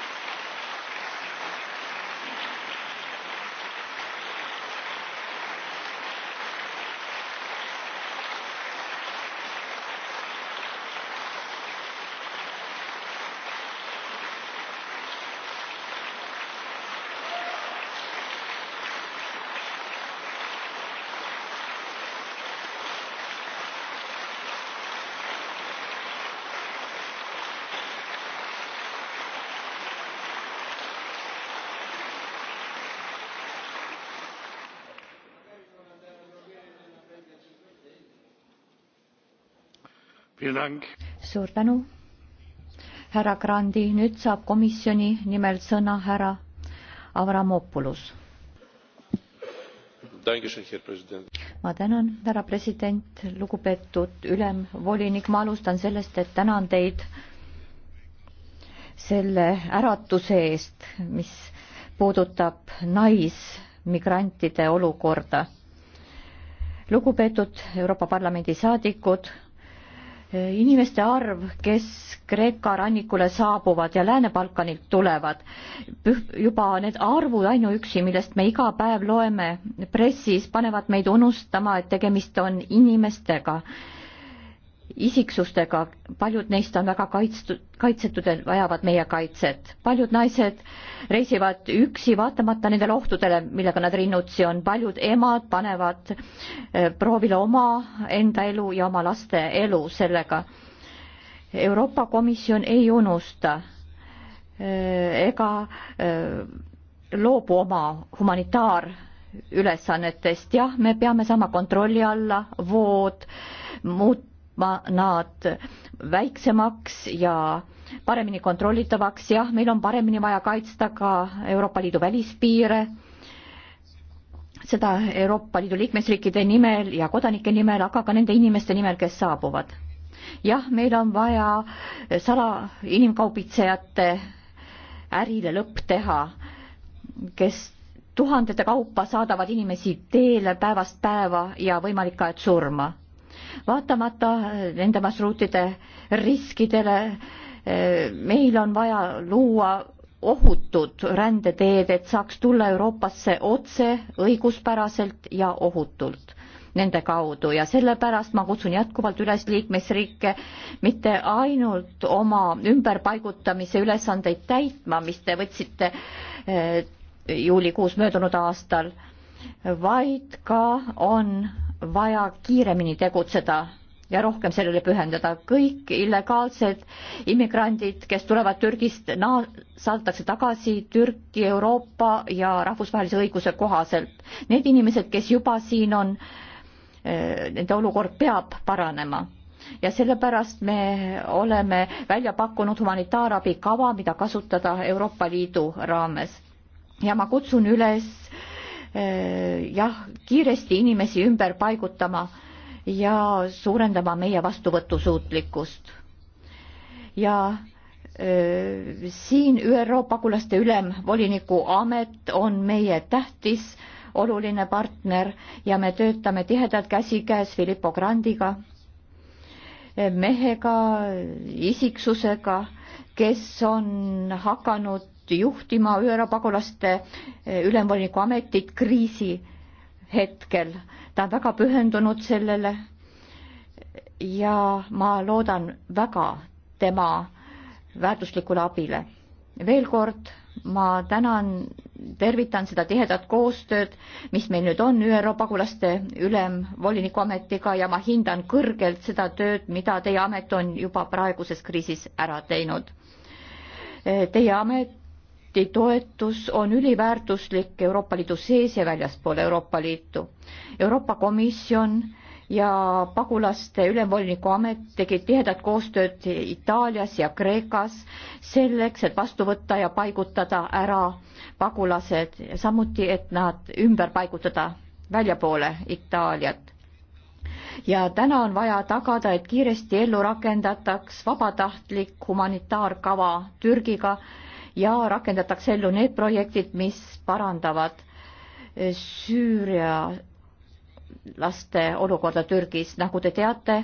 suur tänu, härra Grandi, nüüd saab komisjoni nimel sõna härra Avramopoulos. ma tänan, härra president, lugupeetud ülemvolinik, ma alustan sellest, et tänan teid selle äratuse eest, mis puudutab naismigrantide olukorda. lugupeetud Euroopa Parlamendi saadikud inimeste arv, kes Kreeka rannikule saabuvad ja Lääne-Balkanilt tulevad, juba need arvud ainuüksi, millest me iga päev loeme pressis, panevad meid unustama, et tegemist on inimestega isiksustega, paljud neist on väga kaitstud, kaitsetud ja vajavad meie kaitset. paljud naised reisivad üksi, vaatamata nendele ohtudele, millega nad rinnutsi on, paljud emad panevad eh, proovile oma enda elu ja oma laste elu sellega. Euroopa Komisjon ei unusta eh, ega eh, loobu oma humanitaarülesannetest, jah, me peame saama kontrolli alla vood, muud nad väiksemaks ja paremini kontrollitavaks, jah, meil on paremini vaja kaitsta ka Euroopa Liidu välispiire, seda Euroopa Liidu liikmesriikide nimel ja kodanike nimel, aga ka nende inimeste nimel, kes saabuvad. jah, meil on vaja sala inimkaubitsejate ärile lõpp teha, kes tuhandete kaupa saadavad inimesi teele päevast päeva ja võimalik ka, et surma vaatamata äh, nende marsruutide riskidele. Äh, meil on vaja luua ohutud rändeteed, et saaks tulla Euroopasse otse, õiguspäraselt ja ohutult nende kaudu ja sellepärast ma kutsun jätkuvalt üles liikmesriike mitte ainult oma ümberpaigutamise ülesandeid täitma, mis te võtsite äh, juulikuus möödunud aastal, vaid ka on vaja kiiremini tegutseda ja rohkem sellele pühendada. kõik illegaalsed immigrandid, kes tulevad Türgist, saadetakse tagasi Türki, Euroopa ja rahvusvahelise õiguse kohaselt. Need inimesed, kes juba siin on, eh, nende olukord peab paranema ja sellepärast me oleme välja pakkunud humanitaarabikava, mida kasutada Euroopa Liidu raames. ja ma kutsun üles äh, Eh, jah, kiiresti inimesi ümber paigutama ja suurendama meie vastuvõtusuutlikkust. ja eh, siin ÜRO pagulaste ülemvoliniku amet on meie tähtis oluline partner ja me töötame tihedalt käsikäes Filippo Grandiga, eh, mehega, isiksusega, kes on hakanud juhtima ÜRO pagulaste eh, ülemvoliniku ametit kriisi hetkel. ta on väga pühendunud sellele ja ma loodan väga tema väärtuslikule abile. veel kord ma tänan, tervitan seda tihedat koostööd, mis meil nüüd on ÜRO pagulaste ülemvoliniku ametiga ja ma hindan kõrgelt seda tööd, mida teie amet on juba praeguses kriisis ära teinud. Eh, teie amet projekti toetus on üliväärtuslik Euroopa Liidu sees ja väljaspool Euroopa Liitu. Euroopa Komisjon ja pagulaste ülemvoliniku amet tegid tihedat koostööd Itaalias ja Kreekas selleks, et vastu võtta ja paigutada ära pagulased, samuti et nad ümber paigutada väljapoole Itaaliat. ja täna on vaja tagada, et kiiresti ellu rakendataks vabatahtlik humanitaarkava Türgiga ja rakendatakse ellu need projektid, mis parandavad eh, Süüria laste olukorda Türgis, nagu te teate,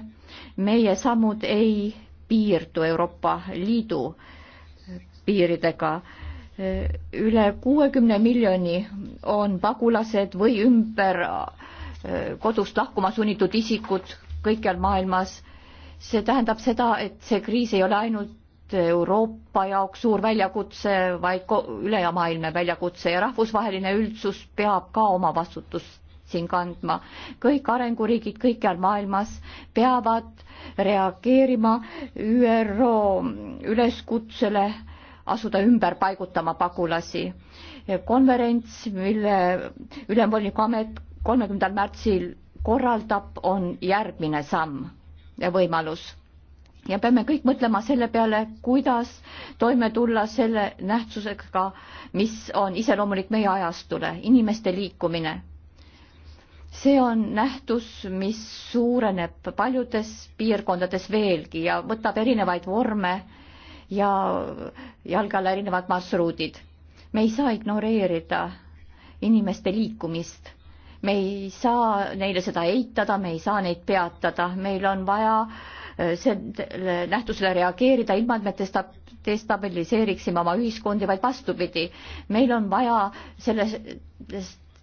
meie sammud ei piirdu Euroopa Liidu piiridega. Eh, üle kuuekümne miljoni on pagulased või ümber eh, kodust lahkuma sunnitud isikud kõikjal maailmas. see tähendab seda, et see kriis ei ole ainult ainult Euroopa jaoks suur väljakutse, vaid ülemaailmne väljakutse ja rahvusvaheline üldsus peab ka oma vastutust siin kandma. kõik arenguriigid kõikjal maailmas peavad reageerima ÜRO üleskutsele asuda ümber paigutama pagulasi. konverents, mille ülemvoliniku amet kolmekümnendal märtsil korraldab, on järgmine samm ja võimalus ja peame kõik mõtlema selle peale, kuidas toime tulla selle nähtusega, mis on iseloomulik meie ajastule, inimeste liikumine. see on nähtus, mis suureneb paljudes piirkondades veelgi ja võtab erinevaid vorme ja jalge alla erinevad marsruudid. me ei saa ignoreerida inimeste liikumist me ei saa neile seda eitada, me ei saa neid peatada, meil on vaja äh, Äh, selle nähtusele reageerida, ilma et me destab-, destabiliseeriksime oma ühiskondi, vaid vastupidi, meil on vaja sellest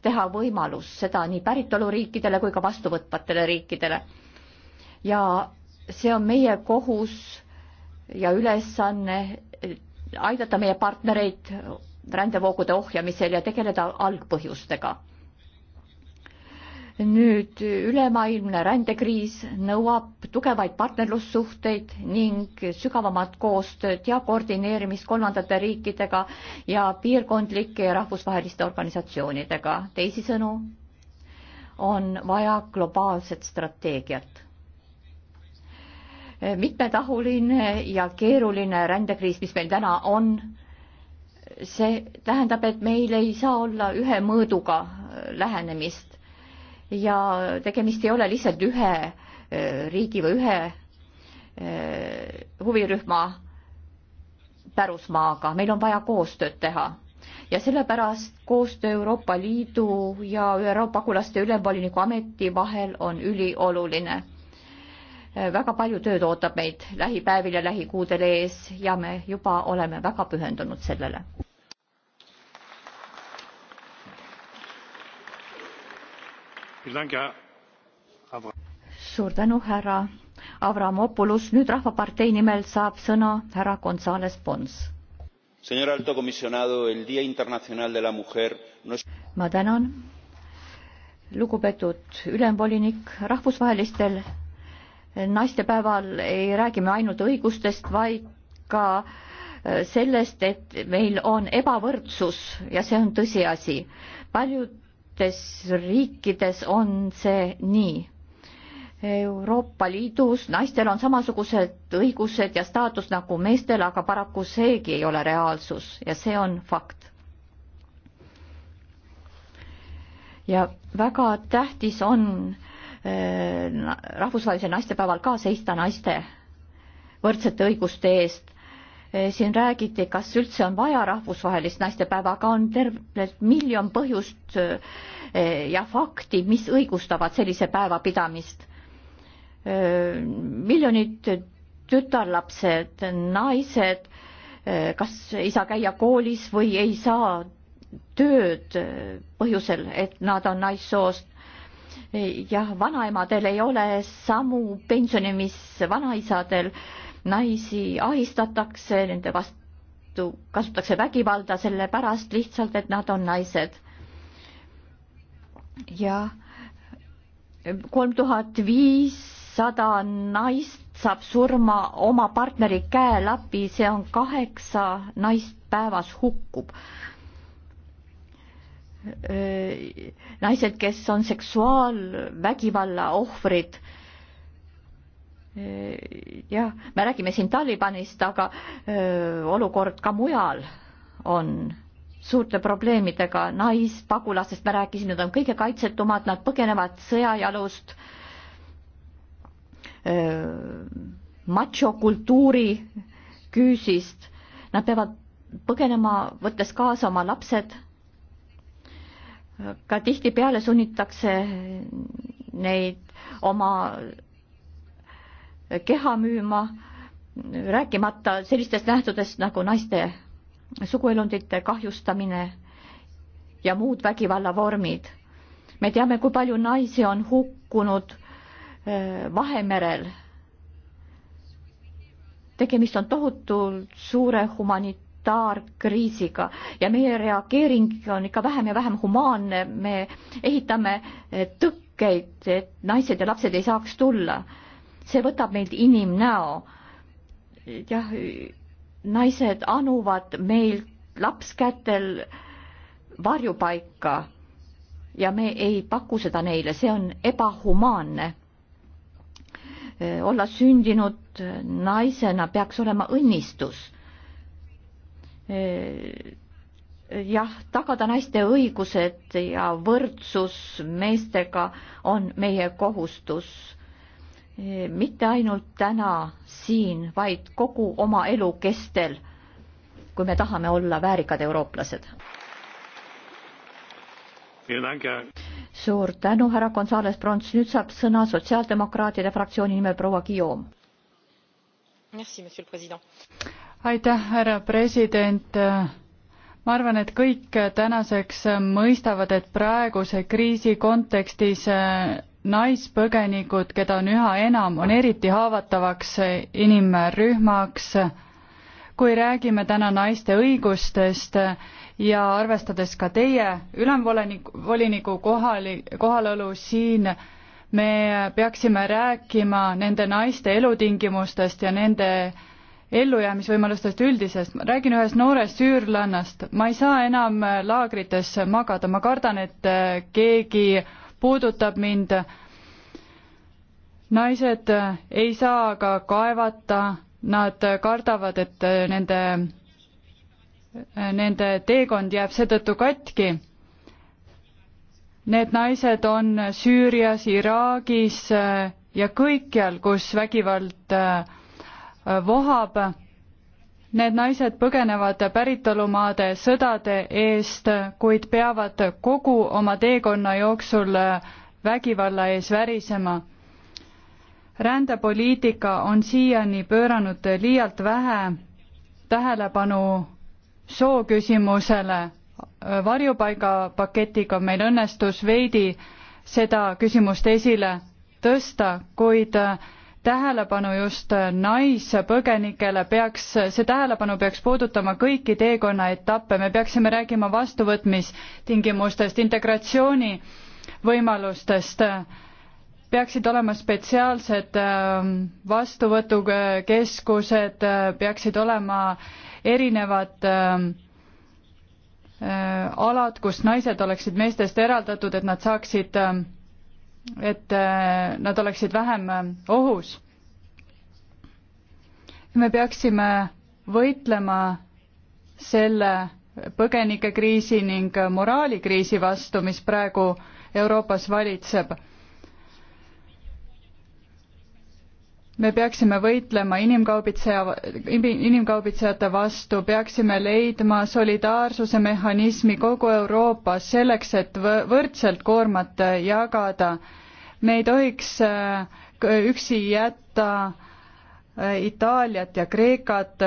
teha võimalus, seda nii päritoluriikidele kui ka vastuvõtvatele riikidele. ja see on meie kohus ja ülesanne aidata meie partnereid rändevoogude ohjamisel ja tegeleda algpõhjustega nüüd ülemaailmne rändekriis nõuab tugevaid partnerlussuhteid ning sügavamat koostööd ja koordineerimist kolmandate riikidega ja piirkondlike ja rahvusvaheliste organisatsioonidega. teisisõnu on vaja globaalset strateegiat. mitmetahuline ja keeruline rändekriis, mis meil täna on, see tähendab, et meil ei saa olla ühe mõõduga lähenemist ja tegemist ei ole lihtsalt ühe äh, riigi või ühe äh, huvirühma pärusmaaga, meil on vaja koostööd teha ja sellepärast koostöö Euroopa Liidu ja ÜRO pagulaste ülemvoliniku ameti vahel on ülioluline. väga palju tööd ootab meid lähipäevil ja lähikuudel ees ja me juba oleme väga pühendunud sellele. suur tänu, härra Avramopoulos, nüüd Rahvapartei nimel saab sõna härra Gonzales Pons. ma tänan, lugupeetud ülemvolinik, rahvusvahelistel naistepäeval ei räägi me ainult õigustest, vaid ka äh, sellest, et meil on ebavõrdsus ja see on tõsiasi. paljud mitmetes riikides on see nii. Euroopa Liidus naistel on samasugused õigused ja staatus nagu meestel, aga paraku seegi ei ole reaalsus ja see on fakt. ja väga tähtis on eh, rahvusvahelisel naistepäeval ka seista naiste võrdsete õiguste eest Eh, siin räägiti, kas üldse on vaja rahvusvahelist naistepäeva, aga on tervelt miljon põhjust eh, ja fakti, mis õigustavad sellise päeva pidamist. Eh, miljonid tütarlapsed, naised, kas ei saa käia koolis või ei saa tööd põhjusel, et nad on naissoost jah, vanaemadel ei ole samu pensioni, mis vanaisadel äh, naisi ahistatakse, nende vastu kasutatakse vägivalda sellepärast lihtsalt, et nad on naised. ja kolm tuhat viissada naist saab surma oma partneri käe läbi, see on kaheksa naist päevas hukkub naised, kes on seksuaalvägivalla ohvrid jah, me räägime siin Talibanist, aga öö, olukord ka mujal on suurte probleemidega, naispagulastest me rääkisime, nad on kõige kaitsetumad, nad põgenevad sõjajalust, machokultuuri küüsist, nad peavad põgenema, võttes kaasa oma lapsed. ka tihtipeale sunnitakse neid oma keha müüma, rääkimata sellistest nähtudest nagu naiste suguelundite kahjustamine ja muud vägivallavormid. me teame, kui palju naisi on hukkunud eh, Vahemerel. tegemist on tohutult suure humanitaarkriisiga ja meie reageering on ikka vähem ja vähem humaanne, me ehitame eh, tõkkeid, et naised ja lapsed ei saaks tulla see võtab meilt inimnäo. jah, naised anuvad meil lapskätel varjupaika ja me ei paku seda neile, see on ebahumaanne. olla sündinud naisena peaks olema õnnistus. jah, tagada naiste õigused ja võrdsus meestega on meie kohustus Eh, mitte ainult täna siin, vaid kogu oma elu kestel, kui me tahame olla väärikad eurooplased. suur tänu, härra Gonzales Prants, nüüd saab sõna sotsiaaldemokraatide fraktsiooni nimel proua Guillaume. aitäh, härra president ma arvan, et kõik tänaseks mõistavad, et praeguse kriisi kontekstis naispõgenikud, keda on üha enam, on eriti haavatavaks inimrühmaks. kui räägime täna naiste õigustest ja arvestades ka teie ülemvoliniku kohali, kohalolu siin, me peaksime rääkima nende naiste elutingimustest ja nende ellujäämisvõimalustest üldisest. ma räägin ühest noorest süürlannast. ma ei saa enam laagrites magada, ma kardan, et keegi puudutab mind. naised ei saa ka kaevata, nad kardavad, et nende, nende teekond jääb seetõttu katki. Need naised on Süürias, Iraagis ja kõikjal, kus vägivald vohab Need naised põgenevad päritolumaade sõdade eest, kuid peavad kogu oma teekonna jooksul vägivalla ees värisema. rändepoliitika on siiani pööranud liialt vähe tähelepanu sooküsimusele. varjupaigapaketiga meil õnnestus veidi seda küsimust esile tõsta, kuid tähelepanu just naispõgenikele peaks, see tähelepanu peaks puudutama kõiki teekonna etappe, me peaksime rääkima vastuvõtmistingimustest, integratsiooni võimalustest, peaksid olema spetsiaalsed ähm, vastuvõtukeskused, äh, peaksid olema erinevad ähm, äh, alad, kus naised oleksid meestest eraldatud, et nad saaksid ähm, et äh, nad oleksid vähem äh, ohus. me peaksime võitlema selle põgenikekriisi ning äh, moraalikriisi vastu, mis praegu Euroopas valitseb me peaksime võitlema inimkaubitseja, inimkaubitsejate vastu, peaksime leidma solidaarsuse mehhanismi kogu Euroopas selleks, et võrdselt koormat äh, jagada. me ei tohiks äh, üksi jätta äh, Itaaliat ja Kreekat.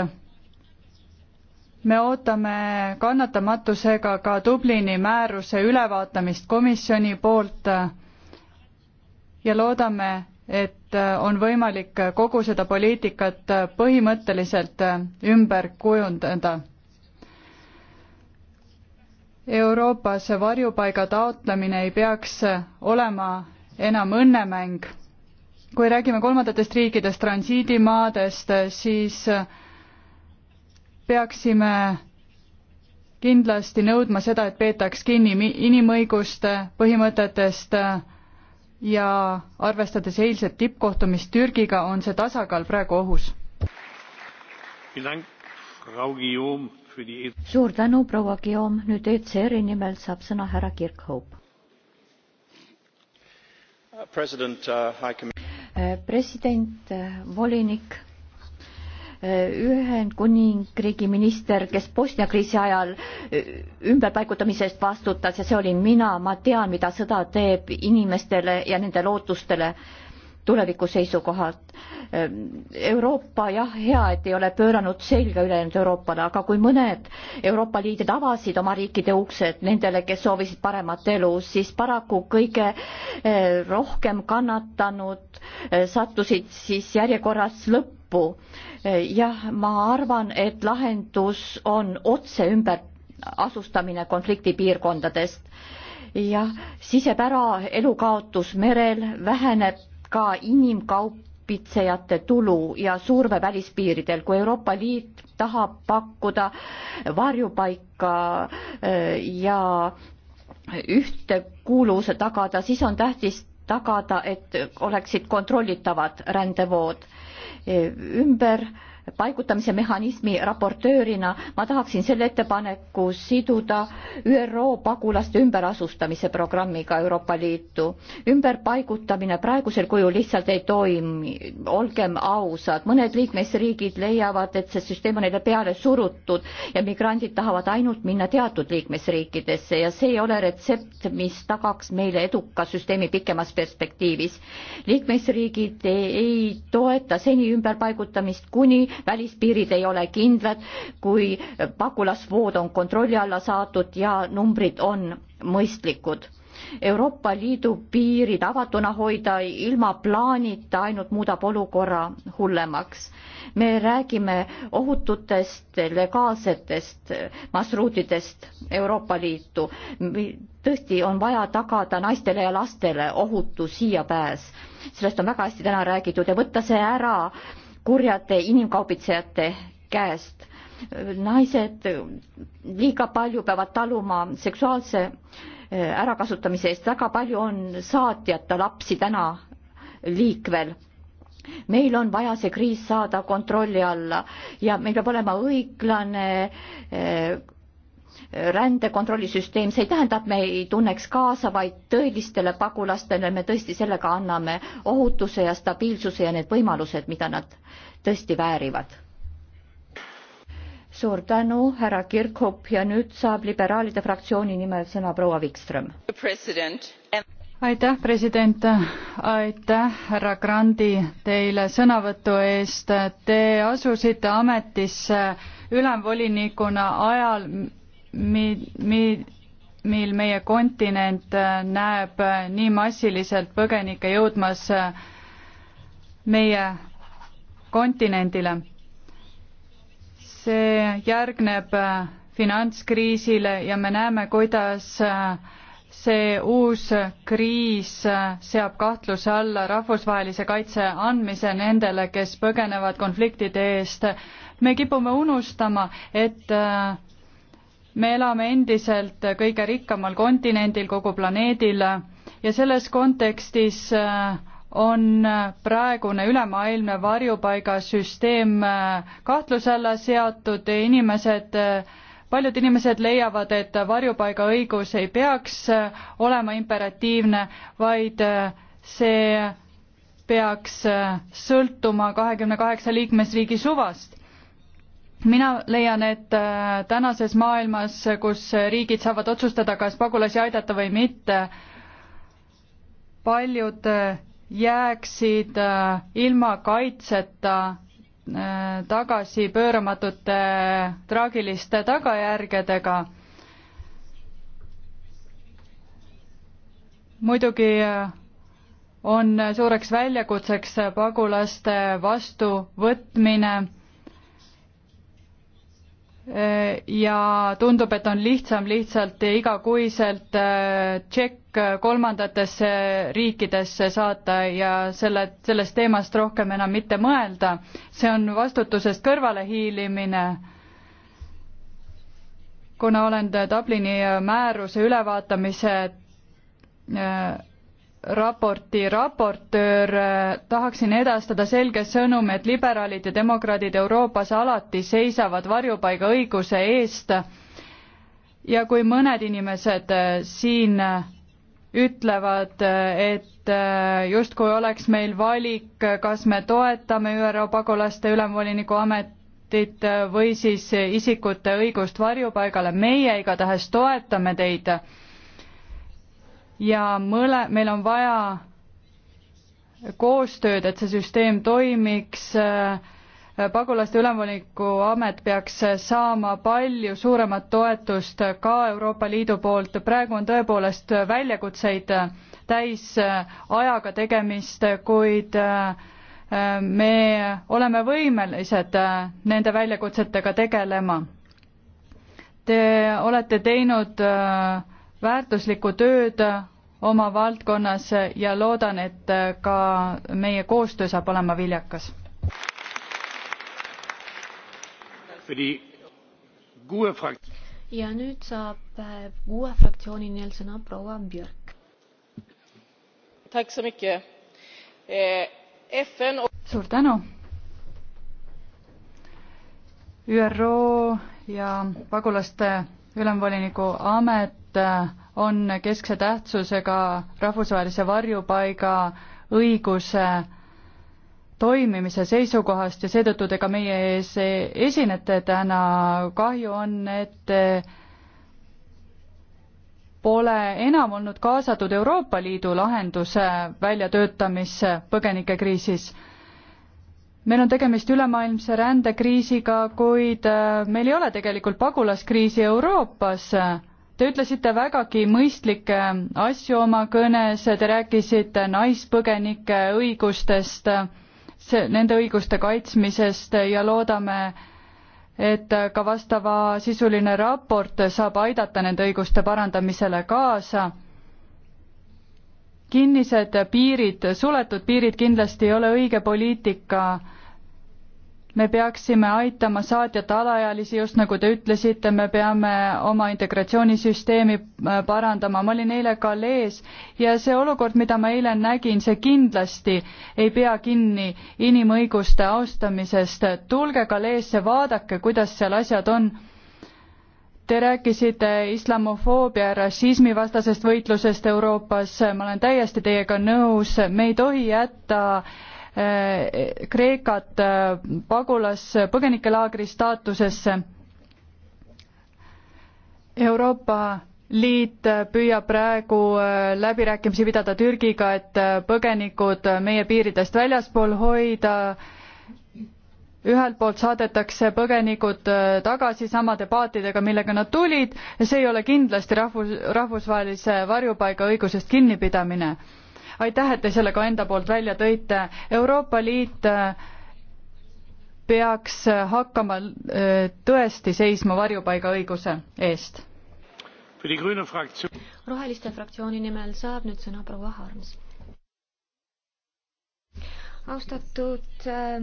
me ootame kannatamatusega ka Dublini määruse ülevaatamist komisjoni poolt ja loodame, et äh, on võimalik kogu seda poliitikat äh, põhimõtteliselt äh, ümber kujundada. Euroopas varjupaiga taotlemine ei peaks olema enam õnnemäng. kui räägime kolmandatest riikidest, transiidimaadest, siis peaksime kindlasti nõudma seda, et peetaks kinni inimõiguste põhimõtetest, ja arvestades eilset tippkohtumist Türgiga, on see tasakaal praegu ohus. suur tänu, proua Guillaume, nüüd ECR-i nimel saab sõna härra Kirkhope. president, uh, uh, volinik Ühendkuningriigi minister, kes Bosnia kriisi ajal e, ümberpaigutamise eest vastutas ja see olin mina, ma tean, mida sõda teeb inimestele ja nende lootustele tuleviku seisukohalt. Ehm, Euroopa jah, hea, et ei ole pööranud selga ülejäänud Euroopale, aga kui mõned Euroopa liidrid avasid oma riikide uksed nendele, kes soovisid paremat elu, siis paraku kõige ehm, rohkem kannatanud ehm, sattusid siis järjekorras lõppu. jah, ma arvan, et lahendus on otse ümberasustamine konfliktipiirkondadest jah, siseb ära elukaotus merel, väheneb ka inimkaupitsejate tulu ja surve välispiiridel, kui Euroopa Liit tahab pakkuda varjupaika äh, ja ühtekuuluvuse tagada, siis on tähtis tagada, et oleksid kontrollitavad rändevood äh, ümber paigutamise mehhanismi raportöörina ma tahaksin selle ettepaneku siduda ÜRO pagulaste ümberasustamise programmiga Euroopa Liitu. ümberpaigutamine praegusel kujul lihtsalt ei toimi, olgem ausad, mõned liikmesriigid leiavad, et see süsteem on neile peale surutud ja migrandid tahavad ainult minna teatud liikmesriikidesse ja see ei ole retsept, mis tagaks meile eduka süsteemi pikemas perspektiivis. liikmesriigid ei toeta seni ümberpaigutamist, kuni välispiirid ei ole kindlad, kui pagulasvood on kontrolli alla saadud ja numbrid on mõistlikud. Euroopa Liidu piirid avatuna hoida ilma plaanita ainult muudab olukorra hullemaks. me räägime ohututest legaalsetest marsruutidest Euroopa Liitu. tõesti on vaja tagada naistele ja lastele ohutu siiapääs. sellest on väga hästi täna räägitud ja võtta see ära kurjade inimkaubitsejate käest. naised liiga palju peavad taluma seksuaalse eh, ärakasutamise eest, väga palju on saatjata lapsi täna liikvel meil on vaja see kriis saada kontrolli alla ja meil peab olema õiglane eh, rändekontrollisüsteem, see ei tähenda, et me ei tunneks kaasa, vaid tõelistele pagulastele me tõesti sellega anname ohutuse ja stabiilsuse ja need võimalused, mida nad tõesti väärivad. suur tänu, härra Kirkhoop ja nüüd saab liberaalide fraktsiooni nimel sõna proua Wikström. aitäh, president, aitäh, härra Grandi, teile sõnavõtu eest. Te asusite ametisse ülemvolinikuna ajal, mi-, mi-, mil meie kontinent äh, näeb äh, nii massiliselt põgenikke jõudmas äh, meie kontinendile. see järgneb finantskriisile ja me näeme, kuidas see uus kriis seab kahtluse alla rahvusvahelise kaitse andmise nendele, kes põgenevad konfliktide eest. me kipume unustama, et me elame endiselt kõige rikkamal kontinendil kogu planeedil ja selles kontekstis äh, on äh, praegune ülemaailmne varjupaigasüsteem äh, kahtluse alla seatud, inimesed paljud inimesed leiavad, et varjupaigaõigus ei peaks olema imperatiivne, vaid see peaks sõltuma kahekümne kaheksa liikmesriigi suvast mina leian, et äh, tänases maailmas, kus riigid saavad otsustada, kas pagulasi aidata või mitte, paljud äh, jääksid äh, ilma kaitseta tagasipööramatute traagiliste tagajärgedega. muidugi on suureks väljakutseks pagulaste vastuvõtmine Äh, ja tundub, et on lihtsam lihtsalt igakuiselt äh, tšekk kolmandatesse riikidesse saata ja selle, sellest teemast rohkem enam mitte mõelda. see on vastutusest kõrvalehiilimine. kuna olen Dublini määruse ülevaatamise äh, raporti raportöör, tahaksin edastada selge sõnumi, et liberaalid ja demokraadid Euroopas alati seisavad varjupaigaõiguse eest ja kui mõned inimesed siin ütlevad, et justkui oleks meil valik, kas me toetame ÜRO pagulaste ülemvoliniku ametit või siis isikute õigust varjupaigale, meie igatahes toetame teid ja mõle, meil on vaja koostööd, et see süsteem toimiks, pagulaste ülemvoliniku amet peaks saama palju suuremat toetust ka Euroopa Liidu poolt, praegu on tõepoolest väljakutseid täis ajaga tegemist, kuid äh, me oleme võimelised äh, nende väljakutsetega tegelema. Te olete teinud äh, väärtuslikku tööd oma valdkonnas ja loodan, et ka meie koostöö saab olema viljakas. ja nüüd saab äh, uue fraktsiooni nimel sõna proua Björk. Eh, suur tänu. ÜRO ja pagulaste ülemvoliniku amet äh, on keskse tähtsusega rahvusvahelise varjupaiga õiguse toimimise seisukohast ja seetõttu te ka meie ees esinete täna. kahju on, et pole enam olnud kaasatud Euroopa Liidu lahenduse väljatöötamisse põgenikekriisis. meil on tegemist ülemaailmse rändekriisiga, kuid äh, meil ei ole tegelikult pagulaskriisi Euroopas Te ütlesite vägagi mõistlikke asju oma kõnes, te rääkisite naispõgenike õigustest, nende õiguste kaitsmisest ja loodame, et ka vastava sisuline raport saab aidata nende õiguste parandamisele kaasa. kinnised piirid, suletud piirid kindlasti ei ole õige poliitika me peaksime aitama saatjate alaealisi, just nagu te ütlesite, me peame oma integratsioonisüsteemi äh, parandama, ma olin eile Galees ja see olukord, mida ma eile nägin, see kindlasti ei pea kinni inimõiguste austamisest. tulge Galeesse, vaadake, kuidas seal asjad on. Te rääkisite islamofoobia ja rassismi vastasest võitlusest Euroopas, ma olen täiesti teiega nõus, me ei tohi jätta äh, Äh, Kreekat äh, pagulas, äh, põgenikelaagri staatusesse. Euroopa Liit püüab praegu läbirääkimisi pidada Türgiga, et põgenikud meie piiridest väljaspool hoida. ühelt poolt saadetakse põgenikud tagasi samade paatidega, millega nad tulid ja see ei ole kindlasti rahvus, rahvusvahelise varjupaiga õigusest kinnipidamine aitäh, et te selle ka enda poolt välja tõite. Euroopa Liit äh, peaks äh, hakkama äh, tõesti seisma varjupaigaõiguse eest. roheliste fraktsiooni nimel saab nüüd sõna proua Harms austatud äh,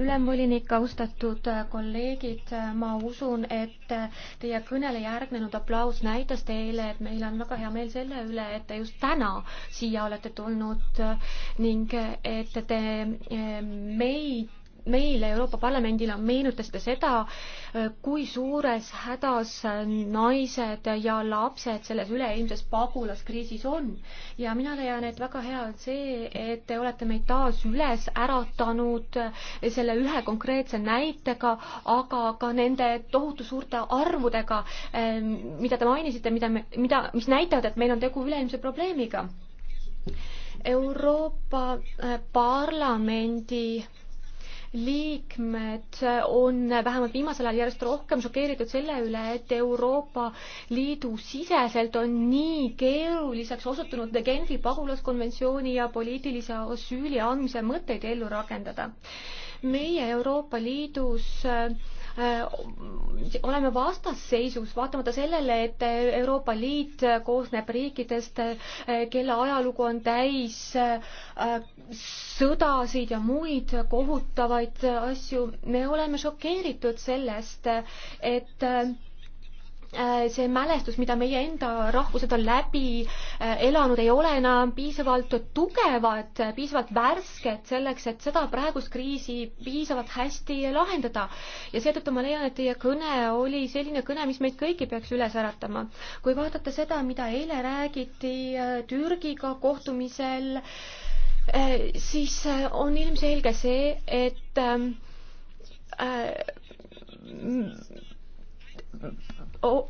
ülemvolinik, austatud äh, kolleegid, äh, ma usun, et teie kõnele järgnenud aplaus näitas teile, et meil on väga hea meel selle üle, et te just täna siia olete tulnud ning et te meid meile, Euroopa Parlamendile meenutasite seda, äh, kui suures hädas naised ja lapsed selles üleilmses pagulaskriisis on. ja mina leian, et väga hea on see, et te olete meid taas üles äratanud äh, selle ühe konkreetse näitega, aga ka nende tohutu suurte arvudega, äh, mida te mainisite, mida me, mida, mis näitavad, et meil on tegu üleilmse probleemiga. Euroopa Parlamendi liikmed on vähemalt viimasel ajal järjest rohkem šokeeritud selle üle, et Euroopa Liidu siseselt on nii keeruliseks osutunud Genfi pagulaskonventsiooni ja poliitilise asüüli andmise mõtteid ellu rakendada. meie Euroopa Liidus äh, Äh, oleme vastasseisus, vaatamata sellele, et Euroopa Liit koosneb riikidest, äh, kelle ajalugu on täis äh, sõdasid ja muid kohutavaid asju. me oleme šokeeritud sellest, et Äh, see mälestus, mida meie enda rahvused on läbi äh, elanud, ei ole enam piisavalt tugevad, äh, piisavalt värsked selleks, et seda praegust kriisi piisavalt hästi lahendada. ja seetõttu ma leian, et teie kõne oli selline kõne, mis meid kõiki peaks üles äratama. kui vaadata seda, mida eile räägiti Türgiga kohtumisel, siis on ilmselge see, et ähm, Oh,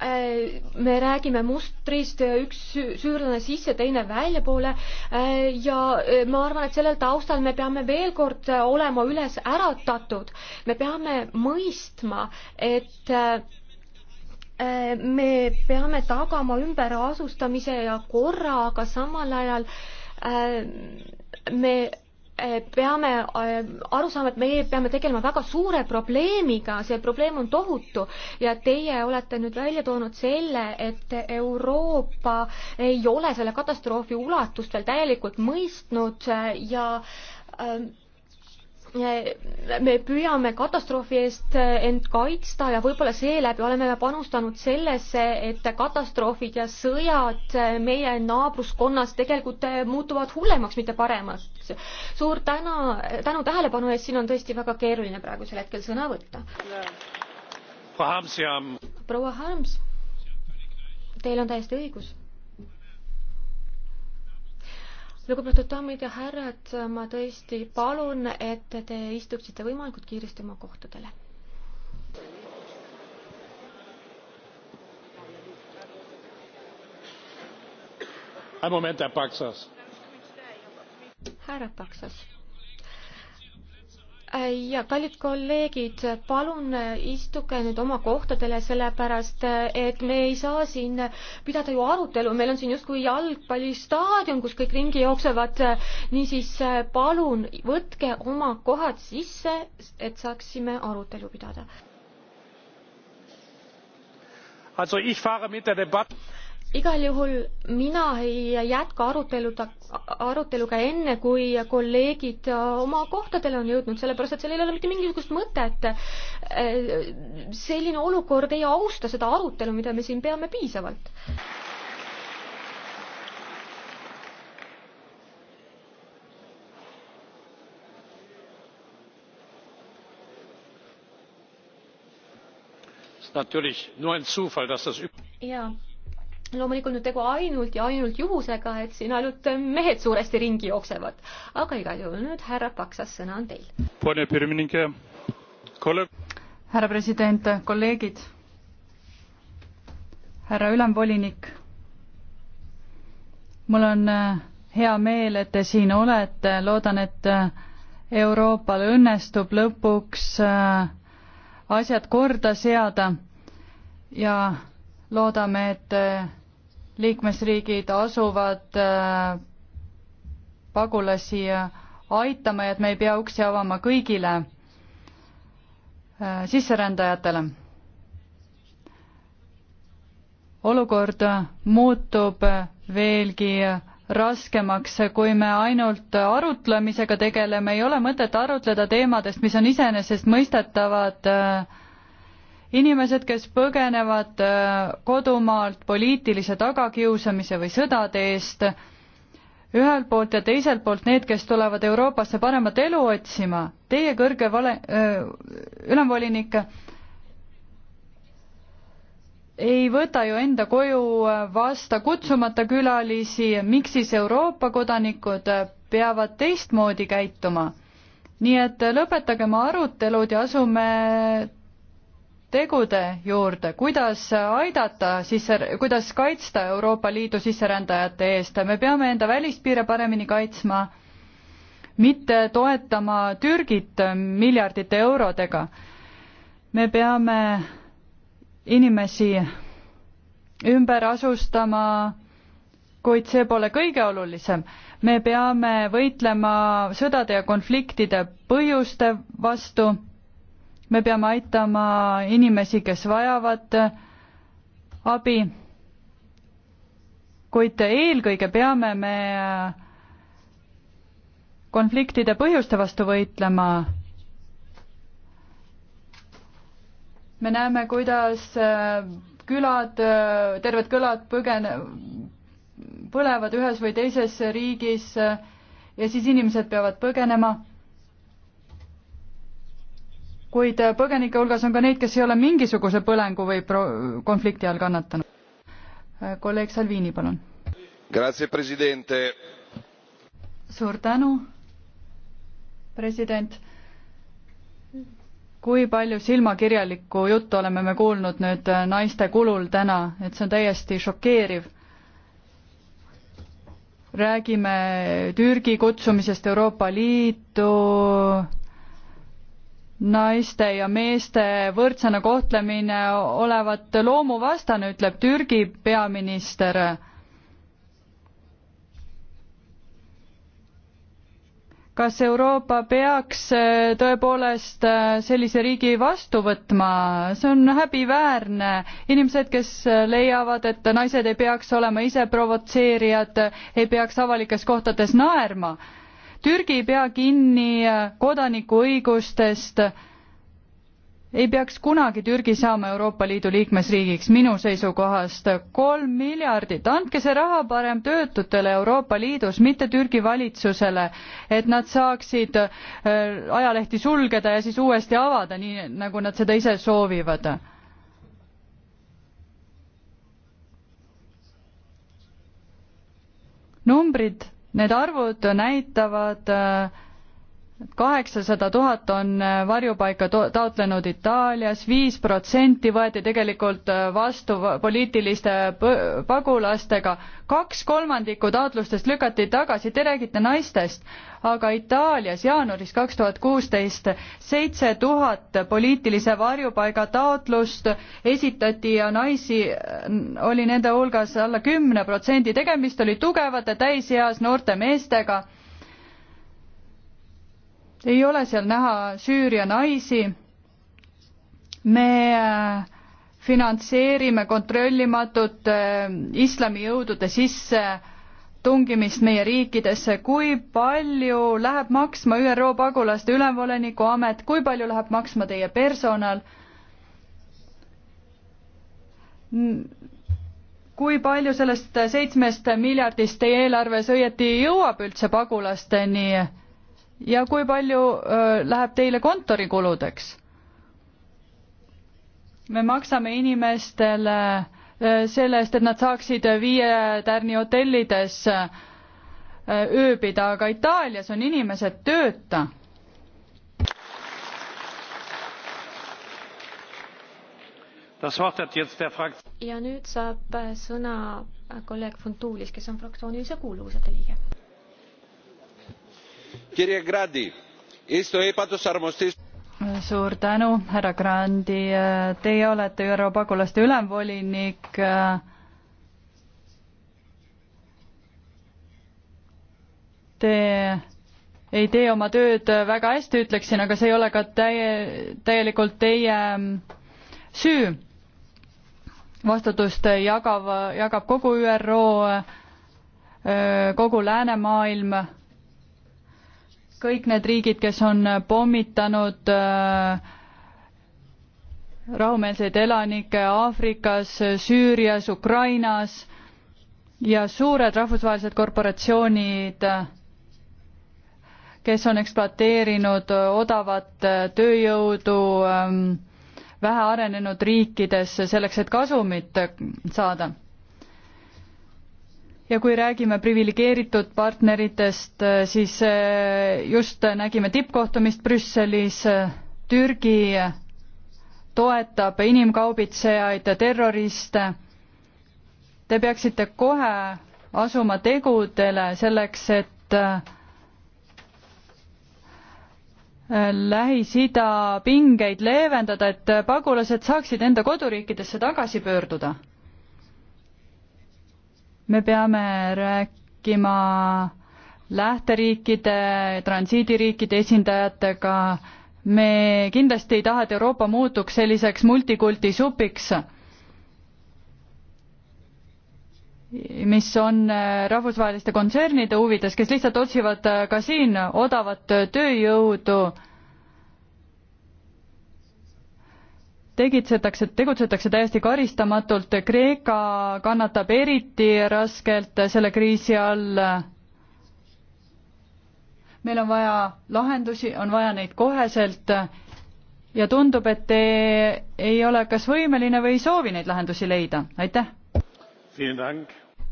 äh, me räägime mustrist, üks süürlane sisse, teine väljapoole äh, ja äh, ma arvan, et sellel taustal me peame veel kord olema üles äratatud. me peame mõistma, et me peame tagama ümberasustamise ja korra, aga samal ajal me Eh, peame eh, aru saama, et meie peame tegelema väga suure probleemiga, see probleem on tohutu ja teie olete nüüd välja toonud selle, et Euroopa ei ole selle katastroofi ulatust veel täielikult mõistnud ja äh, me püüame katastroofi eest eh, end kaitsta ja võib-olla seeläbi oleme me panustanud sellesse, et katastroofid ja sõjad eh, meie naabruskonnas tegelikult eh, muutuvad hullemaks, mitte paremaks. suur täna, tänu tähelepanu eest, siin on tõesti väga keeruline praegusel hetkel sõna võtta. proua Harms, teil on täiesti õigus lugupeetud daamid ja härrad, ma tõesti palun, et te istuksite võimalikult kiiresti oma kohtadele. härra Paksas Äh, ja kallid kolleegid, palun äh, istuge nüüd oma kohtadele, sellepärast äh, et me ei saa siin pidada ju arutelu, meil on siin justkui jalgpallistaadion, kus kõik ringi jooksevad. niisiis palun võtke oma kohad sisse, et saaksime arutelu pidada. Also ich fahre mit der Debatte igal juhul mina ei jätka aruteluda, aruteluga enne, kui kolleegid äh, oma kohtadele on jõudnud, sellepärast et sellel ei ole mitte mingisugust mõtet. Äh, selline olukord ei austa seda arutelu, mida me siin peame piisavalt. natürlich nur ein zufall dass das ja loomulikult nüüd tegu ainult ja ainult juhusega, et siin ainult mehed suuresti ringi jooksevad. aga igal juhul nüüd härra Paksas, sõna on teil. härra president, kolleegid, härra ülemvolinik, mul on äh, hea meel, et te siin olete, loodan, et äh, Euroopal õnnestub lõpuks äh, asjad korda seada ja loodame, et liikmesriigid asuvad äh, pagulasi äh, aitama ja et me ei pea uksi avama kõigile äh, sisserändajatele. olukord muutub veelgi raskemaks, kui me ainult arutlemisega tegeleme, ei ole mõtet arutleda teemadest, mis on iseenesestmõistetavad äh, inimesed, kes põgenevad äh, kodumaalt poliitilise tagakiusamise või sõdade eest, ühelt poolt ja teiselt poolt need, kes tulevad Euroopasse paremat elu otsima, teie kõrge vale, äh, ülemvolinik ei võta ju enda koju äh, vasta kutsumata külalisi, miks siis Euroopa kodanikud peavad teistmoodi käituma? nii et lõpetagem arutelud ja asume tegude juurde, kuidas aidata sisse, kuidas kaitsta Euroopa Liidu sisserändajate eest, me peame enda välispiire paremini kaitsma, mitte toetama Türgit miljardite eurodega. me peame inimesi ümber asustama, kuid see pole kõige olulisem. me peame võitlema sõdade ja konfliktide põhjuste vastu me peame aitama inimesi, kes vajavad eh, abi, kuid eelkõige peame me eh, konfliktide põhjuste vastu võitlema. me näeme, kuidas eh, külad, terved külad põgene-, põlevad ühes või teises riigis ja siis inimesed peavad põgenema kuid põgenike hulgas on ka neid, kes ei ole mingisuguse põlengu või pro-, konflikti all kannatanud. kolleeg Salvini, palun. suur tänu, president kui palju silmakirjalikku juttu oleme me kuulnud nüüd naiste kulul täna, et see on täiesti šokeeriv. räägime Türgi kutsumisest Euroopa Liitu, naiste ja meeste võrdsena kohtlemine olevat loomuvastane, ütleb Türgi peaminister kas Euroopa peaks tõepoolest sellise riigi vastu võtma, see on häbiväärne. inimesed, kes leiavad, et naised ei peaks olema ise provotseerijad, ei peaks avalikes kohtades naerma Türgi ei pea kinni äh, kodanikuõigustest, ei peaks kunagi Türgi saama Euroopa Liidu liikmesriigiks minu seisukohast. kolm miljardit, andke see raha parem töötutele Euroopa Liidus, mitte Türgi valitsusele, et nad saaksid äh, ajalehti sulgeda ja siis uuesti avada, nii nagu nad seda ise soovivad numbrid Need arvud näitavad äh, kaheksasada tuhat on äh, varjupaika taotlenud Itaalias, viis protsenti võeti tegelikult äh, vastu poliitiliste pagulastega, kaks kolmandikku taotlustest lükati tagasi, te räägite naistest, aga Itaalias jaanuaris kaks tuhat kuusteist seitse tuhat poliitilise varjupaiga taotlust esitati ja naisi äh, oli nende hulgas alla kümne protsendi, tegemist oli tugevate täiseas noorte meestega ei ole seal näha Süüria naisi. me äh, finantseerime kontrollimatut äh, islamijõudude sisse tungimist meie riikidesse, kui palju läheb maksma ÜRO pagulaste ülemvoliniku amet, kui palju läheb maksma teie personal? kui palju sellest seitsmest miljardist teie eelarves õieti jõuab üldse pagulasteni? ja kui palju läheb teile kontorikuludeks? me maksame inimestele selle eest, et nad saaksid viie tärni hotellides ööbida, aga Itaalias on inimesed tööta ja nüüd saab äh, sõna äh, kolleeg Funtuulis, kes on fraktsioonilise kuuluvuseta liige suur tänu, härra Grandi, teie olete ÜRO pagulaste ülemvolinik. Te ei tee oma tööd väga hästi, ütleksin, aga see ei ole ka täie, täielikult teie mm, süü. vastutust jagav, jagab kogu ÜRO, kogu läänemaailm kõik need riigid, kes on pommitanud äh, rahumeelseid elanikke Aafrikas, Süürias, Ukrainas ja suured rahvusvahelised korporatsioonid, kes on ekspluateerinud odavat tööjõudu ähm, vähearenenud riikidesse selleks, et kasumit saada ja kui räägime priviligeeritud partneritest, äh, siis äh, just nägime tippkohtumist Brüsselis, Türgi toetab inimkaubitsejaid, terroriste. Te peaksite kohe asuma tegudele selleks, et äh, Lähis-Ida pingeid leevendada, et pagulased saaksid enda koduriikidesse tagasi pöörduda me peame rääkima lähteriikide, transiidiriikide esindajatega, me kindlasti ei taha, et Euroopa muutuks selliseks multikulti supiks, mis on äh, rahvusvaheliste kontsernide huvides, kes lihtsalt otsivad äh, ka siin odavat tööjõudu tegitsetakse, tegutsetakse täiesti karistamatult, Kreeka kannatab eriti raskelt selle kriisi all. meil on vaja lahendusi, on vaja neid koheselt ja tundub, et te ei ole kas võimeline või ei soovi neid lahendusi leida, aitäh.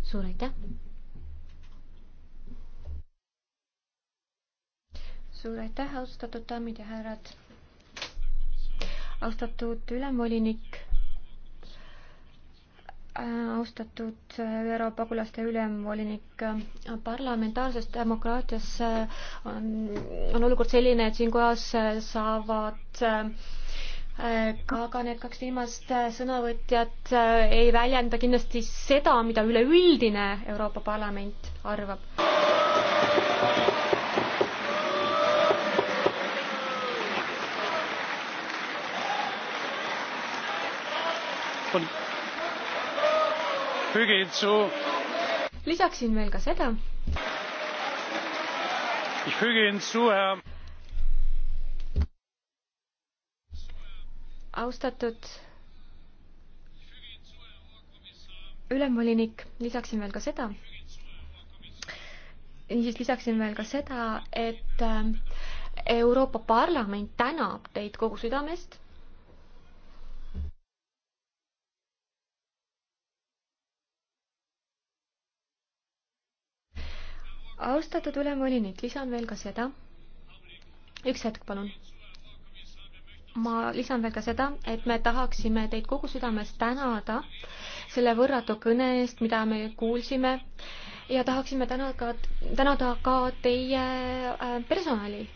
suur aitäh. suur aitäh, austatud daamid ja härrad austatud ülemvolinik, äh, austatud äh, ÜRO pagulaste ülemvolinik, äh, parlamentaarses demokraatias on, on olukord selline, et siinkohas saavad aga need kaks viimast sõnavõtjat ei väljenda kindlasti seda, mida üleüldine Euroopa Parlament arvab. und füge hinzu lisaksin veel ka seda ich füge hinzu herr austatud ülemvolinik lisaksin veel ka seda niisiis lisaksin veel ka seda et äh, Euroopa Parlament tänab teid kogu südamest austatud ülemvolinik, lisan veel ka seda, üks hetk, palun ma lisan veel ka seda, et me tahaksime teid kogu südamest tänada selle võrratu kõne eest, mida me kuulsime ja tahaksime tänada ka, tänada ka teie äh, personali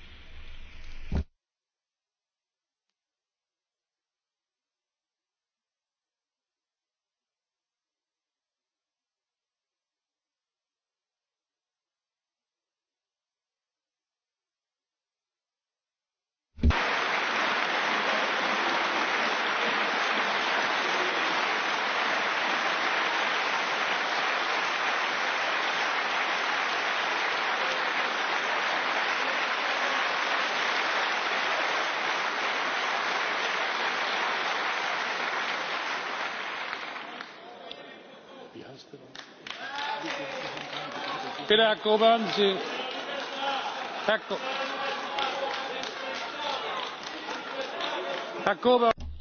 bitte herr coburn sie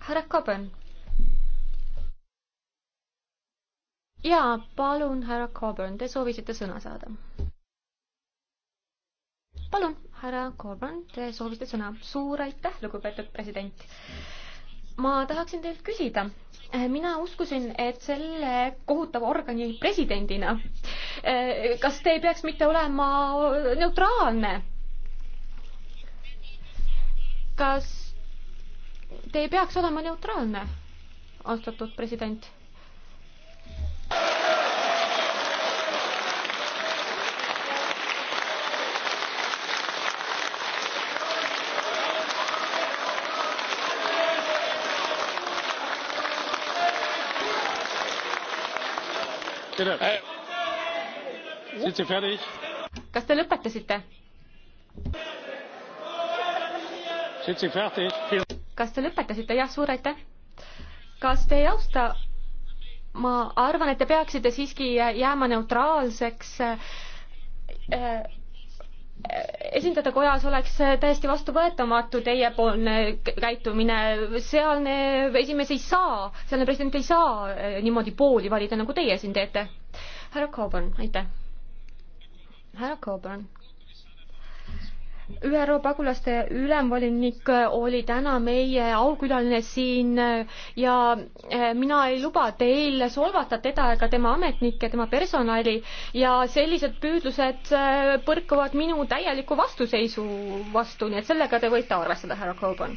härra coburn jaa palun härra coburn te soovisite sõna saada palun härra coburn te soovisite sõna suur aitäh lugupeetud president ma tahaksin teilt küsida. Äh, mina uskusin, et selle kohutava organi presidendina, äh, kas te ei peaks mitte olema neutraalne? kas te ei peaks olema neutraalne, austatud president? kas te lõpetasite? kas te lõpetasite, jah, suur aitäh. kas te ei austa ma arvan, et te peaksite siiski jääma neutraalseks. Äh, esindajate kojas oleks täiesti vastuvõetamatu teiepoolne käitumine, sealne esimees ei saa, sealne president ei saa äh, niimoodi pooli valida, nagu teie siin teete. härra Coburn, aitäh härra Coburn ÜRO pagulaste ülemvolinik oli täna meie aukülaline siin äh, ja äh, mina ei luba teil solvata teda ega tema ametnikke, tema personali ja sellised püüdlused äh, põrkuvad minu täieliku vastuseisu vastu, nii et sellega te võite arvestada, härra Coburn.